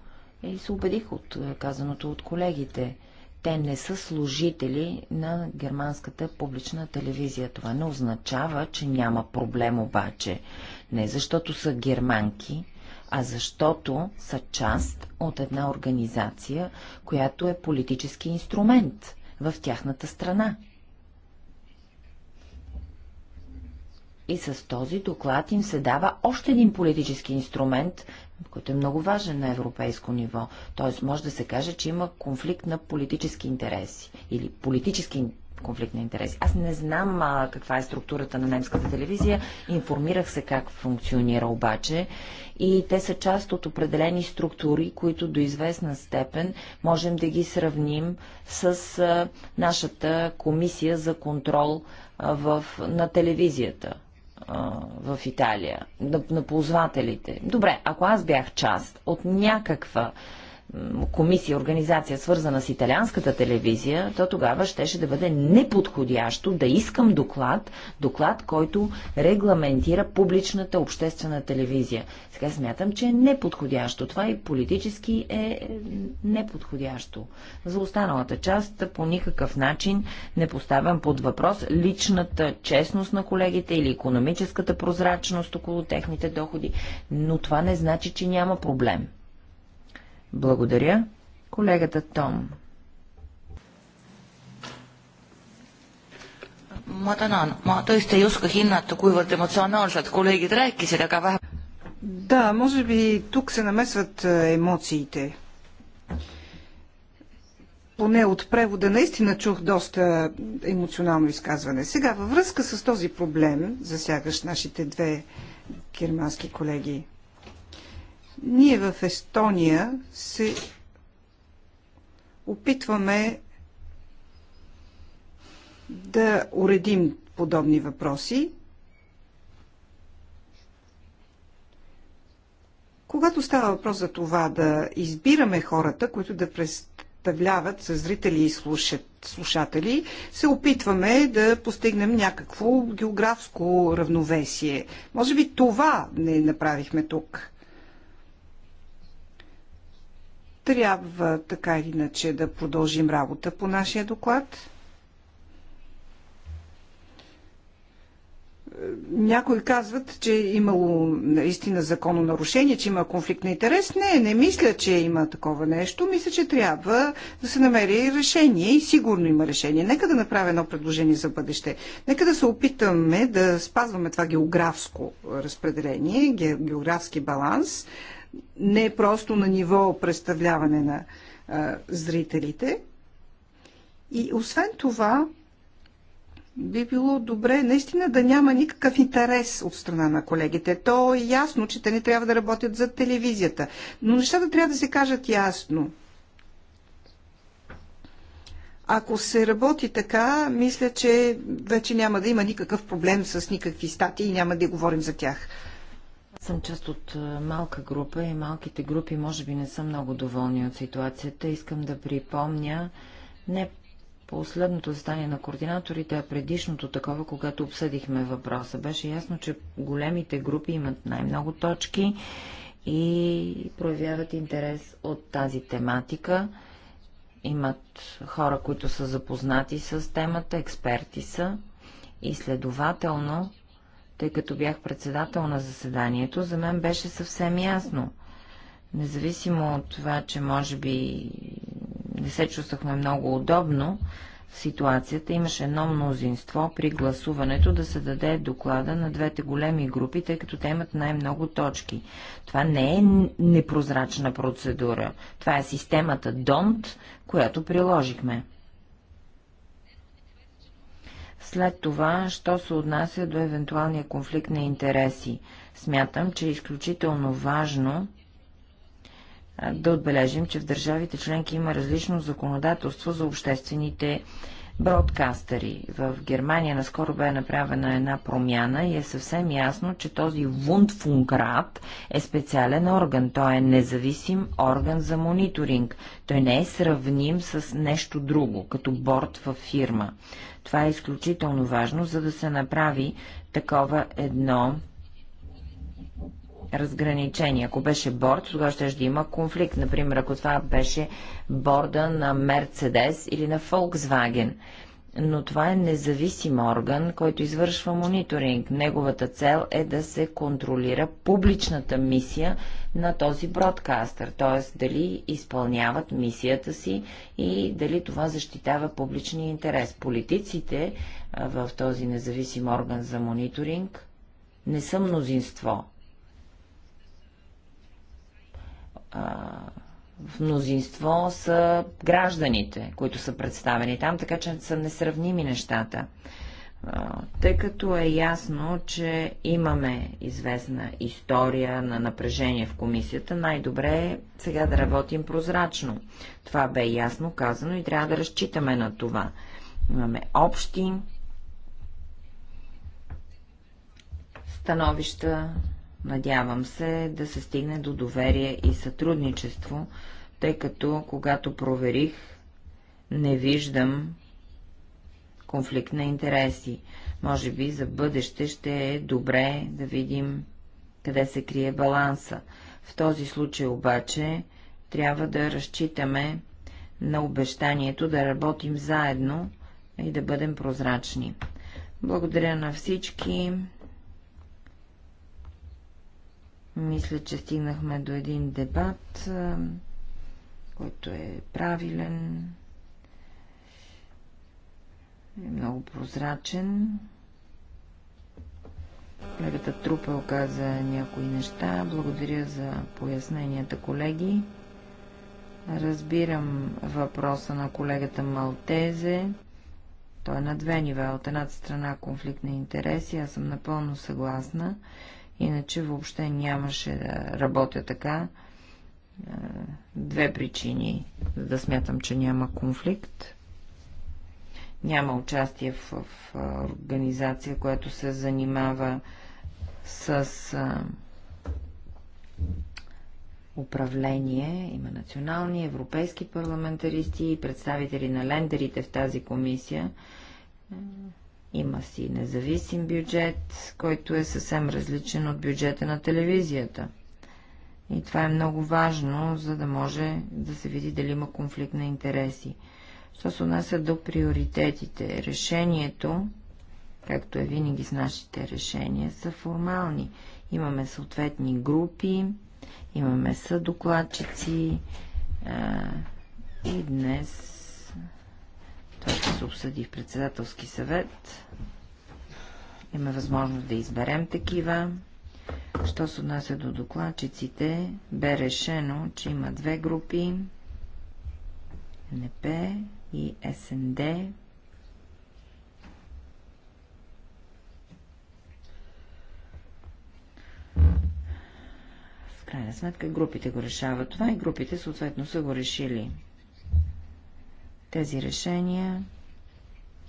И се убедих от е, казаното от колегите. Те не са служители на германската публична телевизия. Това не означава, че няма проблем обаче. Не защото са германки, а защото са част от една организация, която е политически инструмент в тяхната страна. И с този доклад им се дава още един политически инструмент, който е много важен на европейско ниво. Тоест може да се каже, че има конфликт на политически интереси или политически конфликт на интереси. Аз не знам а, каква е структурата на немската телевизия, информирах се как функционира обаче и те са част от определени структури, които до известна степен можем да ги сравним с а, нашата комисия за контрол а, в, на телевизията в Италия, на, на ползвателите. Добре, ако аз бях част от някаква комисия, организация, свързана с италианската телевизия, то тогава щеше да бъде неподходящо да искам доклад, доклад, който регламентира публичната обществена телевизия. Сега смятам, че е неподходящо. Това и политически е неподходящо. За останалата част по никакъв начин не поставям под въпрос личната честност на колегите или економическата прозрачност около техните доходи, но това не значи, че няма проблем. Благодаря. Колегата Том. ma tänan, ma tõesti ei oska hinnata, kuivõrd emotsionaalselt kolleegid rääkisid, aga vähe. да, може би тук се намесват е, емоциите. Поне от превода наистина чух доста емоционално изказване. Сега, във връзка с този проблем, засягащ нашите две германски колеги, ние в Естония се опитваме да уредим подобни въпроси. Когато става въпрос за това да избираме хората, които да представляват за зрители и слушат, слушатели, се опитваме да постигнем някакво географско равновесие. Може би това не направихме тук. Трябва така или иначе да продължим работа по нашия доклад. някои казват, че е имало наистина нарушение, че има конфликт на интерес. Не, не мисля, че има такова нещо. Мисля, че трябва да се намери решение и сигурно има решение. Нека да направя едно предложение за бъдеще. Нека да се опитаме да спазваме това географско разпределение, географски баланс не е просто на ниво представляване на а, зрителите. И освен това, би било добре наистина да няма никакъв интерес от страна на колегите. То е ясно, че те не трябва да работят за телевизията. Но нещата трябва да се кажат ясно. Ако се работи така, мисля, че вече няма да има никакъв проблем с никакви статии и няма да говорим за тях. Съм част от малка група и малките групи може би не са много доволни от ситуацията. Искам да припомня не последното застание на координаторите, а предишното такова, когато обсъдихме въпроса. Беше ясно, че големите групи имат най-много точки и проявяват интерес от тази тематика. Имат хора, които са запознати с темата, експерти са и следователно тъй като бях председател на заседанието, за мен беше съвсем ясно. Независимо от това, че може би не се чувствахме много удобно в ситуацията, имаше едно мнозинство при гласуването да се даде доклада на двете големи групи, тъй като те имат най-много точки. Това не е непрозрачна процедура. Това е системата ДОНТ, която приложихме. След това, що се отнася до евентуалния конфликт на интереси, смятам, че е изключително важно да отбележим, че в държавите членки има различно законодателство за обществените бродкастери. В Германия наскоро бе направена една промяна и е съвсем ясно, че този вундфунград е специален орган. Той е независим орган за мониторинг. Той не е сравним с нещо друго, като борт във фирма. Това е изключително важно, за да се направи такова едно разграничение. Ако беше борд, тогава ще ще има конфликт. Например, ако това беше борда на Мерцедес или на Фолксваген. Но това е независим орган, който извършва мониторинг. Неговата цел е да се контролира публичната мисия на този бродкастър, т.е. дали изпълняват мисията си и дали това защитава публичния интерес. Политиците в този независим орган за мониторинг не са мнозинство. в мнозинство са гражданите, които са представени там, така че са несравними нещата. Тъй като е ясно, че имаме известна история на напрежение в комисията, най-добре е сега да работим прозрачно. Това бе ясно казано и трябва да разчитаме на това. Имаме общи становища Надявам се да се стигне до доверие и сътрудничество, тъй като, когато проверих, не виждам конфликт на интереси. Може би за бъдеще ще е добре да видим къде се крие баланса. В този случай обаче трябва да разчитаме на обещанието да работим заедно и да бъдем прозрачни. Благодаря на всички. Мисля, че стигнахме до един дебат, който е правилен, е много прозрачен. Колегата Трупел каза някои неща. Благодаря за поясненията, колеги. Разбирам въпроса на колегата Малтезе. Той е на две нива. От едната страна конфликт на интереси. Аз съм напълно съгласна, Иначе въобще нямаше да работя така. Две причини, за да смятам, че няма конфликт. Няма участие в, в организация, която се занимава с а, управление. Има национални, европейски парламентаристи и представители на лендерите в тази комисия има си независим бюджет, който е съвсем различен от бюджета на телевизията. И това е много важно, за да може да се види дали има конфликт на интереси. Що се отнася до приоритетите, решението, както е винаги с нашите решения, са формални. Имаме съответни групи, имаме съдокладчици и днес това ще се обсъди в председателски съвет. Има възможност да изберем такива. Що се отнася до докладчиците, бе решено, че има две групи НП и СНД. В крайна сметка групите го решават това и групите съответно са го решили. Тези решения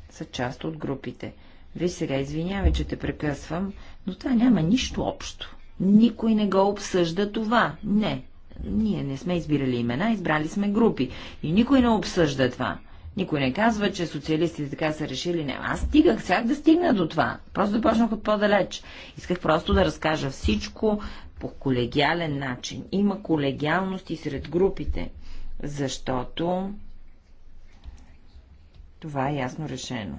са част от групите. Виж сега, извинявай, че те прекъсвам, но това няма нищо общо. Никой не го обсъжда това. Не. Ние не сме избирали имена, избрали сме групи. И никой не обсъжда това. Никой не казва, че социалистите така са решили. Не, аз стигах, сега да стигна до това. Просто започнах от по-далеч. Исках просто да разкажа всичко по колегиален начин. Има колегиалност и сред групите, защото това е ясно решено.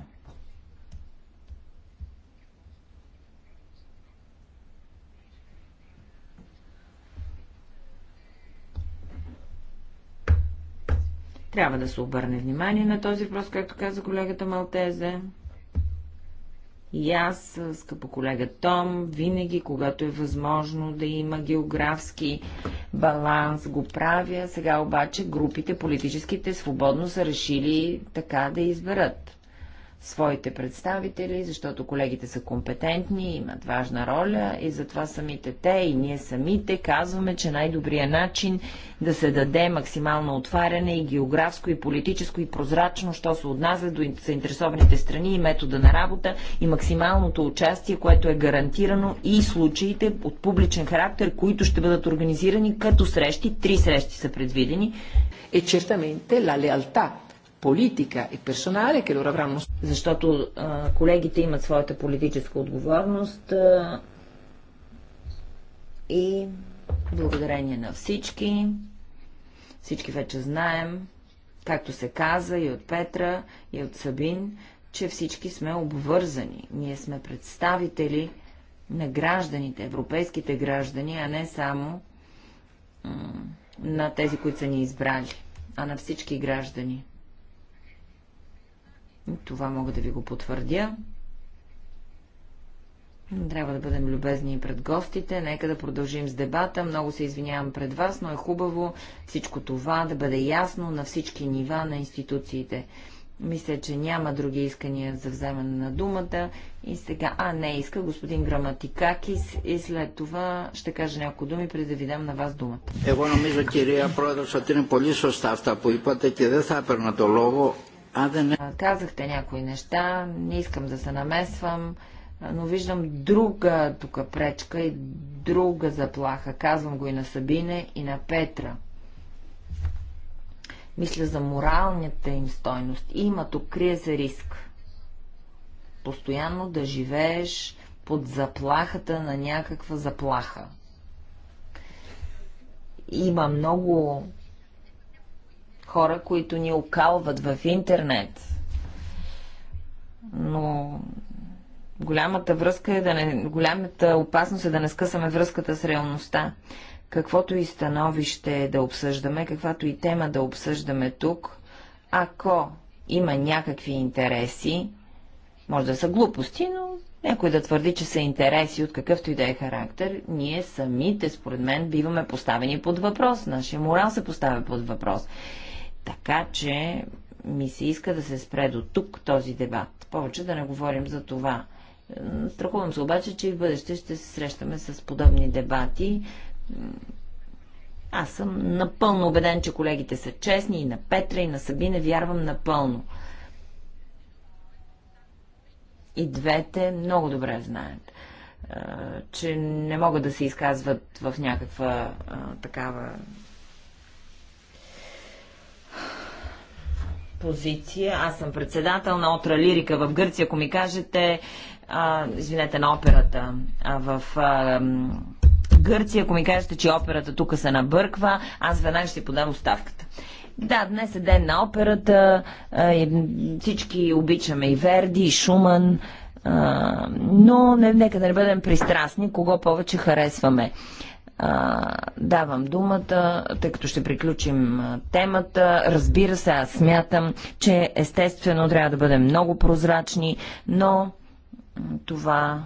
Трябва да се обърне внимание на този въпрос, както каза колегата Малтезе. И аз, скъпо колега Том, винаги, когато е възможно да има географски баланс, го правя. Сега обаче групите, политическите, свободно са решили така да изберат своите представители, защото колегите са компетентни, имат важна роля и затова самите те и ние самите казваме, че най-добрият начин да се даде максимално отваряне и географско, и политическо, и прозрачно, що се отнася до заинтересованите страни и метода на работа и максималното участие, което е гарантирано и случаите от публичен характер, които ще бъдат организирани като срещи. Три срещи са предвидени. И чертаменте ла леалта политика и персонале, che loro Защото а, колегите имат своята политическа отговорност а, и благодарение на всички, всички вече знаем, както се каза и от Петра, и от Сабин, че всички сме обвързани. Ние сме представители на гражданите, европейските граждани, а не само на тези, които са ни избрали, а на всички граждани. Това мога да ви го потвърдя. Трябва да бъдем любезни и пред гостите. Нека да продължим с дебата. Много се извинявам пред вас, но е хубаво всичко това да бъде ясно на всички нива на институциите. Мисля, че няма други искания за вземане на думата. И сега, а не иска господин Граматикакис и след това ще кажа няколко думи, преди да ви дам на вас думата. Ево намиза Кирия, Πρόεδρος, ότι είναι πολύ σωστά αυτά που είπατε και δεν θα έπαιρνα το λόγο Казахте някои неща, не искам да се намесвам, но виждам друга тук пречка и друга заплаха. Казвам го и на Сабине, и на Петра. Мисля за моралната им стойност. Има тук, крие се риск. Постоянно да живееш под заплахата на някаква заплаха. Има много хора, които ни окалват в интернет. Но голямата връзка е да не, голямата опасност е да не скъсаме връзката с реалността. Каквото и становище да обсъждаме, каквато и тема да обсъждаме тук, ако има някакви интереси, може да са глупости, но някой да твърди, че са интереси от какъвто и да е характер, ние самите, според мен, биваме поставени под въпрос. Нашия морал се поставя под въпрос. Така че ми се иска да се спре до тук този дебат. Повече да не говорим за това. Страхувам се обаче, че и в бъдеще ще се срещаме с подобни дебати. Аз съм напълно убеден, че колегите са честни и на Петра, и на Сабина вярвам напълно. И двете много добре знаят, че не могат да се изказват в някаква такава позиция. Аз съм председател на Отра Лирика в Гърция. Ако ми кажете, а, извинете, на операта а, в а, Гърция, ако ми кажете, че операта тук се набърква, аз веднага ще подам оставката. Да, днес е ден на операта, а, всички обичаме и Верди, и Шуман, а, но не, нека да не бъдем пристрастни, кого повече харесваме. А, давам думата, тъй като ще приключим темата. Разбира се, аз смятам, че естествено трябва да бъдем много прозрачни, но това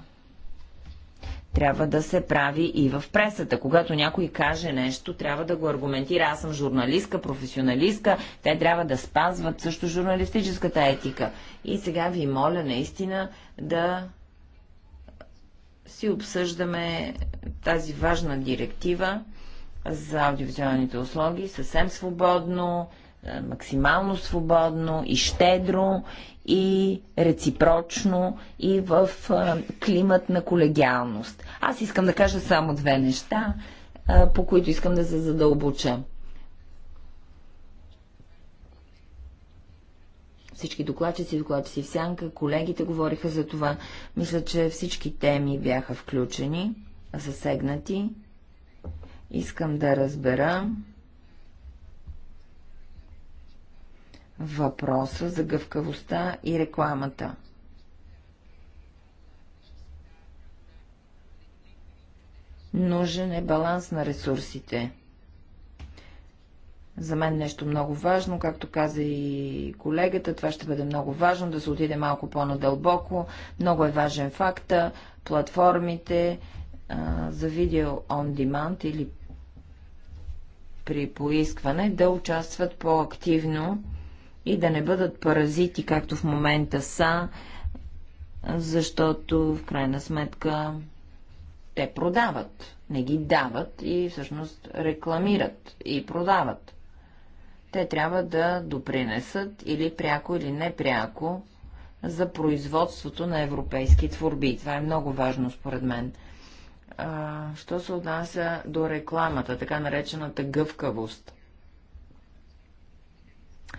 трябва да се прави и в пресата. Когато някой каже нещо, трябва да го аргументира. Аз съм журналистка, професионалистка, те трябва да спазват също журналистическата етика. И сега ви моля наистина да си обсъждаме тази важна директива за аудиовизуалните услуги съвсем свободно, е, максимално свободно и щедро и реципрочно и в е, климат на колегиалност. Аз искам да кажа само две неща, е, по които искам да се задълбоча. Всички докладчици, докладчици в сянка, колегите говориха за това. Мисля, че всички теми бяха включени, засегнати. Искам да разбера въпроса за гъвкавостта и рекламата. Нужен е баланс на ресурсите. За мен нещо много важно, както каза и колегата, това ще бъде много важно, да се отиде малко по-надълбоко. Много е важен факта, платформите а, за видео on demand или при поискване да участват по-активно и да не бъдат паразити, както в момента са, защото в крайна сметка те продават, не ги дават и всъщност рекламират и продават. Те трябва да допринесат или пряко, или непряко за производството на европейски творби. Това е много важно според мен. А, що се отнася до рекламата, така наречената гъвкавост?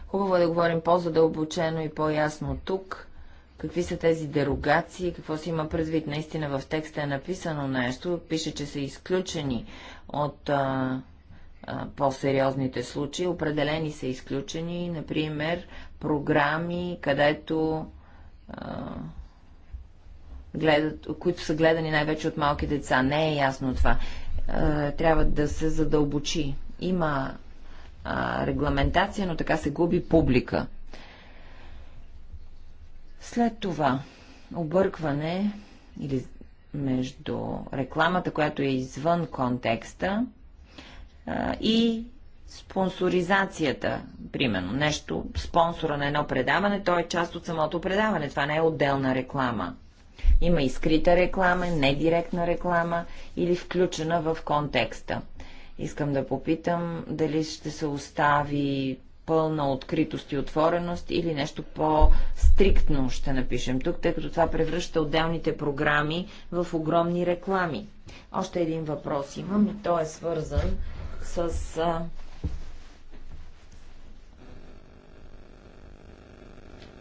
Хубаво е да говорим по-задълбочено и по-ясно тук. Какви са тези дерогации, какво се има предвид? Наистина в текста е написано нещо, пише, че са изключени от а, по-сериозните случаи. Определени са изключени, например, програми, където гледат, които са гледани най-вече от малки деца. Не е ясно това. трябва да се задълбочи. Има регламентация, но така се губи публика. След това объркване или между рекламата, която е извън контекста, и спонсоризацията, примерно, нещо, спонсора на едно предаване, то е част от самото предаване, това не е отделна реклама. Има и скрита реклама, недиректна реклама или включена в контекста. Искам да попитам дали ще се остави пълна откритост и отвореност или нещо по-стриктно ще напишем тук, тъй като това превръща отделните програми в огромни реклами. Още един въпрос имам и той е свързан с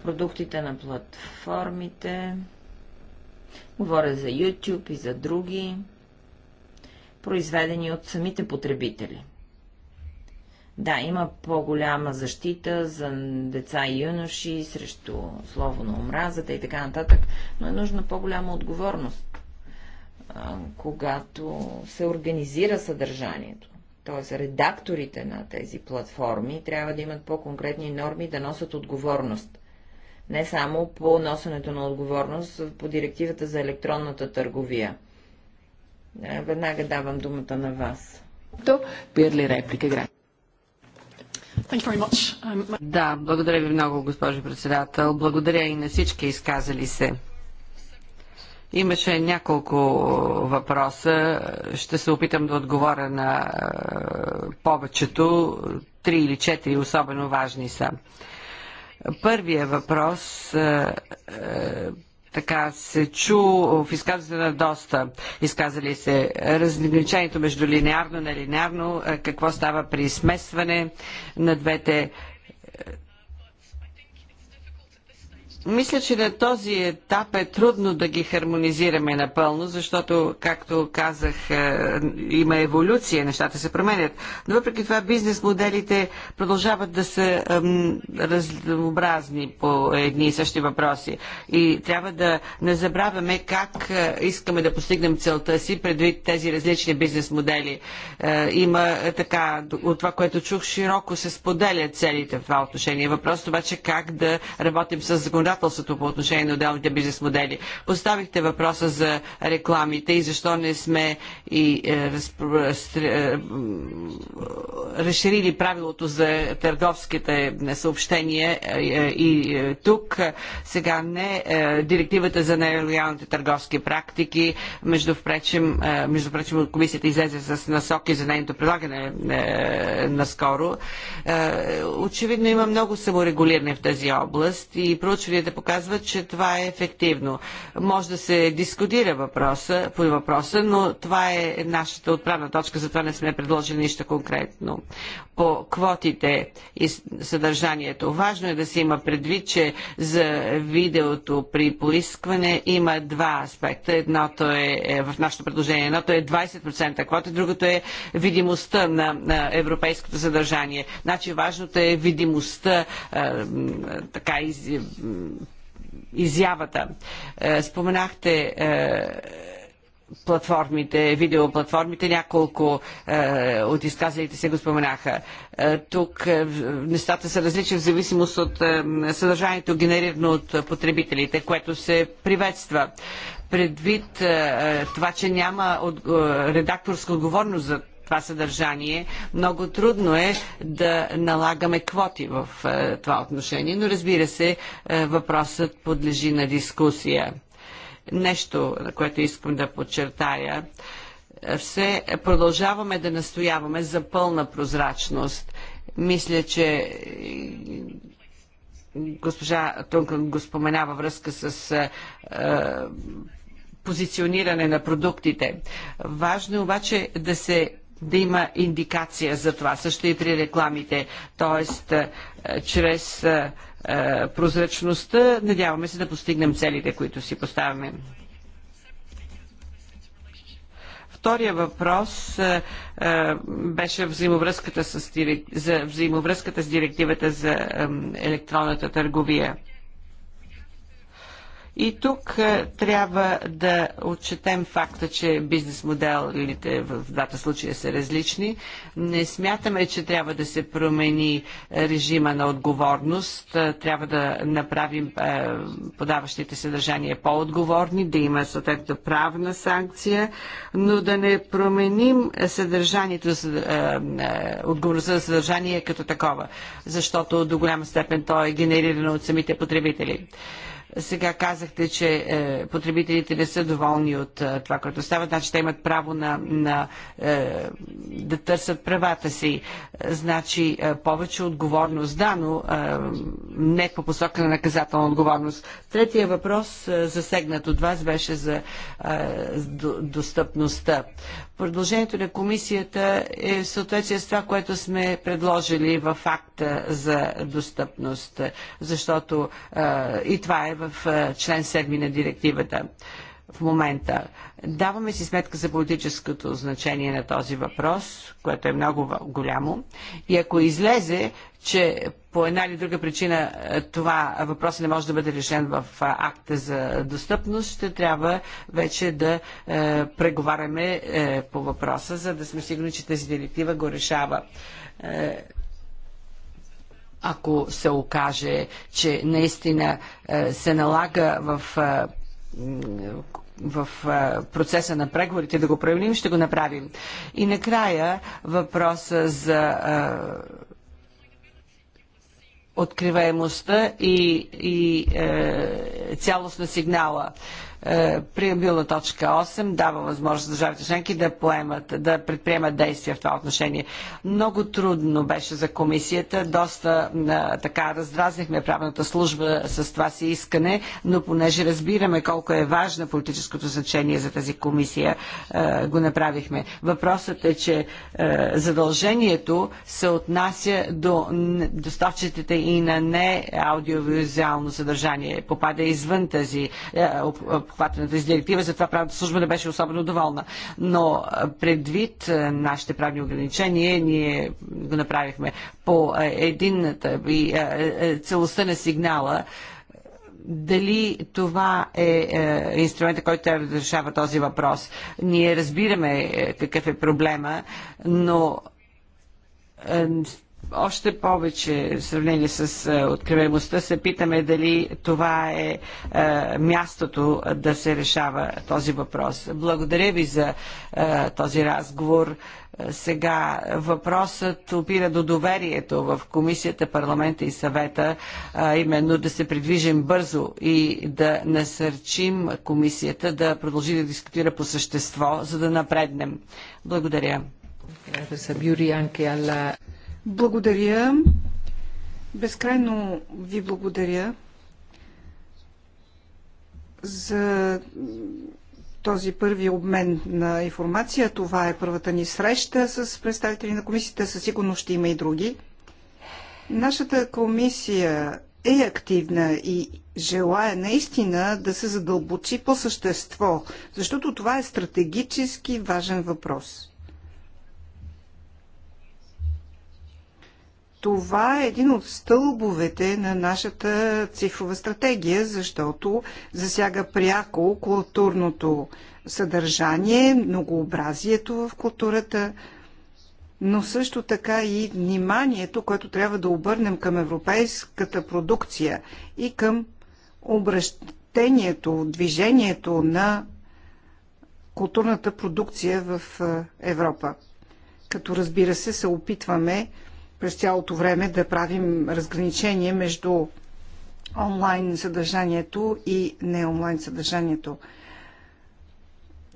продуктите на платформите. Говоря за YouTube и за други, произведени от самите потребители. Да, има по-голяма защита за деца и юноши срещу слово на омразата и така нататък, но е нужна по-голяма отговорност, когато се организира съдържанието т.е. редакторите на тези платформи трябва да имат по-конкретни норми да носят отговорност. Не само по носенето на отговорност по директивата за електронната търговия. Е, веднага давам думата на вас. Пирли реплика, um, Да, благодаря ви много, госпожо председател. Благодаря и на всички изказали се. Имаше няколко въпроса. Ще се опитам да отговоря на е, повечето. Три или четири особено важни са. Първият въпрос е, е, така се чу в изказване на доста изказали се разграничението между линеарно и нелинеарно, какво става при смесване на двете Мисля, че на този етап е трудно да ги хармонизираме напълно, защото, както казах, е, има еволюция, нещата се променят. Но въпреки това бизнес моделите продължават да са ем, разнообразни по едни и същи въпроси. И трябва да не забравяме как е, искаме да постигнем целта си предвид тези различни бизнес модели. Е, има е, така, от това, което чух, широко се споделят целите в това отношение. Въпрос обаче как да работим с законодателството законодателството по отношение на отделните бизнес модели. Поставихте въпроса за рекламите и защо не сме и е, е разширили правилото за търговските съобщения е, е, и тук. Сега не директивата за нелоялните търговски практики. Между впрочем, между впрочем комисията излезе с насоки за нейното прилагане наскоро. Очевидно има много саморегулиране в тази област и проучванията да показват, че това е ефективно. Може да се дискутира въпроса, по въпроса, но това е нашата отправна точка, затова не сме предложили нищо конкретно. По квотите и съдържанието. Важно е да се има предвид, че за видеото при поискване има два аспекта. Едното е, е в нашето предложение. Едното е 20% квота, другото е видимостта на, на европейското съдържание. Значи важното е видимостта, а, е, така из, изявата. Е, споменахте е, платформите, видеоплатформите, няколко е, от изказалите се го споменаха. Е, тук е, нещата са различни в зависимост от е, съдържанието, генерирано от потребителите, което се приветства. Предвид е, е това, че няма от, е, редакторска отговорност за това съдържание. Много трудно е да налагаме квоти в е, това отношение, но разбира се, е, въпросът подлежи на дискусия. Нещо, на което искам да подчертая, е, все продължаваме да настояваме за пълна прозрачност. Мисля, че госпожа Тункън го споменава връзка с е, позициониране на продуктите. Важно е обаче да се да има индикация за това. Също и при рекламите. т.е. чрез е, е, прозрачността, надяваме се да постигнем целите, които си поставяме. Втория въпрос е, беше взаимовръзката с, за взаимовръзката с директивата за електронната търговия. И тук е, трябва да отчетем факта, че бизнес моделите в двата случая са различни. Не смятаме, че трябва да се промени режима на отговорност. Е, трябва да направим е, подаващите съдържания по-отговорни, да има съответно правна санкция, но да не променим съдържанието, отговорността за съдържание като такова, защото до голяма степен то е генерирано от самите потребители. Сега казахте, че е, потребителите не са доволни от е, това, което става, значи те имат право на, на, е, да търсят правата си. Значи е, повече отговорност, да, но е, не по посока на наказателна отговорност. Третия въпрос, е, засегнат от вас, беше за достъпността. Продължението на комисията е в съответствие с това, което сме предложили в акта за достъпност, защото и това е в е, член 7 на директивата в момента. Даваме си сметка за политическото значение на този въпрос, което е много голямо. И ако излезе, че по една или друга причина е, това въпрос не може да бъде решен в е, акта за достъпност, ще трябва вече да е, преговаряме е, по въпроса, за да сме сигурни, че тази директива го решава. Е, ако се окаже, че наистина е, се налага в е, в е, процеса на преговорите да го проявим, ще го направим. И накрая въпроса за откриваемостта и, и е, цялост на сигнала. Е, на е, точка 8 дава възможност държавите членки да поемат, да предприемат действия в това отношение. Много трудно беше за комисията, доста е, така раздразнихме правната служба с това си искане, но понеже разбираме колко е важно политическото значение за тази комисия, е, го направихме. Въпросът е, че задължението се отнася до доставчиците и на не аудиовизуално съдържание. Попада извън тази обхвата на тази директива, затова правната служба не беше особено доволна. Но предвид нашите правни ограничения, ние го направихме по единната и целостта на сигнала, дали това е, е инструмента, който трябва да решава този въпрос. Ние разбираме е, какъв е проблема, но е, още повече в сравнение с е, откриваемостта се питаме дали това е, е мястото да се решава този въпрос. Благодаря ви за е, този разговор. Сега въпросът опира до доверието в комисията, парламента и съвета, а именно да се придвижим бързо и да насърчим комисията да продължи да дискутира по същество, за да напреднем. Благодаря. Благодаря. Безкрайно ви благодаря за този първи обмен на информация. Това е първата ни среща с представители на комисията. Със сигурност ще има и други. Нашата комисия е активна и желая наистина да се задълбочи по същество, защото това е стратегически важен въпрос. това е един от стълбовете на нашата цифрова стратегия, защото засяга пряко културното съдържание, многообразието в културата, но също така и вниманието, което трябва да обърнем към европейската продукция и към обращението, движението на културната продукция в Европа. Като разбира се, се опитваме през цялото време да правим разграничение между онлайн съдържанието и не онлайн съдържанието.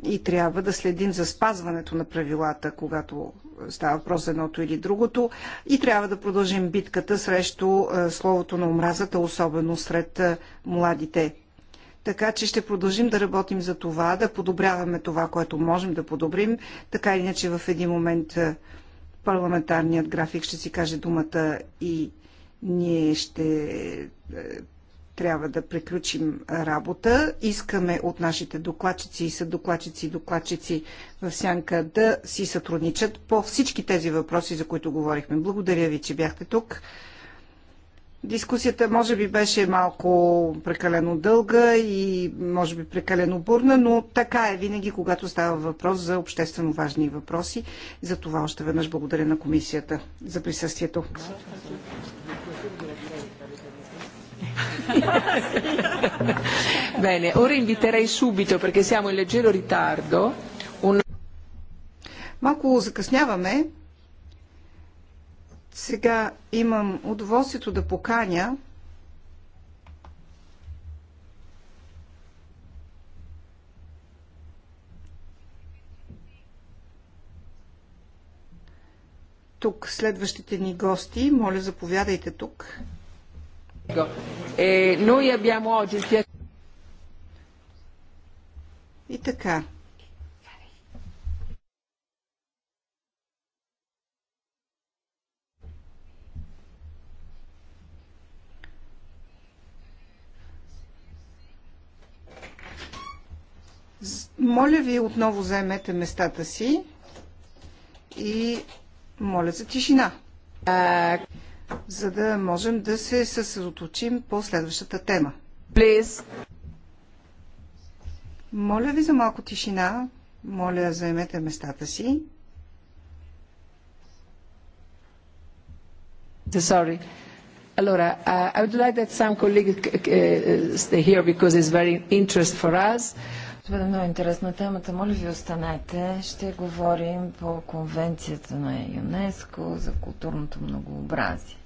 И трябва да следим за спазването на правилата, когато става въпрос за едното или другото. И трябва да продължим битката срещу е, словото на омразата, особено сред е, младите. Така че ще продължим да работим за това, да подобряваме това, което можем да подобрим. Така или иначе в един момент е, парламентарният график ще си каже думата и ние ще е, трябва да приключим работа. Искаме от нашите докладчици и съдокладчици и докладчици в Сянка да си сътрудничат по всички тези въпроси, за които говорихме. Благодаря ви, че бяхте тук. Дискусията може би беше малко прекалено дълга и може би прекалено бурна, но така е винаги, когато става въпрос за обществено важни въпроси. за това още веднъж благодаря на комисията за присъствието. Bene, ora inviterei subito, perché siamo in leggero ritardo, Малко закъсняваме, сега имам удоволствието да поканя тук следващите ни гости. Моля, заповядайте тук. Е, И така, Моля ви отново заемете местата си и моля за тишина, за да можем да се съсредоточим по следващата тема. Please. Моля ви за малко тишина. Моля, заемете местата си. Sorry. Allora, uh, I would like that some colleagues uh, uh stay here because it's very interest for us. Uh, ще бъде много интересна темата. Моля ви, останете. Ще говорим по конвенцията на ЮНЕСКО за културното многообразие.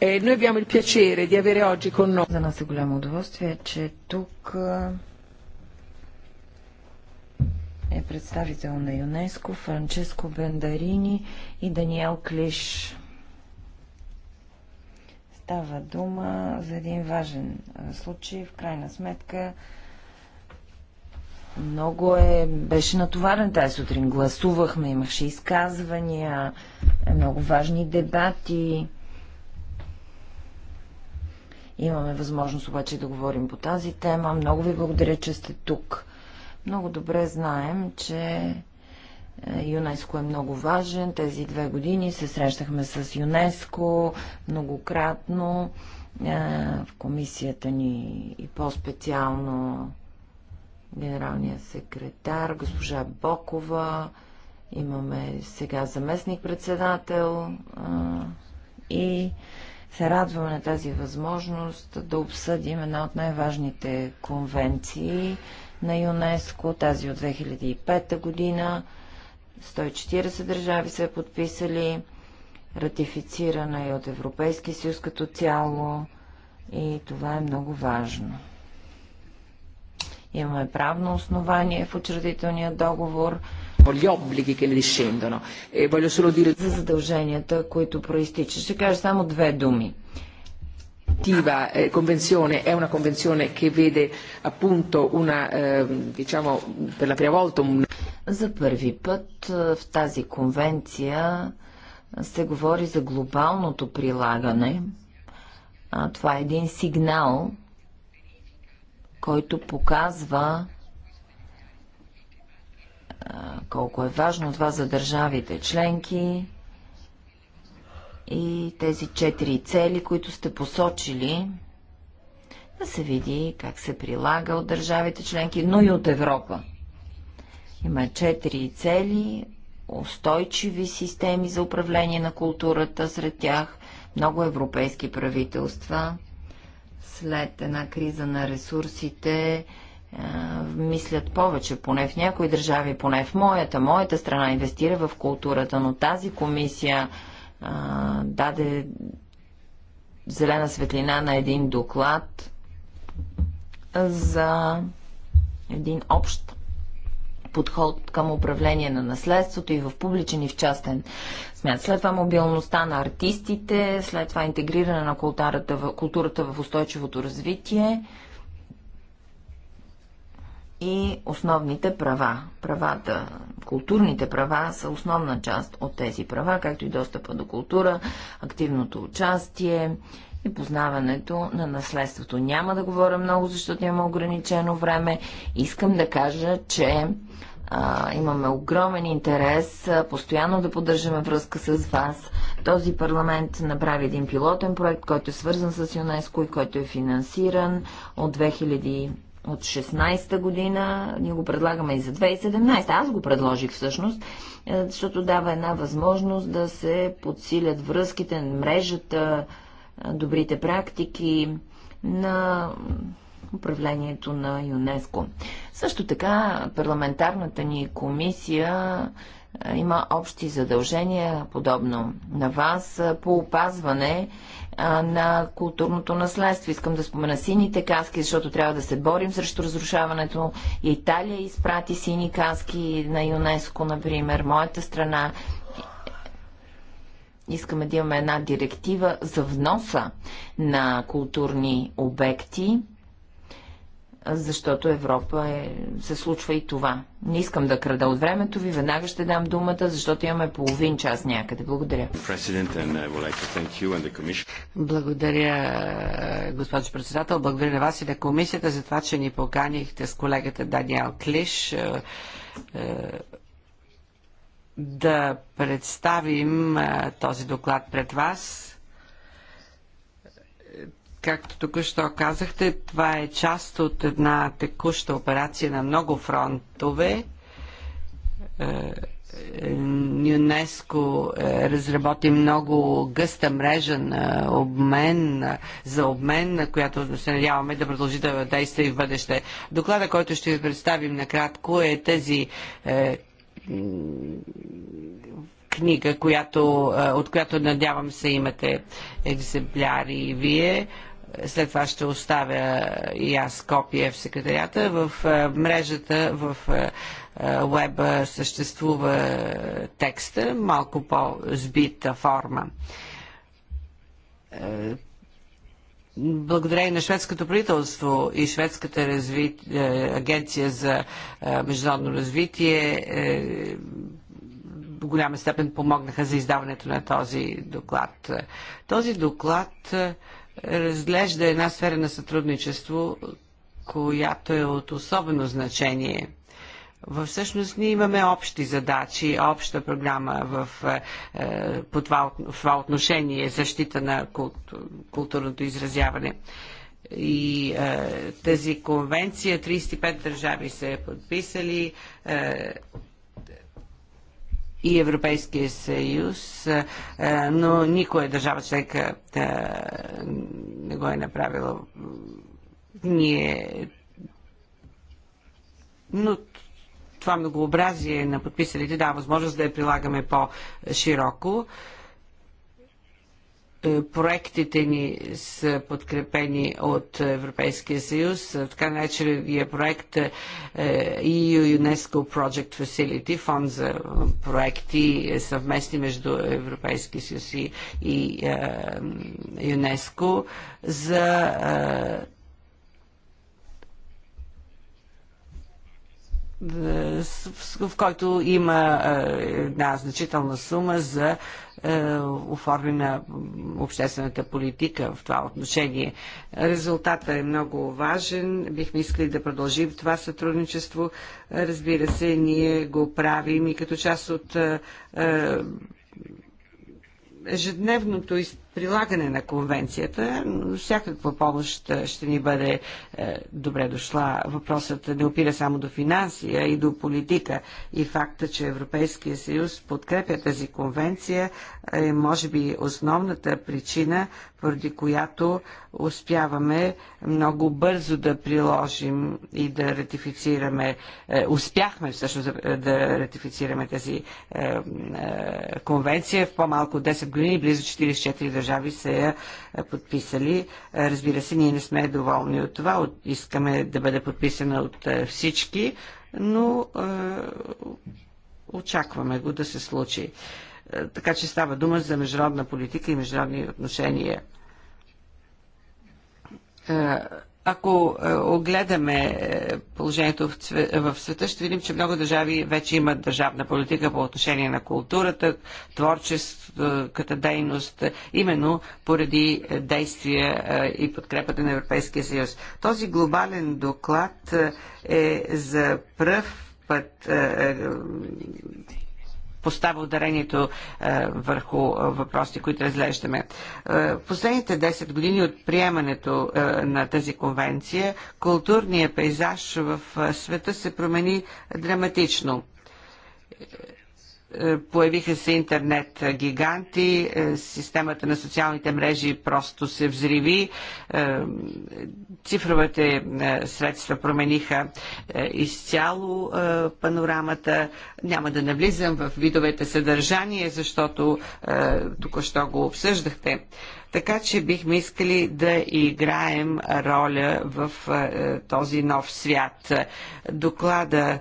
Е, за нас е голямо удоволствие, че тук е представител на ЮНЕСКО Франческо Бендарини и Даниел Клиш. Става дума за един важен случай. В крайна сметка много е... Беше натоварен тази сутрин. Гласувахме, имаше изказвания, е, много важни дебати. Имаме възможност обаче да говорим по тази тема. Много ви благодаря, че сте тук. Много добре знаем, че ЮНЕСКО е много важен. Тези две години се срещахме с ЮНЕСКО многократно е, в комисията ни и по-специално генералния секретар, госпожа Бокова, имаме сега заместник-председател е, и се радваме на тази възможност да обсъдим една от най-важните конвенции на ЮНЕСКО, тази от 2005 година, 140 държави са подписали, ратифицирана и от Европейския съюз като цяло и това е много важно. Имаме правно основание в учредителния договор e за задълженията, които проистичат. Ще кажа само две думи attiva eh, convenzione è una convenzione che vede appunto una, eh, diciamo, per la prima volta un... За първи път е, в тази конвенция се говори за глобалното прилагане. А, това е един сигнал, който показва а, е, колко е важно това за държавите членки и тези четири цели, които сте посочили, да се види как се прилага от държавите членки, но и от Европа. Има четири цели, устойчиви системи за управление на културата сред тях, много европейски правителства. След една криза на ресурсите, е, мислят повече, поне в някои държави, поне в моята. Моята страна инвестира в културата, но тази комисия а, даде зелена светлина на един доклад за един общ подход към управление на наследството и в публичен и в частен смят. След това мобилността на артистите, след това интегриране на културата в, културата в устойчивото развитие и основните права. Правата, културните права са основна част от тези права, както и достъпа до култура, активното участие и познаването на наследството. Няма да говоря много, защото няма ограничено време. Искам да кажа, че а, имаме огромен интерес а, постоянно да поддържаме връзка с вас. Този парламент направи един пилотен проект, който е свързан с ЮНЕСКО и който е финансиран от 2000 от 16-та година, ние го предлагаме и за 2017 аз го предложих всъщност, е, защото дава една възможност да се подсилят връзките, мрежата, е, добрите практики на управлението на ЮНЕСКО. Също така парламентарната ни комисия е, има общи задължения, подобно на вас, по опазване на културното наследство. Искам да спомена сините каски, защото трябва да се борим срещу разрушаването. Италия изпрати сини каски на ЮНЕСКО, например. Моята страна искаме да имаме една директива за вноса на културни обекти защото Европа е, се случва и това. Не искам да крада от времето ви, веднага ще дам думата, защото имаме половин час някъде. Благодаря. Благодаря, госпожо председател. Благодаря на вас и на комисията за това, че ни поканихте с колегата Даниел Клиш е, е, да представим е, този доклад пред вас Както току-що казахте, това е част от една текуща операция на много фронтове. Е, е, ЮНЕСКО е, разработи много гъста мрежа на обмен, за обмен, на която се надяваме да продължи да действа и в бъдеще. Доклада, който ще ви представим накратко е тази е, книга, която, от която надявам се имате екземпляри и вие след това ще оставя и аз копия в секретарията. В е, мрежата, в веба е, е, съществува текста, малко по-збита форма. Благодарение на шведското правителство и шведската разви... агенция за международно развитие в голяма степен помогнаха за издаването на този доклад. Този доклад разглежда една сфера на сътрудничество, която е от особено значение. Във всъщност ние имаме общи задачи, обща програма в, е, е, по това, в това отношение защита на култу, културното изразяване. И е, тази конвенция 35 държави се е подписали. Е, и Европейския съюз, но никоя държава членка не го е направила. Ние. Но това многообразие на подписалите дава възможност да я прилагаме по-широко. Е, проектите ни са подкрепени от Европейския съюз, така наречения проект EU е, UNESCO Project Facility, фонд за проекти е, съвместни между Европейския съюз и, и ЮНЕСКО за в който има е, една значителна сума за е, оформяне на обществената политика в това отношение. Резултатът е много важен. Бихме искали да продължим това сътрудничество. Разбира се, ние го правим и като част от е, ежедневното прилагане на конвенцията. Всякаква помощ ще ни бъде е, добре дошла. Въпросът не опира само до финанси, а и до политика. И факта, че Европейския съюз подкрепя тази конвенция е, може би, основната причина, поради която успяваме много бързо да приложим и да ратифицираме, е, успяхме всъщност да ратифицираме тази е, е, конвенция в по-малко 10 години, близо 44 държави държави са я е, е, подписали. Е, разбира се, ние не сме доволни от това. Искаме да бъде подписана от всички, но е, очакваме го да се случи. Така че става дума за международна политика и международни отношения ако е, огледаме е, положението е, в света, ще видим, че много държави вече имат държавна политика по отношение на културата, творческата дейност, именно поради действия и подкрепата на Европейския съюз. Този глобален доклад е за пръв път поставя ударението е, върху е, въпросите, които разглеждаме. Е, последните 10 години от приемането на тази конвенция, културният пейзаж в света се промени драматично е, появиха се интернет гиганти, е, системата на социалните мрежи просто се взриви, е, цифровите средства промениха изцяло панорамата. Няма да навлизам в видовете съдържание, защото току-що го обсъждахте. Така че бихме искали да играем роля в този нов свят. Доклада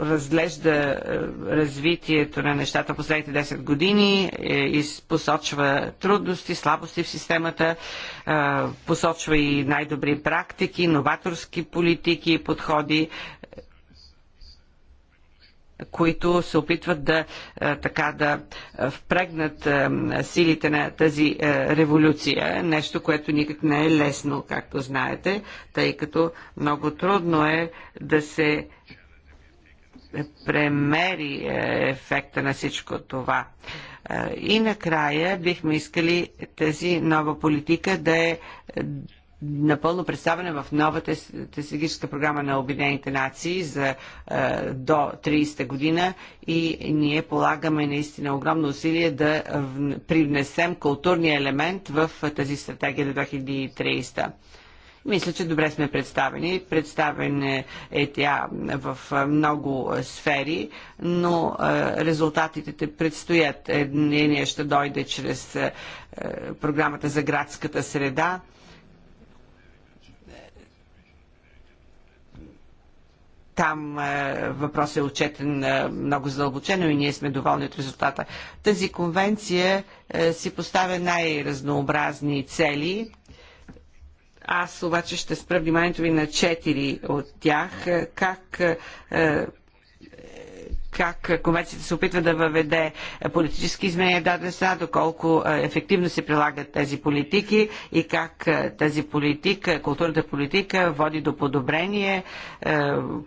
разглежда е, развитието на нещата в последните 10 години е, и посочва трудности, слабости в системата, е, посочва и най-добри практики, новаторски политики и подходи които се опитват да, е, така, да е, впрегнат е, силите на тази революция. Нещо, което никак не е лесно, както знаете, тъй като много трудно е да се премери ефекта на всичко това. И накрая бихме искали тази нова политика да е напълно представена в новата стратегическа програма на Обединените нации за е, до 30 година и ние полагаме наистина огромно усилие да привнесем културния елемент в тази стратегия до 2030. Мисля, че добре сме представени. Представен е, е тя в много сфери, но е, резултатите те предстоят. Едния ще дойде чрез е, програмата за градската среда Там е, въпросът е отчетен е, много задълбочено и ние сме доволни от резултата. Тази конвенция е, си поставя най-разнообразни цели. Аз обаче ще спра вниманието ви на четири от тях. Как как конвенцията се опитва да въведе политически изменения в дадена страна, доколко е, ефективно се прилагат тези политики и как е, тази политика, културната политика води до подобрение е,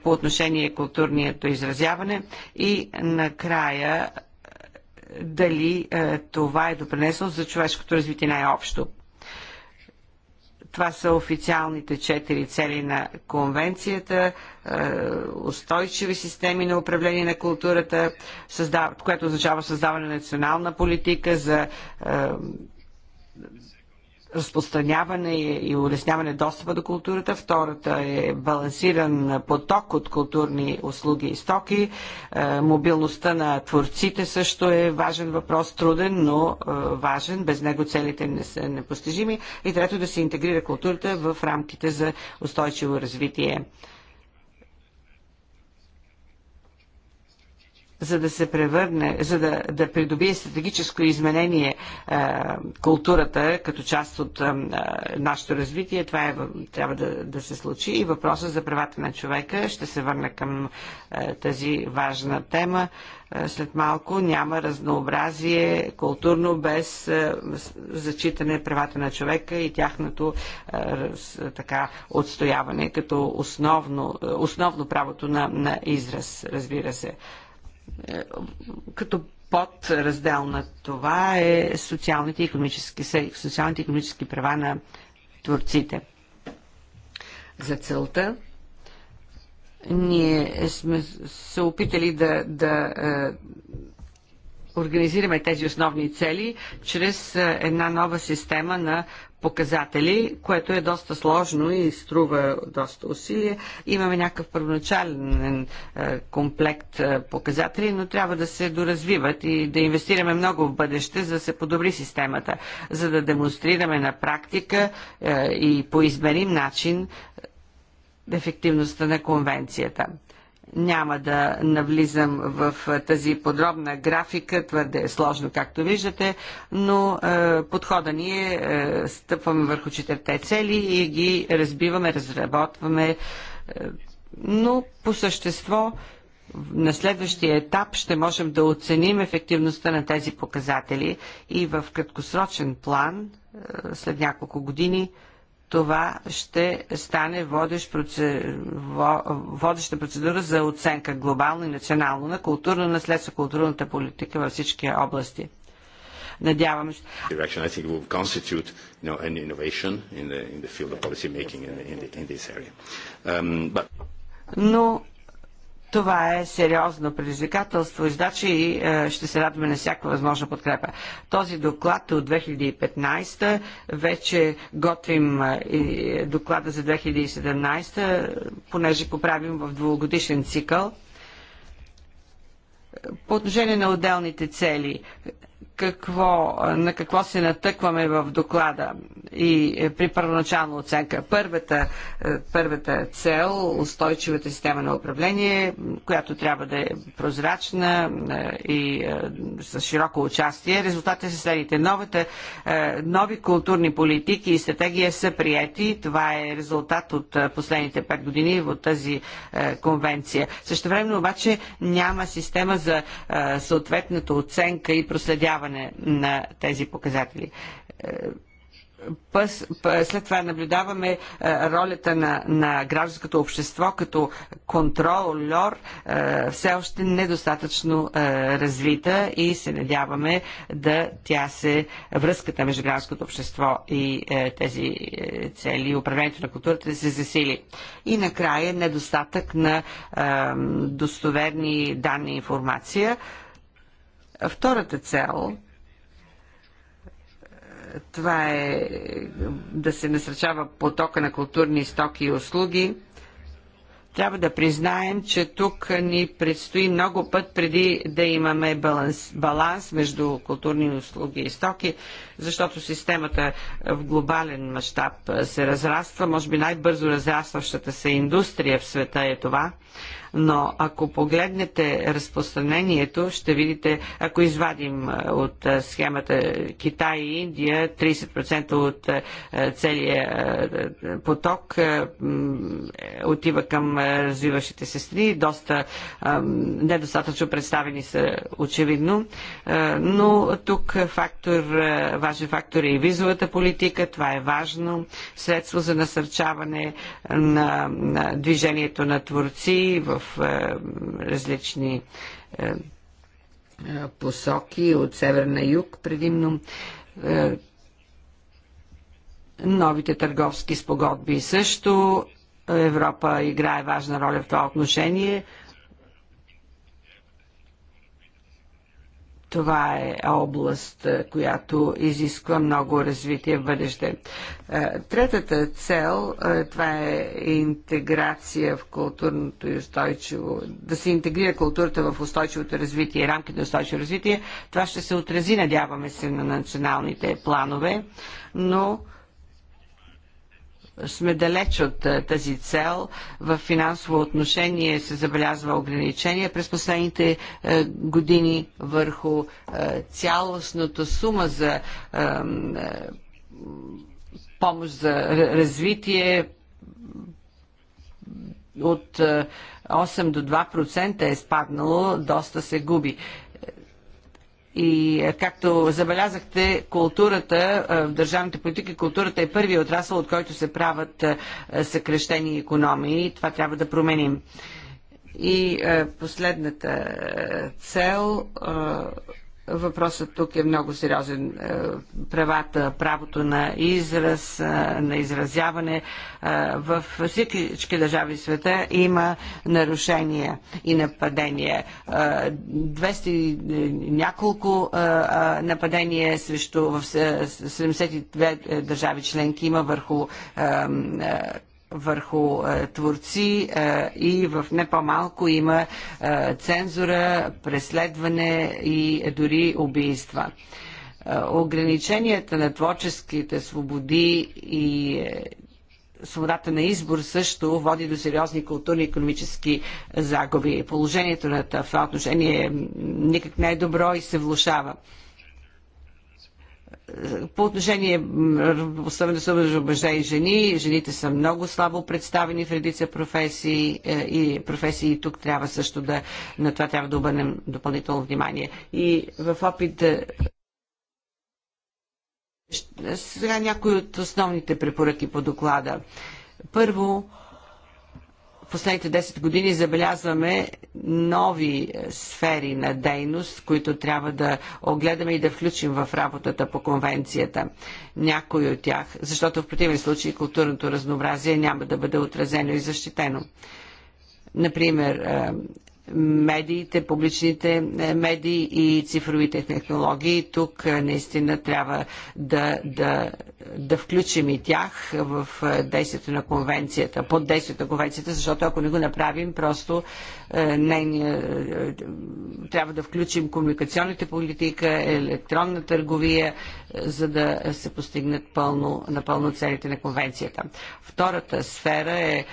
по отношение културното изразяване и накрая дали това е допринесло за човешкото развитие най-общо. Това са официалните четири цели на конвенцията, е, устойчиви системи на управление на културата, което означава създаване на национална политика за е, разпространяване и улесняване достъпа до културата. Втората е балансиран поток от културни услуги и стоки. Е, мобилността на творците също е важен въпрос, труден, но е, важен. Без него целите не са непостижими. И трето да се интегрира културата в рамките за устойчиво развитие. за да се превърне, за да, да придобие стратегическо изменение а, културата като част от а, нашето развитие, това е, трябва да, да се случи. И въпросът за правата на човека ще се върна към а, тази важна тема. А, след малко няма разнообразие културно без а, зачитане правата на човека и тяхното е, раз, така, отстояване като основно, основно правото на, на израз, разбира се. Е, като подраздел на това е социалните и економически, социалните и економически права на творците. За целта ние сме се опитали да, да е, организираме тези основни цели чрез е, една нова система на показатели, което е доста сложно и струва доста усилие. Имаме някакъв първоначален е, комплект е, показатели, но трябва да се доразвиват и да инвестираме много в бъдеще, за да се подобри системата, за да демонстрираме на практика е, и по измерим начин ефективността на конвенцията. Няма да навлизам в тази подробна графика, твърде е сложно, както виждате, но е, подхода ни е, е стъпваме върху четирите цели и ги разбиваме, разработваме, е, но по същество на следващия етап ще можем да оценим ефективността на тези показатели и в краткосрочен план, след няколко години, това ще стане водещ процедура, водеща процедура за оценка глобално и национално на културно наследство, културната политика във всички области. Надявам се. Но това е сериозно предизвикателство и задача и е, ще се радваме на всяка възможна подкрепа. Този доклад е от 2015 вече готвим е, и доклада за 2017, понеже го правим в двугодишен цикъл. По отношение на отделните цели, какво, на какво се натъкваме в доклада и е, при първоначална оценка. Първата, е, първата цел, устойчивата система на управление, която трябва да е прозрачна е, и с широко участие. Резултатите са следните. Новата, нови културни политики и стратегия са приети. Това е резултат от последните пет години от тази конвенция. Също време обаче няма система за съответната оценка и проследяване подобряване на тези показатели. Пъс, пъс, след това наблюдаваме е, ролята на, на гражданското общество като контролер е, все още недостатъчно е, развита и се надяваме да тя се връзката между гражданското общество и е, тези цели управлението на културата да се засили. И накрая недостатък на достоверни данни и информация. Втората цел е, това е да се насърчава потока на културни стоки и услуги. Трябва да признаем, че тук ни предстои много път преди да имаме баланс, баланс между културни услуги и стоки, защото системата в глобален мащаб се разраства. Може би най-бързо разрастващата се индустрия в света е това но ако погледнете разпространението, ще видите, ако извадим от схемата Китай и Индия, 30% от целия поток отива към развиващите се страни, доста недостатъчно представени са очевидно, но тук фактор, важен фактор е и визовата политика, това е важно, средство за насърчаване на, на движението на творци в е, различни е, е, посоки от север на юг, предимно новите търговски спогодби също. Европа играе важна роля в това отношение. Това е област, е, която изисква много развитие в бъдеще. Е, третата цел, е, това е интеграция в културното и устойчиво, да се интегрира културата в устойчивото развитие и рамките на устойчиво развитие. Това ще се отрази, надяваме се, на националните планове, но сме далеч от тази цел. В финансово отношение се забелязва ограничение през последните години върху цялостната сума за помощ за развитие от 8 до 2% е спаднало, доста се губи. И е, както забелязахте, културата, е, в държавните политики, културата е първият отрасъл, от който се правят е, съкрещени економии. Това трябва да променим. И последната цел Въпросът тук е много сериозен. Е, правата, правото на израз, е, на изразяване е, в всички държави в света има нарушения и нападения. 200 няколко нападения срещу в 72 държави членки има върху върху е, творци е, и в не по-малко има е, цензура, преследване и дори убийства. Е, ограниченията на творческите свободи и е, свободата на избор също води до сериозни културни и економически загуби. Положението на това отношение е никак не е добро и се влушава по отношение равнопоставеността между мъже и жени, жените са много слабо представени в редица професии е, и професии и тук трябва също да, на това трябва да обърнем допълнително внимание. И в опит да е, сега някои от основните препоръки по доклада. Първо, последните 10 години забелязваме нови е, сфери на дейност, които трябва да огледаме и да включим в работата по конвенцията. Някои от тях, защото в противен случай културното разнообразие няма да бъде отразено и защитено. Например, е, медиите, публичните е, медии и цифровите технологии. Тук е, наистина трябва да, да, да включим и тях в е, действието на конвенцията, под действието на конвенцията, защото ако не го направим, просто не, не, трябва да включим комуникационните политика, електронна търговия, за да се постигнат пълно, напълно целите на конвенцията. Втората сфера е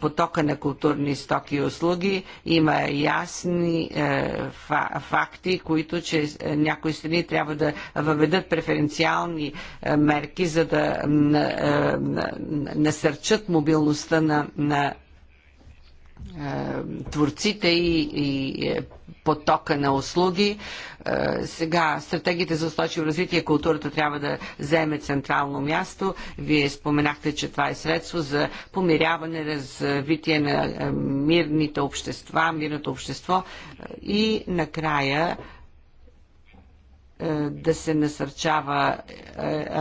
потока на културни стоки и услуги. Има и ясни е, факти, които, че е, някои страни трябва да въведат преференциални е, мерки, за да насърчат мобилността на, на творците и, и потока на услуги. Е, сега стратегията за устойчиво развитие културата трябва да вземе централно място. Вие споменахте, че това е средство за помиряване, развитие на е, мирните общества, мирното общество е, и накрая да се насърчава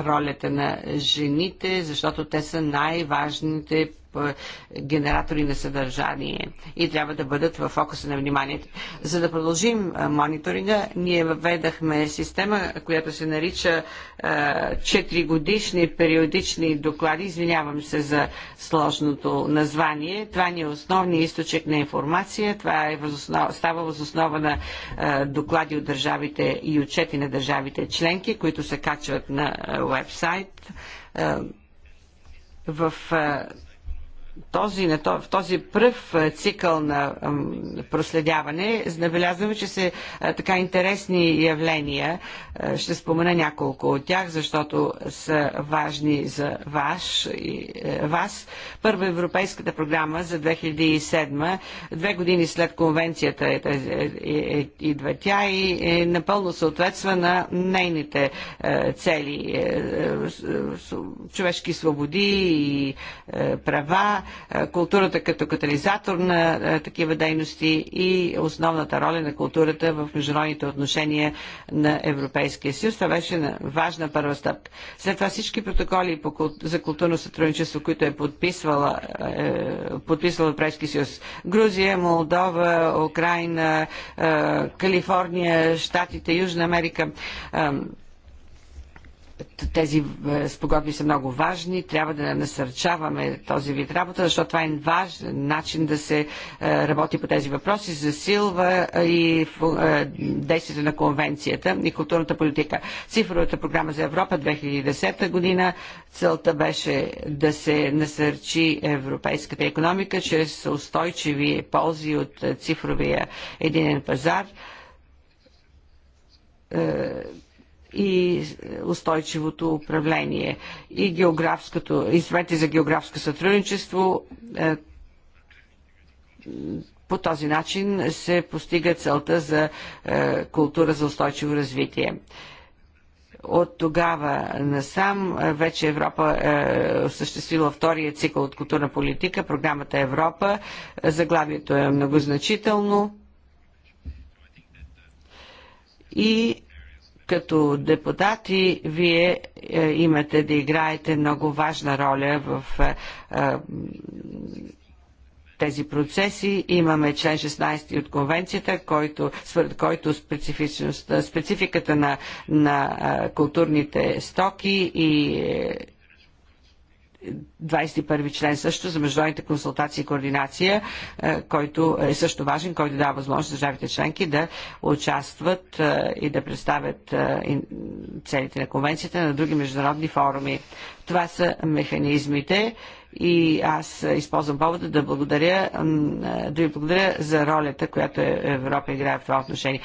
ролята на жените, защото те са най-важните е, генератори на съдържание и трябва да бъдат в фокуса на вниманието. За да продължим е, мониторинга, ние въведахме система, която се нарича 4 е, годишни периодични доклади. Извинявам се за сложното название. Това ни е основният източник на информация. Това е възоснова, става възоснова на доклади от държавите и отчети на държавите членки, които се качват на вебсайт. В този, в този пръв цикъл на проследяване набелязваме, че са така интересни явления. Ще спомена няколко от тях, защото са важни за ваш, и, е, вас. Първа Европейската програма за 2007, две години след конвенцията е, е, е, е, идва тя и е, напълно съответства на нейните е, цели. Е, е, е човешки свободи и е, права е, културата като катализатор на е, такива дейности и основната роля на културата в международните отношения на Европейския съюз. Това беше важна първа стъпка. След това всички протоколи за културно сътрудничество, които е подписвала, е, подписвала Европейския съюз. Грузия, Молдова, Украина, е, Калифорния, Штатите, Южна Америка. Е, тези е, спогодби са много важни, трябва да насърчаваме този вид работа, защото това е важен начин да се е, работи по тези въпроси, засилва е, и действието на конвенцията и културната политика. Цифровата програма за Европа 2010 година целта беше да се насърчи европейската економика чрез устойчиви ползи от цифровия единен пазар и устойчивото управление и географското, и за географско сътрудничество. Е, по този начин се постига целта за е, култура за устойчиво развитие. От тогава насам е, вече Европа е осъществила втория цикъл от културна политика, програмата Европа. Заглавието е многозначително и като депутати вие е, имате да играете много важна роля в е, е, тези процеси. Имаме член 16 от конвенцията, който, който е, спецификата на, на е, културните стоки и е, 21 член също за международните консултации и координация, е, който е също важен, който дава възможност държавите членки да участват е, и да представят е, целите на конвенцията на други международни форуми. Това са механизмите и аз използвам повода да благодаря, да ви благодаря за ролята, която Европа играе в това отношение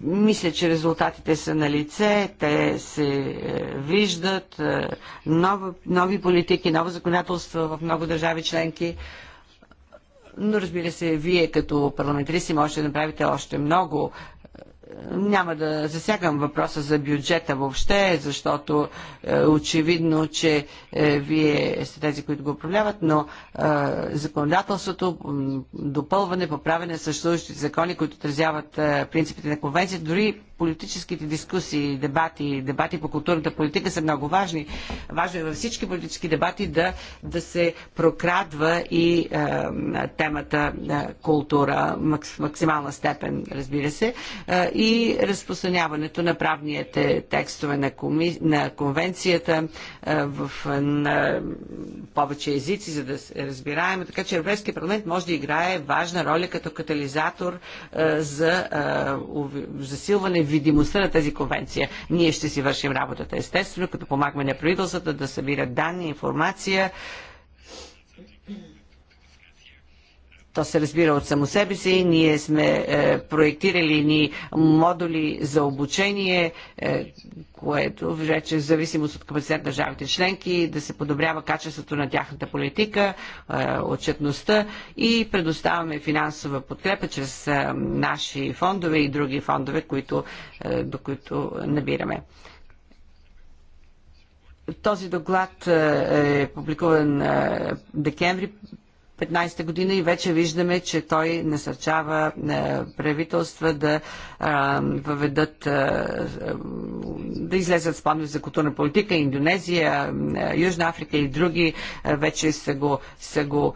мисля, че резултатите са на лице, те се е, виждат, е, нови, нови политики, ново законодателство в много държави членки. Но разбира се, вие като парламентаристи можете да направите още много няма да засягам въпроса за бюджета въобще, защото е, очевидно, че е, вие сте тези, които го управляват, но е, законодателството, допълване, поправене съществуващите закони, които отразяват е, принципите на конвенцията, дори политическите дискусии, дебати, дебати по културната политика са много важни. Важно е във всички политически дебати да, да се прокрадва и е, темата е, култура макс, максимална степен, разбира се, е, и разпространяването на правните текстове на, коми, на конвенцията е, в на повече езици, за да се разбираем. Така че Европейския парламент може да играе важна роля като катализатор е, за е, засилване видимостта на тази конвенция. Ние ще си вършим работата, естествено, като помагаме на правителствата да събират данни, информация, То се разбира от само себе си. Ние сме е, проектирали ни модули за обучение, е, което вече в зависимост от капацитет на държавите членки да се подобрява качеството на тяхната политика, е, отчетността и предоставяме финансова подкрепа чрез е, наши фондове и други фондове, които, е, до които набираме. Този доклад е, е публикуван е, декември 2015 година и вече виждаме, че той насърчава е, правителства да е, въведат, е, да излезат с планове за културна политика. Индонезия, Южна Африка и други вече са го, са го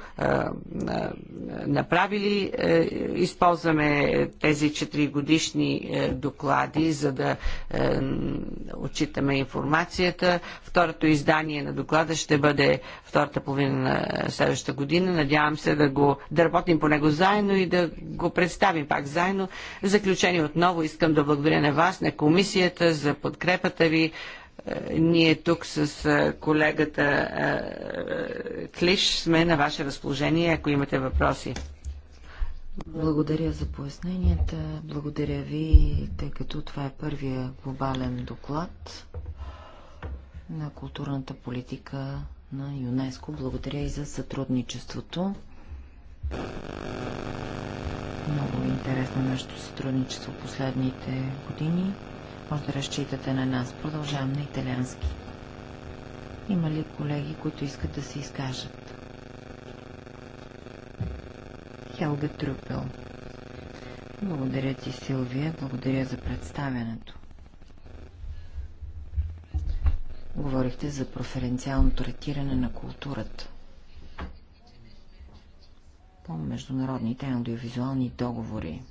направили. Използваме тези 4 годишни доклади, за да отчитаме информацията. Второто издание на доклада ще бъде втората половина на следващата година. Надявам се да, го, да работим по него заедно и да го представим пак заедно. В заключение отново искам да благодаря на вас, на комисията за подкрепата ви. Е, ние тук с е, колегата е, Клиш сме на ваше разположение, ако имате въпроси. Благодаря за поясненията. Благодаря ви, тъй като това е първия глобален доклад на културната политика на ЮНЕСКО. Благодаря и за сътрудничеството. Много е интересно нашето сътрудничество последните години. Може да разчитате на нас. Продължавам на италиански. Има ли колеги, които искат да се изкажат? Хелга Трюпел. Благодаря ти, Силвия. Благодаря за представянето. Говорихте за преференциално третиране на културата по международните аудиовизуални договори.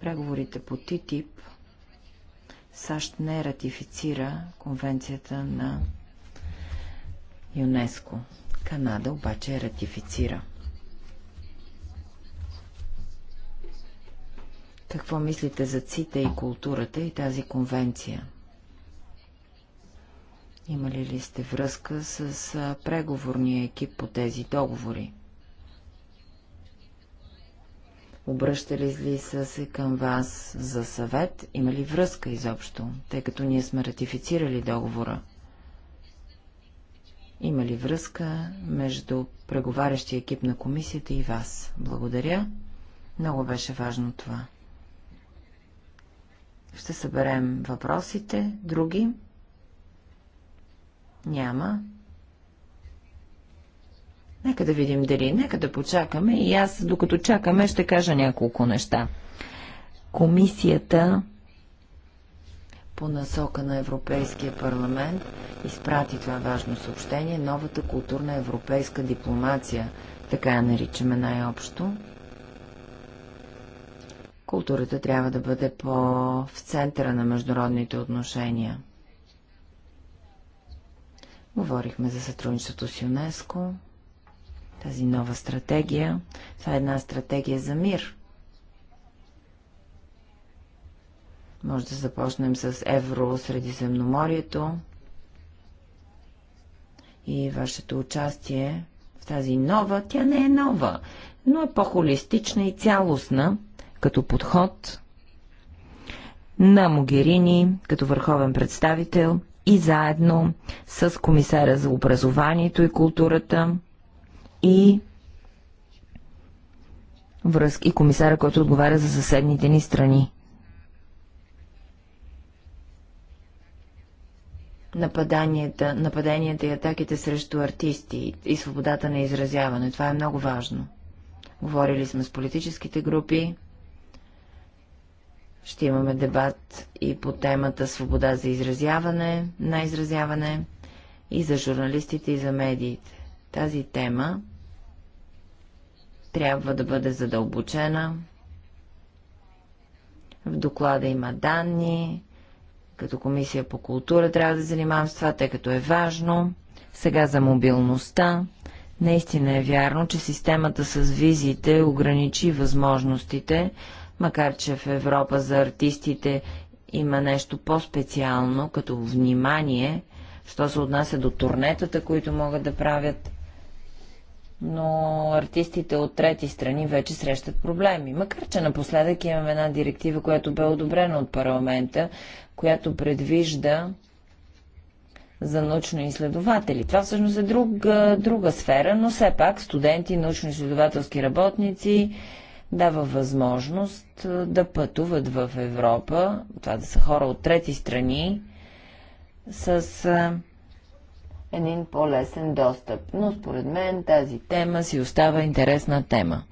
Преговорите по ТИТИП САЩ не ратифицира конвенцията на ЮНЕСКО. Канада обаче ратифицира. Какво мислите за ЦИТА и културата и тази конвенция? Имали ли сте връзка с преговорния екип по тези договори? Обръщали ли са се към вас за съвет? Има ли връзка изобщо, тъй като ние сме ратифицирали договора? Има ли връзка между преговарящия екип на комисията и вас? Благодаря. Много беше важно това. Ще съберем въпросите. Други? Няма. Нека да видим дали. Нека да почакаме и аз, докато чакаме, ще кажа няколко неща. Комисията по насока на Европейския парламент изпрати това важно съобщение новата културна европейска дипломация, така я наричаме най-общо. Културата трябва да бъде по в центъра на международните отношения – Говорихме за сътрудничеството с ЮНЕСКО, тази нова стратегия. Това е една стратегия за мир. Може да започнем с Евро Средиземноморието и вашето участие в тази нова. Тя не е нова, но е по-холистична и цялостна като подход на Могерини, като върховен представител и заедно с комисаря за образованието и културата и връзки и комисаря, който отговаря за съседните ни страни. Нападанията, нападанията и атаките срещу артисти и свободата на изразяване. Това е много важно. Говорили сме с политическите групи, ще имаме дебат и по темата свобода за изразяване, на изразяване и за журналистите и за медиите. Тази тема трябва да бъде задълбочена. В доклада има данни, като комисия по култура трябва да занимавам с това, тъй като е важно. Сега за мобилността. Наистина е вярно, че системата с визите ограничи възможностите макар че в Европа за артистите има нещо по-специално, като внимание, що се отнася до турнетата, които могат да правят. Но артистите от трети страни вече срещат проблеми. Макар, че напоследък имаме една директива, която бе одобрена от парламента, която предвижда за научно-изследователи. Това всъщност е друг, друга сфера, но все пак студенти, научно-изследователски работници, дава възможност да пътуват в Европа, това да са хора от трети страни, с един по-лесен достъп. Но според мен тази тема си остава интересна тема.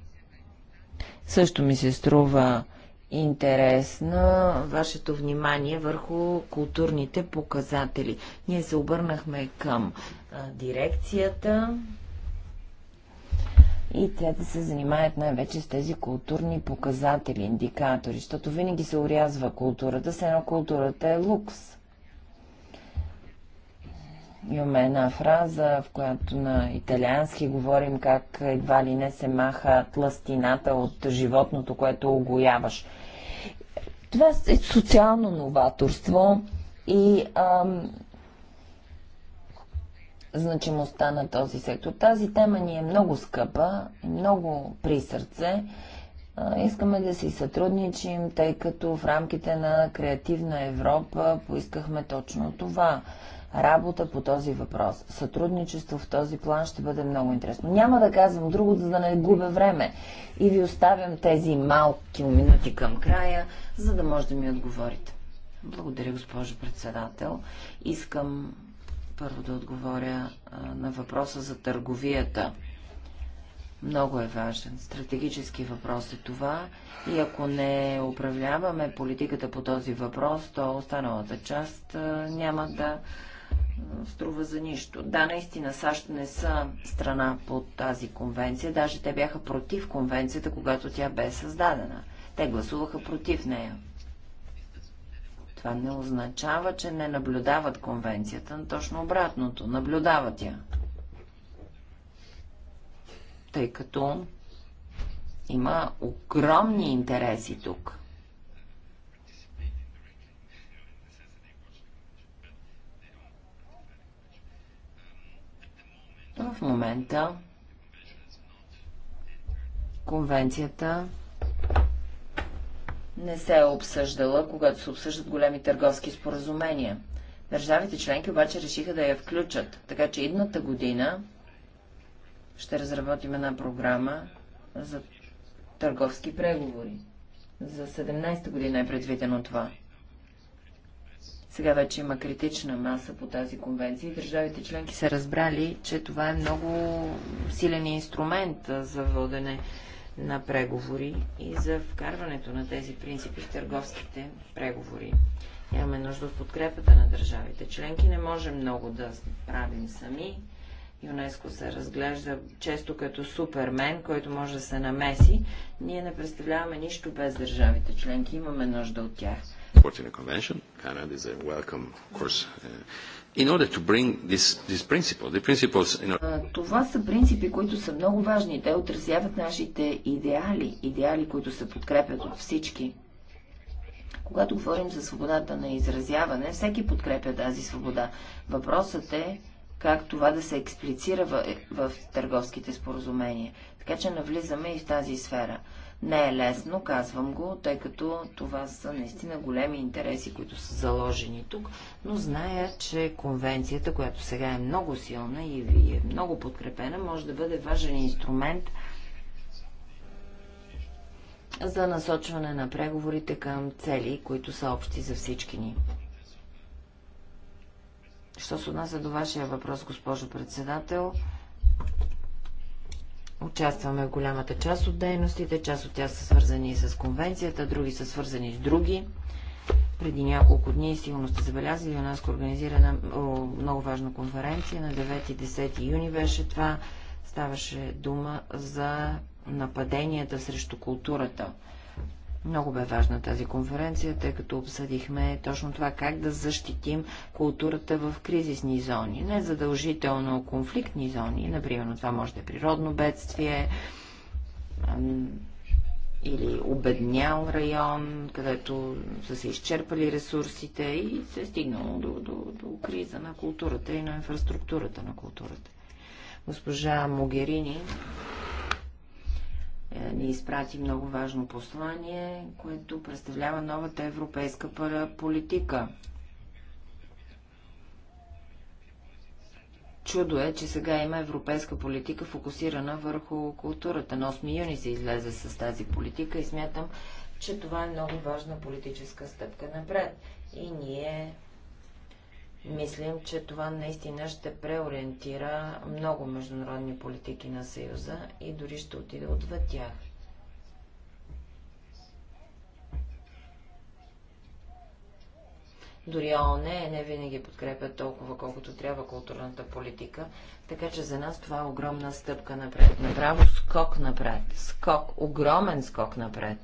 Също ми се струва интересна вашето внимание върху културните показатели. Ние се обърнахме към а, дирекцията и трябва да се занимаят най-вече с тези културни показатели, индикатори, защото винаги се урязва културата, все едно културата е лукс. Имаме една фраза, в която на италиански говорим как едва ли не се маха тластината от животното, което огояваш. Това е социално новаторство и ам, значимостта на този сектор. Тази тема ни е много скъпа, много при сърце. Искаме да си сътрудничим, тъй като в рамките на Креативна Европа поискахме точно това. Работа по този въпрос. Сътрудничество в този план ще бъде много интересно. Няма да казвам друго, за да не губя време. И ви оставям тези малки минути към края, за да може да ми отговорите. Благодаря, госпожо председател. Искам първо да отговоря на въпроса за търговията. Много е важен. Стратегически въпрос е това. И ако не управляваме политиката по този въпрос, то останалата част няма да струва за нищо. Да, наистина САЩ не са страна по тази конвенция. Даже те бяха против конвенцията, когато тя бе създадена. Те гласуваха против нея. Това не означава, че не наблюдават конвенцията, но точно обратното. Наблюдават я. Тъй като има огромни интереси тук. В момента конвенцията не се е обсъждала, когато се обсъждат големи търговски споразумения. Държавите членки обаче решиха да я включат, така че идната година ще разработим една програма за търговски преговори. За 17-та година е предвидено това. Сега вече има критична маса по тази конвенция и държавите членки са разбрали, че това е много силен инструмент за водене на преговори и за вкарването на тези принципи в търговските преговори. Имаме нужда от подкрепата на държавите. Членки не можем много да правим сами. ЮНЕСКО се разглежда често като супермен, който може да се намеси. Ние не представляваме нищо без държавите членки. Имаме нужда от тях supporting the Convention. Canada is a welcome, of course, uh, in order to bring this, this principle, the principles, you know... Това са принципи, които са много важни. Те отразяват нашите идеали, идеали, които се подкрепят от всички. Когато говорим за свободата на изразяване, всеки подкрепя тази свобода. Въпросът е как това да се експлицира в, в търговските споразумения. Така че навлизаме и в тази сфера. Не е лесно, казвам го, тъй като това са наистина големи интереси, които са заложени тук, но зная, че конвенцията, която сега е много силна и ви е много подкрепена, може да бъде важен инструмент за насочване на преговорите към цели, които са общи за всички ни. Що се отнася до вашия въпрос, госпожо председател, Участваме в голямата част от дейностите, част от тях са свързани с конвенцията, други са свързани с други. Преди няколко дни сигурно сте забелязали, у нас организирана много важна конференция на 9-10 юни беше това. Ставаше дума за нападенията срещу културата. Много бе важна тази конференция, тъй като обсъдихме точно това как да защитим културата в кризисни зони. Не задължително конфликтни зони, например, това може да е природно бедствие или обеднял район, където са се изчерпали ресурсите и се е стигнало до, до, до криза на културата и на инфраструктурата на културата. Госпожа Могерини е, ни изпрати много важно послание, което представлява новата европейска политика. Чудо е, че сега има европейска политика, фокусирана върху културата. На 8 юни се излезе с тази политика и смятам, че това е много важна политическа стъпка напред. И ние Мислим, че това наистина ще преориентира много международни политики на Съюза и дори ще отиде отвъд тях. Дори ООН не, не винаги подкрепят толкова, колкото трябва културната политика, така че за нас това е огромна стъпка напред. Направо скок напред. Скок, огромен скок напред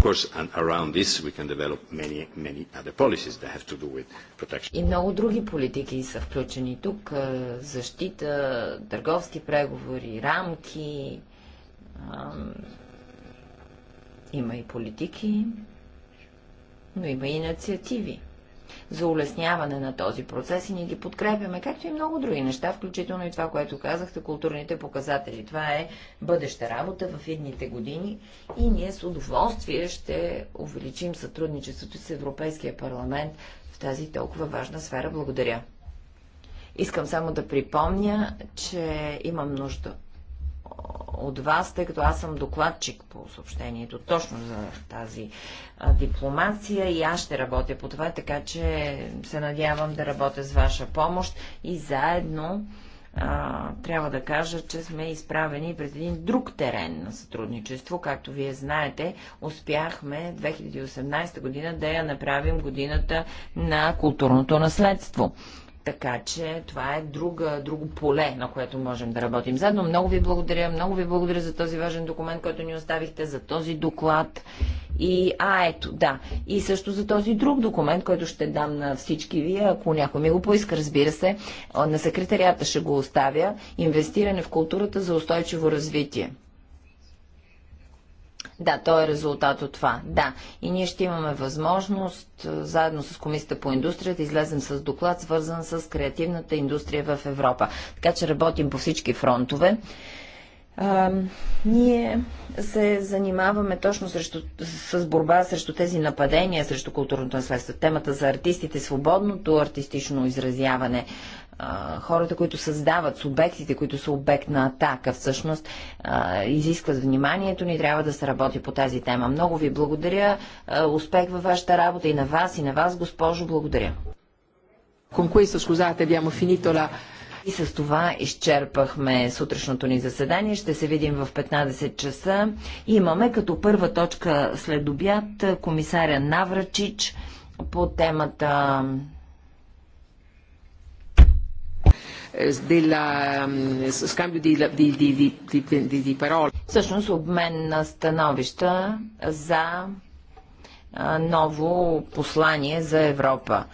course, and around this we can develop many, many other policies that have to do with protection. И много други политики са включени тук. Защита, търговски преговори, рамки. Има и политики, но има и инициативи за улесняване на този процес и ние ги подкрепяме, както и много други неща, включително и това, което казахте, културните показатели. Това е бъдеща работа в едните години и ние с удоволствие ще увеличим сътрудничеството с Европейския парламент в тази толкова важна сфера. Благодаря. Искам само да припомня, че имам нужда от вас, тъй като аз съм докладчик по съобщението точно за тази дипломация и аз ще работя по това, така че се надявам да работя с ваша помощ и заедно а, трябва да кажа, че сме изправени пред един друг терен на сътрудничество. Както вие знаете, успяхме 2018 година да я направим годината на културното наследство. Така че това е друга, друго поле, на което можем да работим заедно. Много ви благодаря, много ви благодаря за този важен документ, който ни оставихте, за този доклад. И, а, ето, да. И също за този друг документ, който ще дам на всички вие, ако някой ми го поиска, разбира се. На секретарията ще го оставя. Инвестиране в културата за устойчиво развитие. Да, то е резултат от това. Да. И ние ще имаме възможност, е, заедно с Комисията по индустрия, да излезем с доклад, свързан с креативната индустрия в Европа. Така че работим по всички фронтове. А, ние се занимаваме точно срещу, с борба срещу тези нападения, срещу културното наследство. Темата за артистите, свободното артистично изразяване, хората, които създават, субектите, които са обект на атака, всъщност а, изискват вниманието ни, трябва да се работи по тази тема. Много ви благодаря, а, успех във вашата работа и на вас, и на вас, госпожо, благодаря. Con questo, scusate, abbiamo finito la... И с това изчерпахме сутрешното ни заседание. Ще се видим в 15 часа. Имаме като първа точка след обяд комисаря Наврачич по темата della, Всъщност обмен на становища за ново послание за Европа.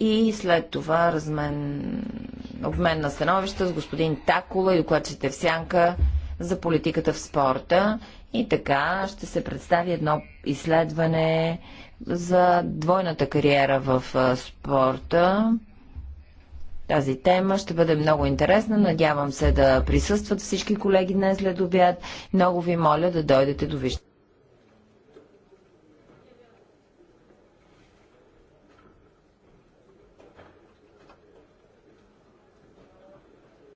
И след това размен, обмен на становища с господин Такола и докладчите в Сянка за политиката в спорта. И така ще се представи едно изследване за двойната кариера в спорта тази тема ще бъде много интересна. Надявам се да присъстват всички колеги днес след обяд. Много ви моля да дойдете до вижте.